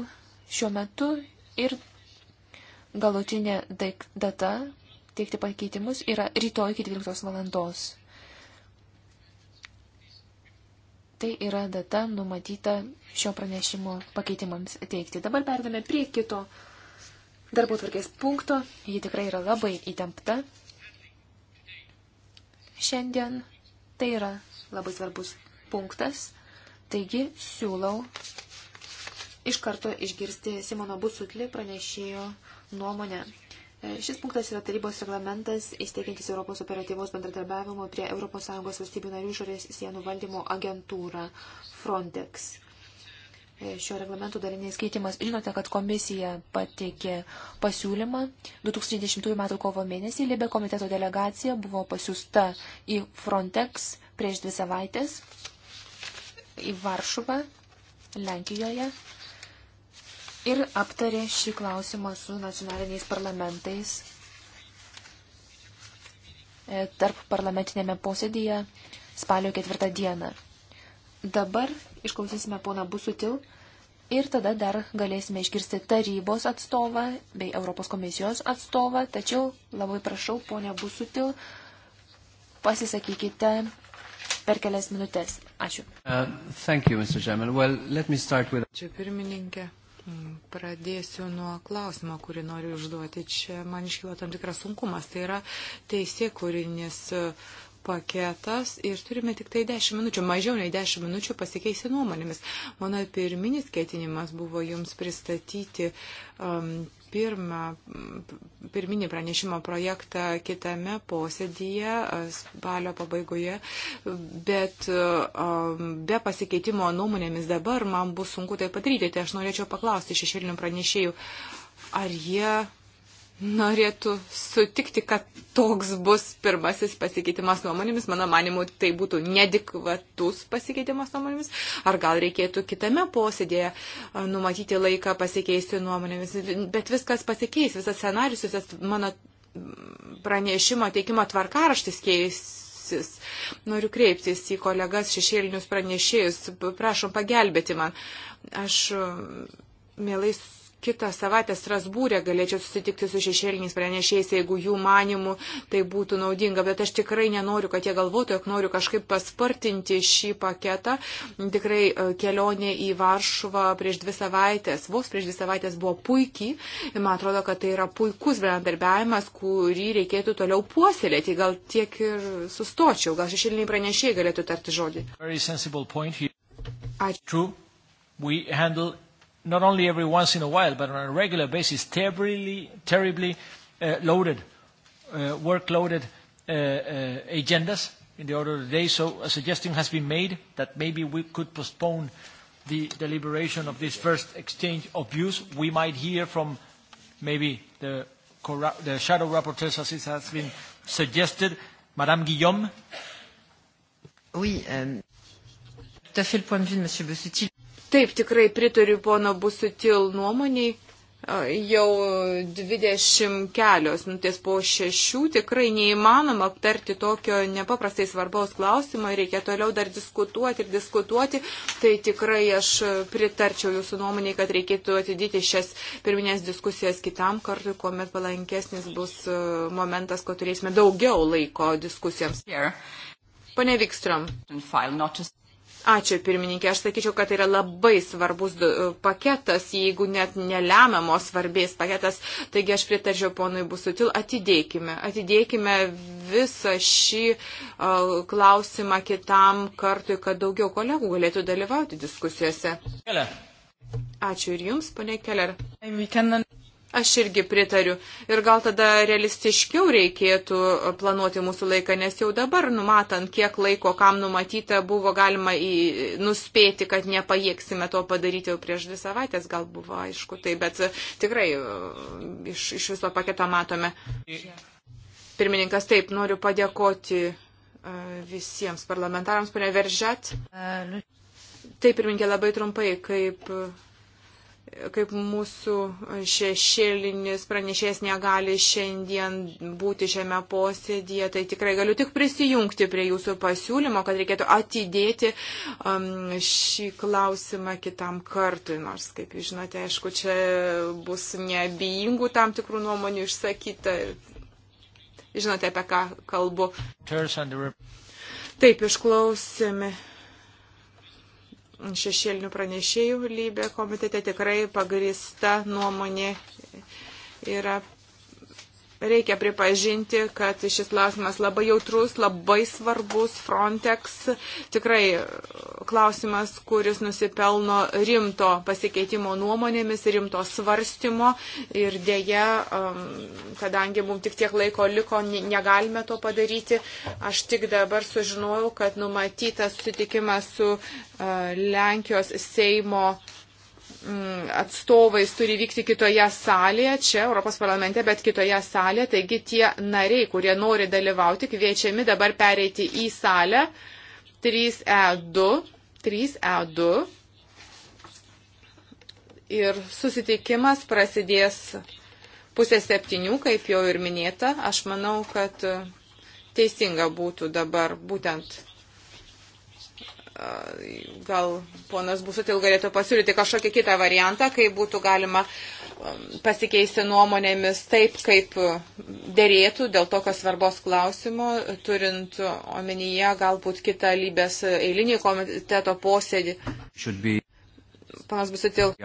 šiuo metu ir galutinė data teikti pakeitimus yra rytoj iki 12 valandos. Tai yra data numatyta šio pranešimo pakeitimams teikti. Dabar perdame prie kito darbo tvarkės punkto. Ji tikrai yra labai įtempta. Šiandien tai yra labai svarbus punktas. Taigi siūlau iš karto išgirsti Simono Busutli pranešėjo nuomonę Šis punktas yra tarybos reglamentas įsteigiantis Europos operatyvos bendradarbiavimo prie ES valstybių narių išorės sienų valdymo agentūrą Frontex. E, šio reglamento daliniais keitimas. Žinote, kad komisija pateikė pasiūlymą. 2010 m. kovo mėnesį Libė komiteto delegacija buvo pasiūsta į Frontex prieš dvi savaitės į Varšuvą, Lenkijoje ir aptarė šį klausimą su nacionaliniais parlamentais e, tarp parlamentinėme posėdėje spalio ketvirtą dieną. Dabar išklausysime poną Busutil ir tada dar galėsime išgirsti tarybos atstovą bei Europos komisijos atstovą, tačiau labai prašau, ponia Busutil, pasisakykite per kelias minutės. Ačiū. Uh, thank you, Mr. Chairman. Well, let me start with... Čia pirmininkė. Mm, pradėsiu nuo klausimo, kurį noriu užduoti. Čia man iškyla tam tikras sunkumas. Tai yra teisė kūrinis paketas ir turime tik tai 10 minučių, mažiau nei 10 minučių pasikeisti nuomonėmis. Mano pirminis ketinimas buvo jums pristatyti um, pirmą, pirminį pranešimo projektą kitame posėdyje uh, spalio pabaigoje, bet uh, um, be pasikeitimo nuomonėmis dabar man bus sunku tai padaryti. Tai aš norėčiau paklausti šešėlinių pranešėjų, ar jie norėtų sutikti, kad toks bus pirmasis pasikeitimas nuomonėmis. Mano manimu, tai būtų nedikvatus pasikeitimas nuomonėmis. Ar gal reikėtų kitame posėdėje numatyti laiką pasikeisti nuomonėmis. Bet viskas pasikeis, visas scenarius, visas mano pranešimo teikimo tvarkaraštis keisis kreipsis. Noriu kreiptis į kolegas šešėlinius pranešėjus. Prašom pagelbėti man. Aš mielai kitą savaitę Strasbūrė galėčiau susitikti su šešėliniais pranešėjais, jeigu jų manimų tai būtų naudinga, bet aš tikrai nenoriu, kad jie galvotų, jog noriu kažkaip paspartinti šį paketą. Tikrai e, kelionė į Varšuvą prieš dvi savaitės, vos prieš dvi savaitės buvo puikiai ir man atrodo, kad tai yra puikus bendarbiavimas, kurį reikėtų toliau puoselėti. Gal tiek ir sustočiau, gal šešėliniai pranešėjai galėtų tarti žodį. Ačiū not only every once in a while, but on a regular basis, terribly, terribly uh, loaded, uh, work-loaded uh, uh, agendas in the order of the day. So a suggestion has been made that maybe we could postpone the deliberation of this first exchange of views. We might hear from maybe the, the shadow rapporteurs, as it has been suggested. Madame Guillaume? Oui, euh, tout à fait le point de vue de M. Bossetti. Taip, tikrai pritariu pono Busutil nuomoniai. Jau 20 kelios minutės po šešių tikrai neįmanoma aptarti tokio nepaprastai svarbaus klausimo ir reikia toliau dar diskutuoti ir diskutuoti. Tai tikrai aš pritarčiau jūsų nuomonėje, kad reikėtų atidyti šias pirminės diskusijas kitam kartui, kuomet palankesnis bus momentas, kad turėsime daugiau laiko diskusijams. Pane Vikstrom. Ačiū pirmininkė, aš sakyčiau, kad tai yra labai svarbus e, paketas, jeigu net nelemiamos svarbės paketas, taigi aš pritaržiau ponui Busutil, atidėkime, atidėkime visą šį uh, klausimą kitam kartui, kad daugiau kolegų galėtų dalyvauti diskusijose. Keller. Ačiū ir jums, ponė Keller. Aš irgi pritariu. Ir gal tada realistiškiau reikėtų planuoti mūsų laiką, nes jau dabar, numatant, kiek laiko kam numatyta, buvo galima į, nuspėti, kad nepajėgsime to padaryti jau prieš dvi savaitės, gal buvo aišku tai, bet tikrai uh, iš, iš viso paketo matome. Pirmininkas, taip, noriu padėkoti uh, visiems parlamentarams, kurie veržėt. Uh, nu- taip, pirmininkė, labai trumpai, kaip kaip mūsų šešėlinis pranešėjas negali šiandien būti šiame posėdėje, tai tikrai galiu tik prisijungti prie jūsų pasiūlymo, kad reikėtų atidėti um, šį klausimą kitam kartui. Nors, kaip jūs žinote, aišku, čia bus neabijingų tam tikrų nuomonių išsakyta. Žinote, apie ką kalbu. Taip, išklausėme šešėlinių pranešėjų lybė komitete tikrai pagrista nuomonė yra Reikia pripažinti, kad šis klausimas labai jautrus, labai svarbus. Frontex tikrai e, klausimas, kuris nusipelno rimto pasikeitimo nuomonėmis, rimto svarstymo. Ir dėja, kadangi mums tik tiek laiko liko, negalime to padaryti. Aš tik dabar sužinojau, kad numatytas sutikimas su e, Lenkijos Seimo Mm, atstovais turi vykti kitoje salėje, čia Europos parlamente, bet kitoje salėje. Taigi tie nariai, kurie nori dalyvauti, kviečiami dabar pereiti į salę 3E2. 3E2. Ir susitikimas prasidės pusė septynių, kaip jau ir minėta. Aš manau, kad teisinga būtų dabar būtent gal ponas Busutil galėtų pasiūlyti kažkokį kitą variantą, kai būtų galima um, pasikeisti nuomonėmis taip, kaip dėrėtų dėl tokio svarbos klausimo, turint omenyje galbūt kitą lybės eilinį komiteto posėdį. Be... Panas Busutil.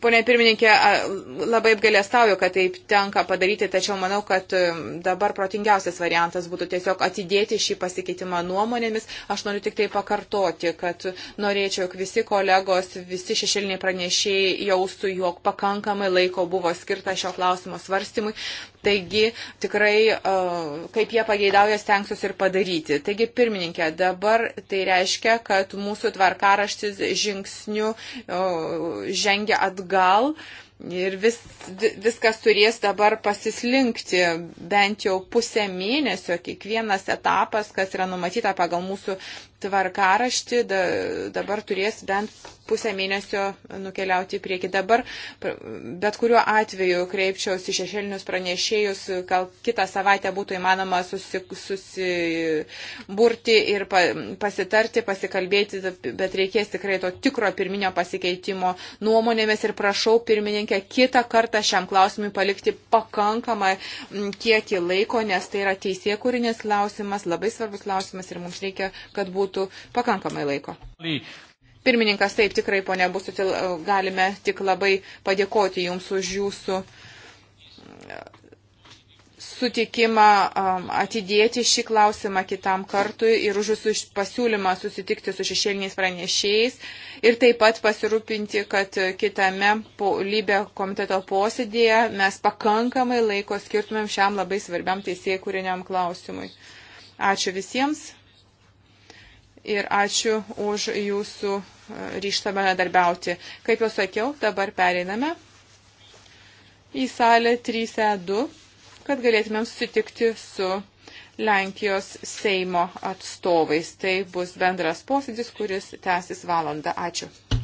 Pone pirmininkė, labai apgalėstauju, kad taip tenka padaryti, tačiau manau, kad e, dabar protingiausias variantas būtų tiesiog atidėti šį pasikeitimą nuomonėmis. Aš noriu tik tai pakartoti, kad norėčiau, jog visi kolegos, visi šešiliniai pranešėjai jaustų, jog pakankamai laiko buvo skirta šio klausimo svarstymui. Taigi tikrai, e, kaip jie pageidauja, stengsiuosi ir padaryti. Taigi, pirmininkė, dabar tai reiškia, kad mūsų tvarkaraštis žingsnių žengia atgal ir vis, viskas turės dabar pasislinkti bent jau pusę mėnesio kiekvienas etapas, kas yra numatyta pagal mūsų tvarkaraštį dabar turės bent pusę mėnesio nukeliauti į priekį. Dabar bet kuriuo atveju kreipčiausi šešėlinius pranešėjus, gal kitą savaitę būtų įmanoma susi, susiburti ir pa, pasitarti, pasikalbėti, bet reikės tikrai to tikro pirminio pasikeitimo nuomonėmis ir prašau pirmininkę kitą kartą šiam klausimui palikti pakankamą kiekį laiko, nes tai yra teisėkūrinis klausimas, labai svarbus klausimas ir mums reikia, kad būtų būtų pakankamai laiko. Pirmininkas, taip tikrai, ponia Busutil, galime tik labai padėkoti Jums už Jūsų uh, sutikimą um, atidėti šį klausimą kitam kartui ir už jūsų pasiūlymą susitikti su šešėliniais pranešėjais ir taip pat pasirūpinti, kad kitame lybė komiteto posėdėje mes pakankamai laiko skirtumėm šiam labai svarbiam teisėjai kūriniam klausimui. Ačiū visiems ir ačiū už jūsų e, ryštą bendradarbiauti. Kaip jau sakiau, dabar pereiname į salę 3E2, kad galėtumėm susitikti su Lenkijos Seimo atstovais. Tai bus bendras posėdis, kuris tęsis valandą. Ačiū.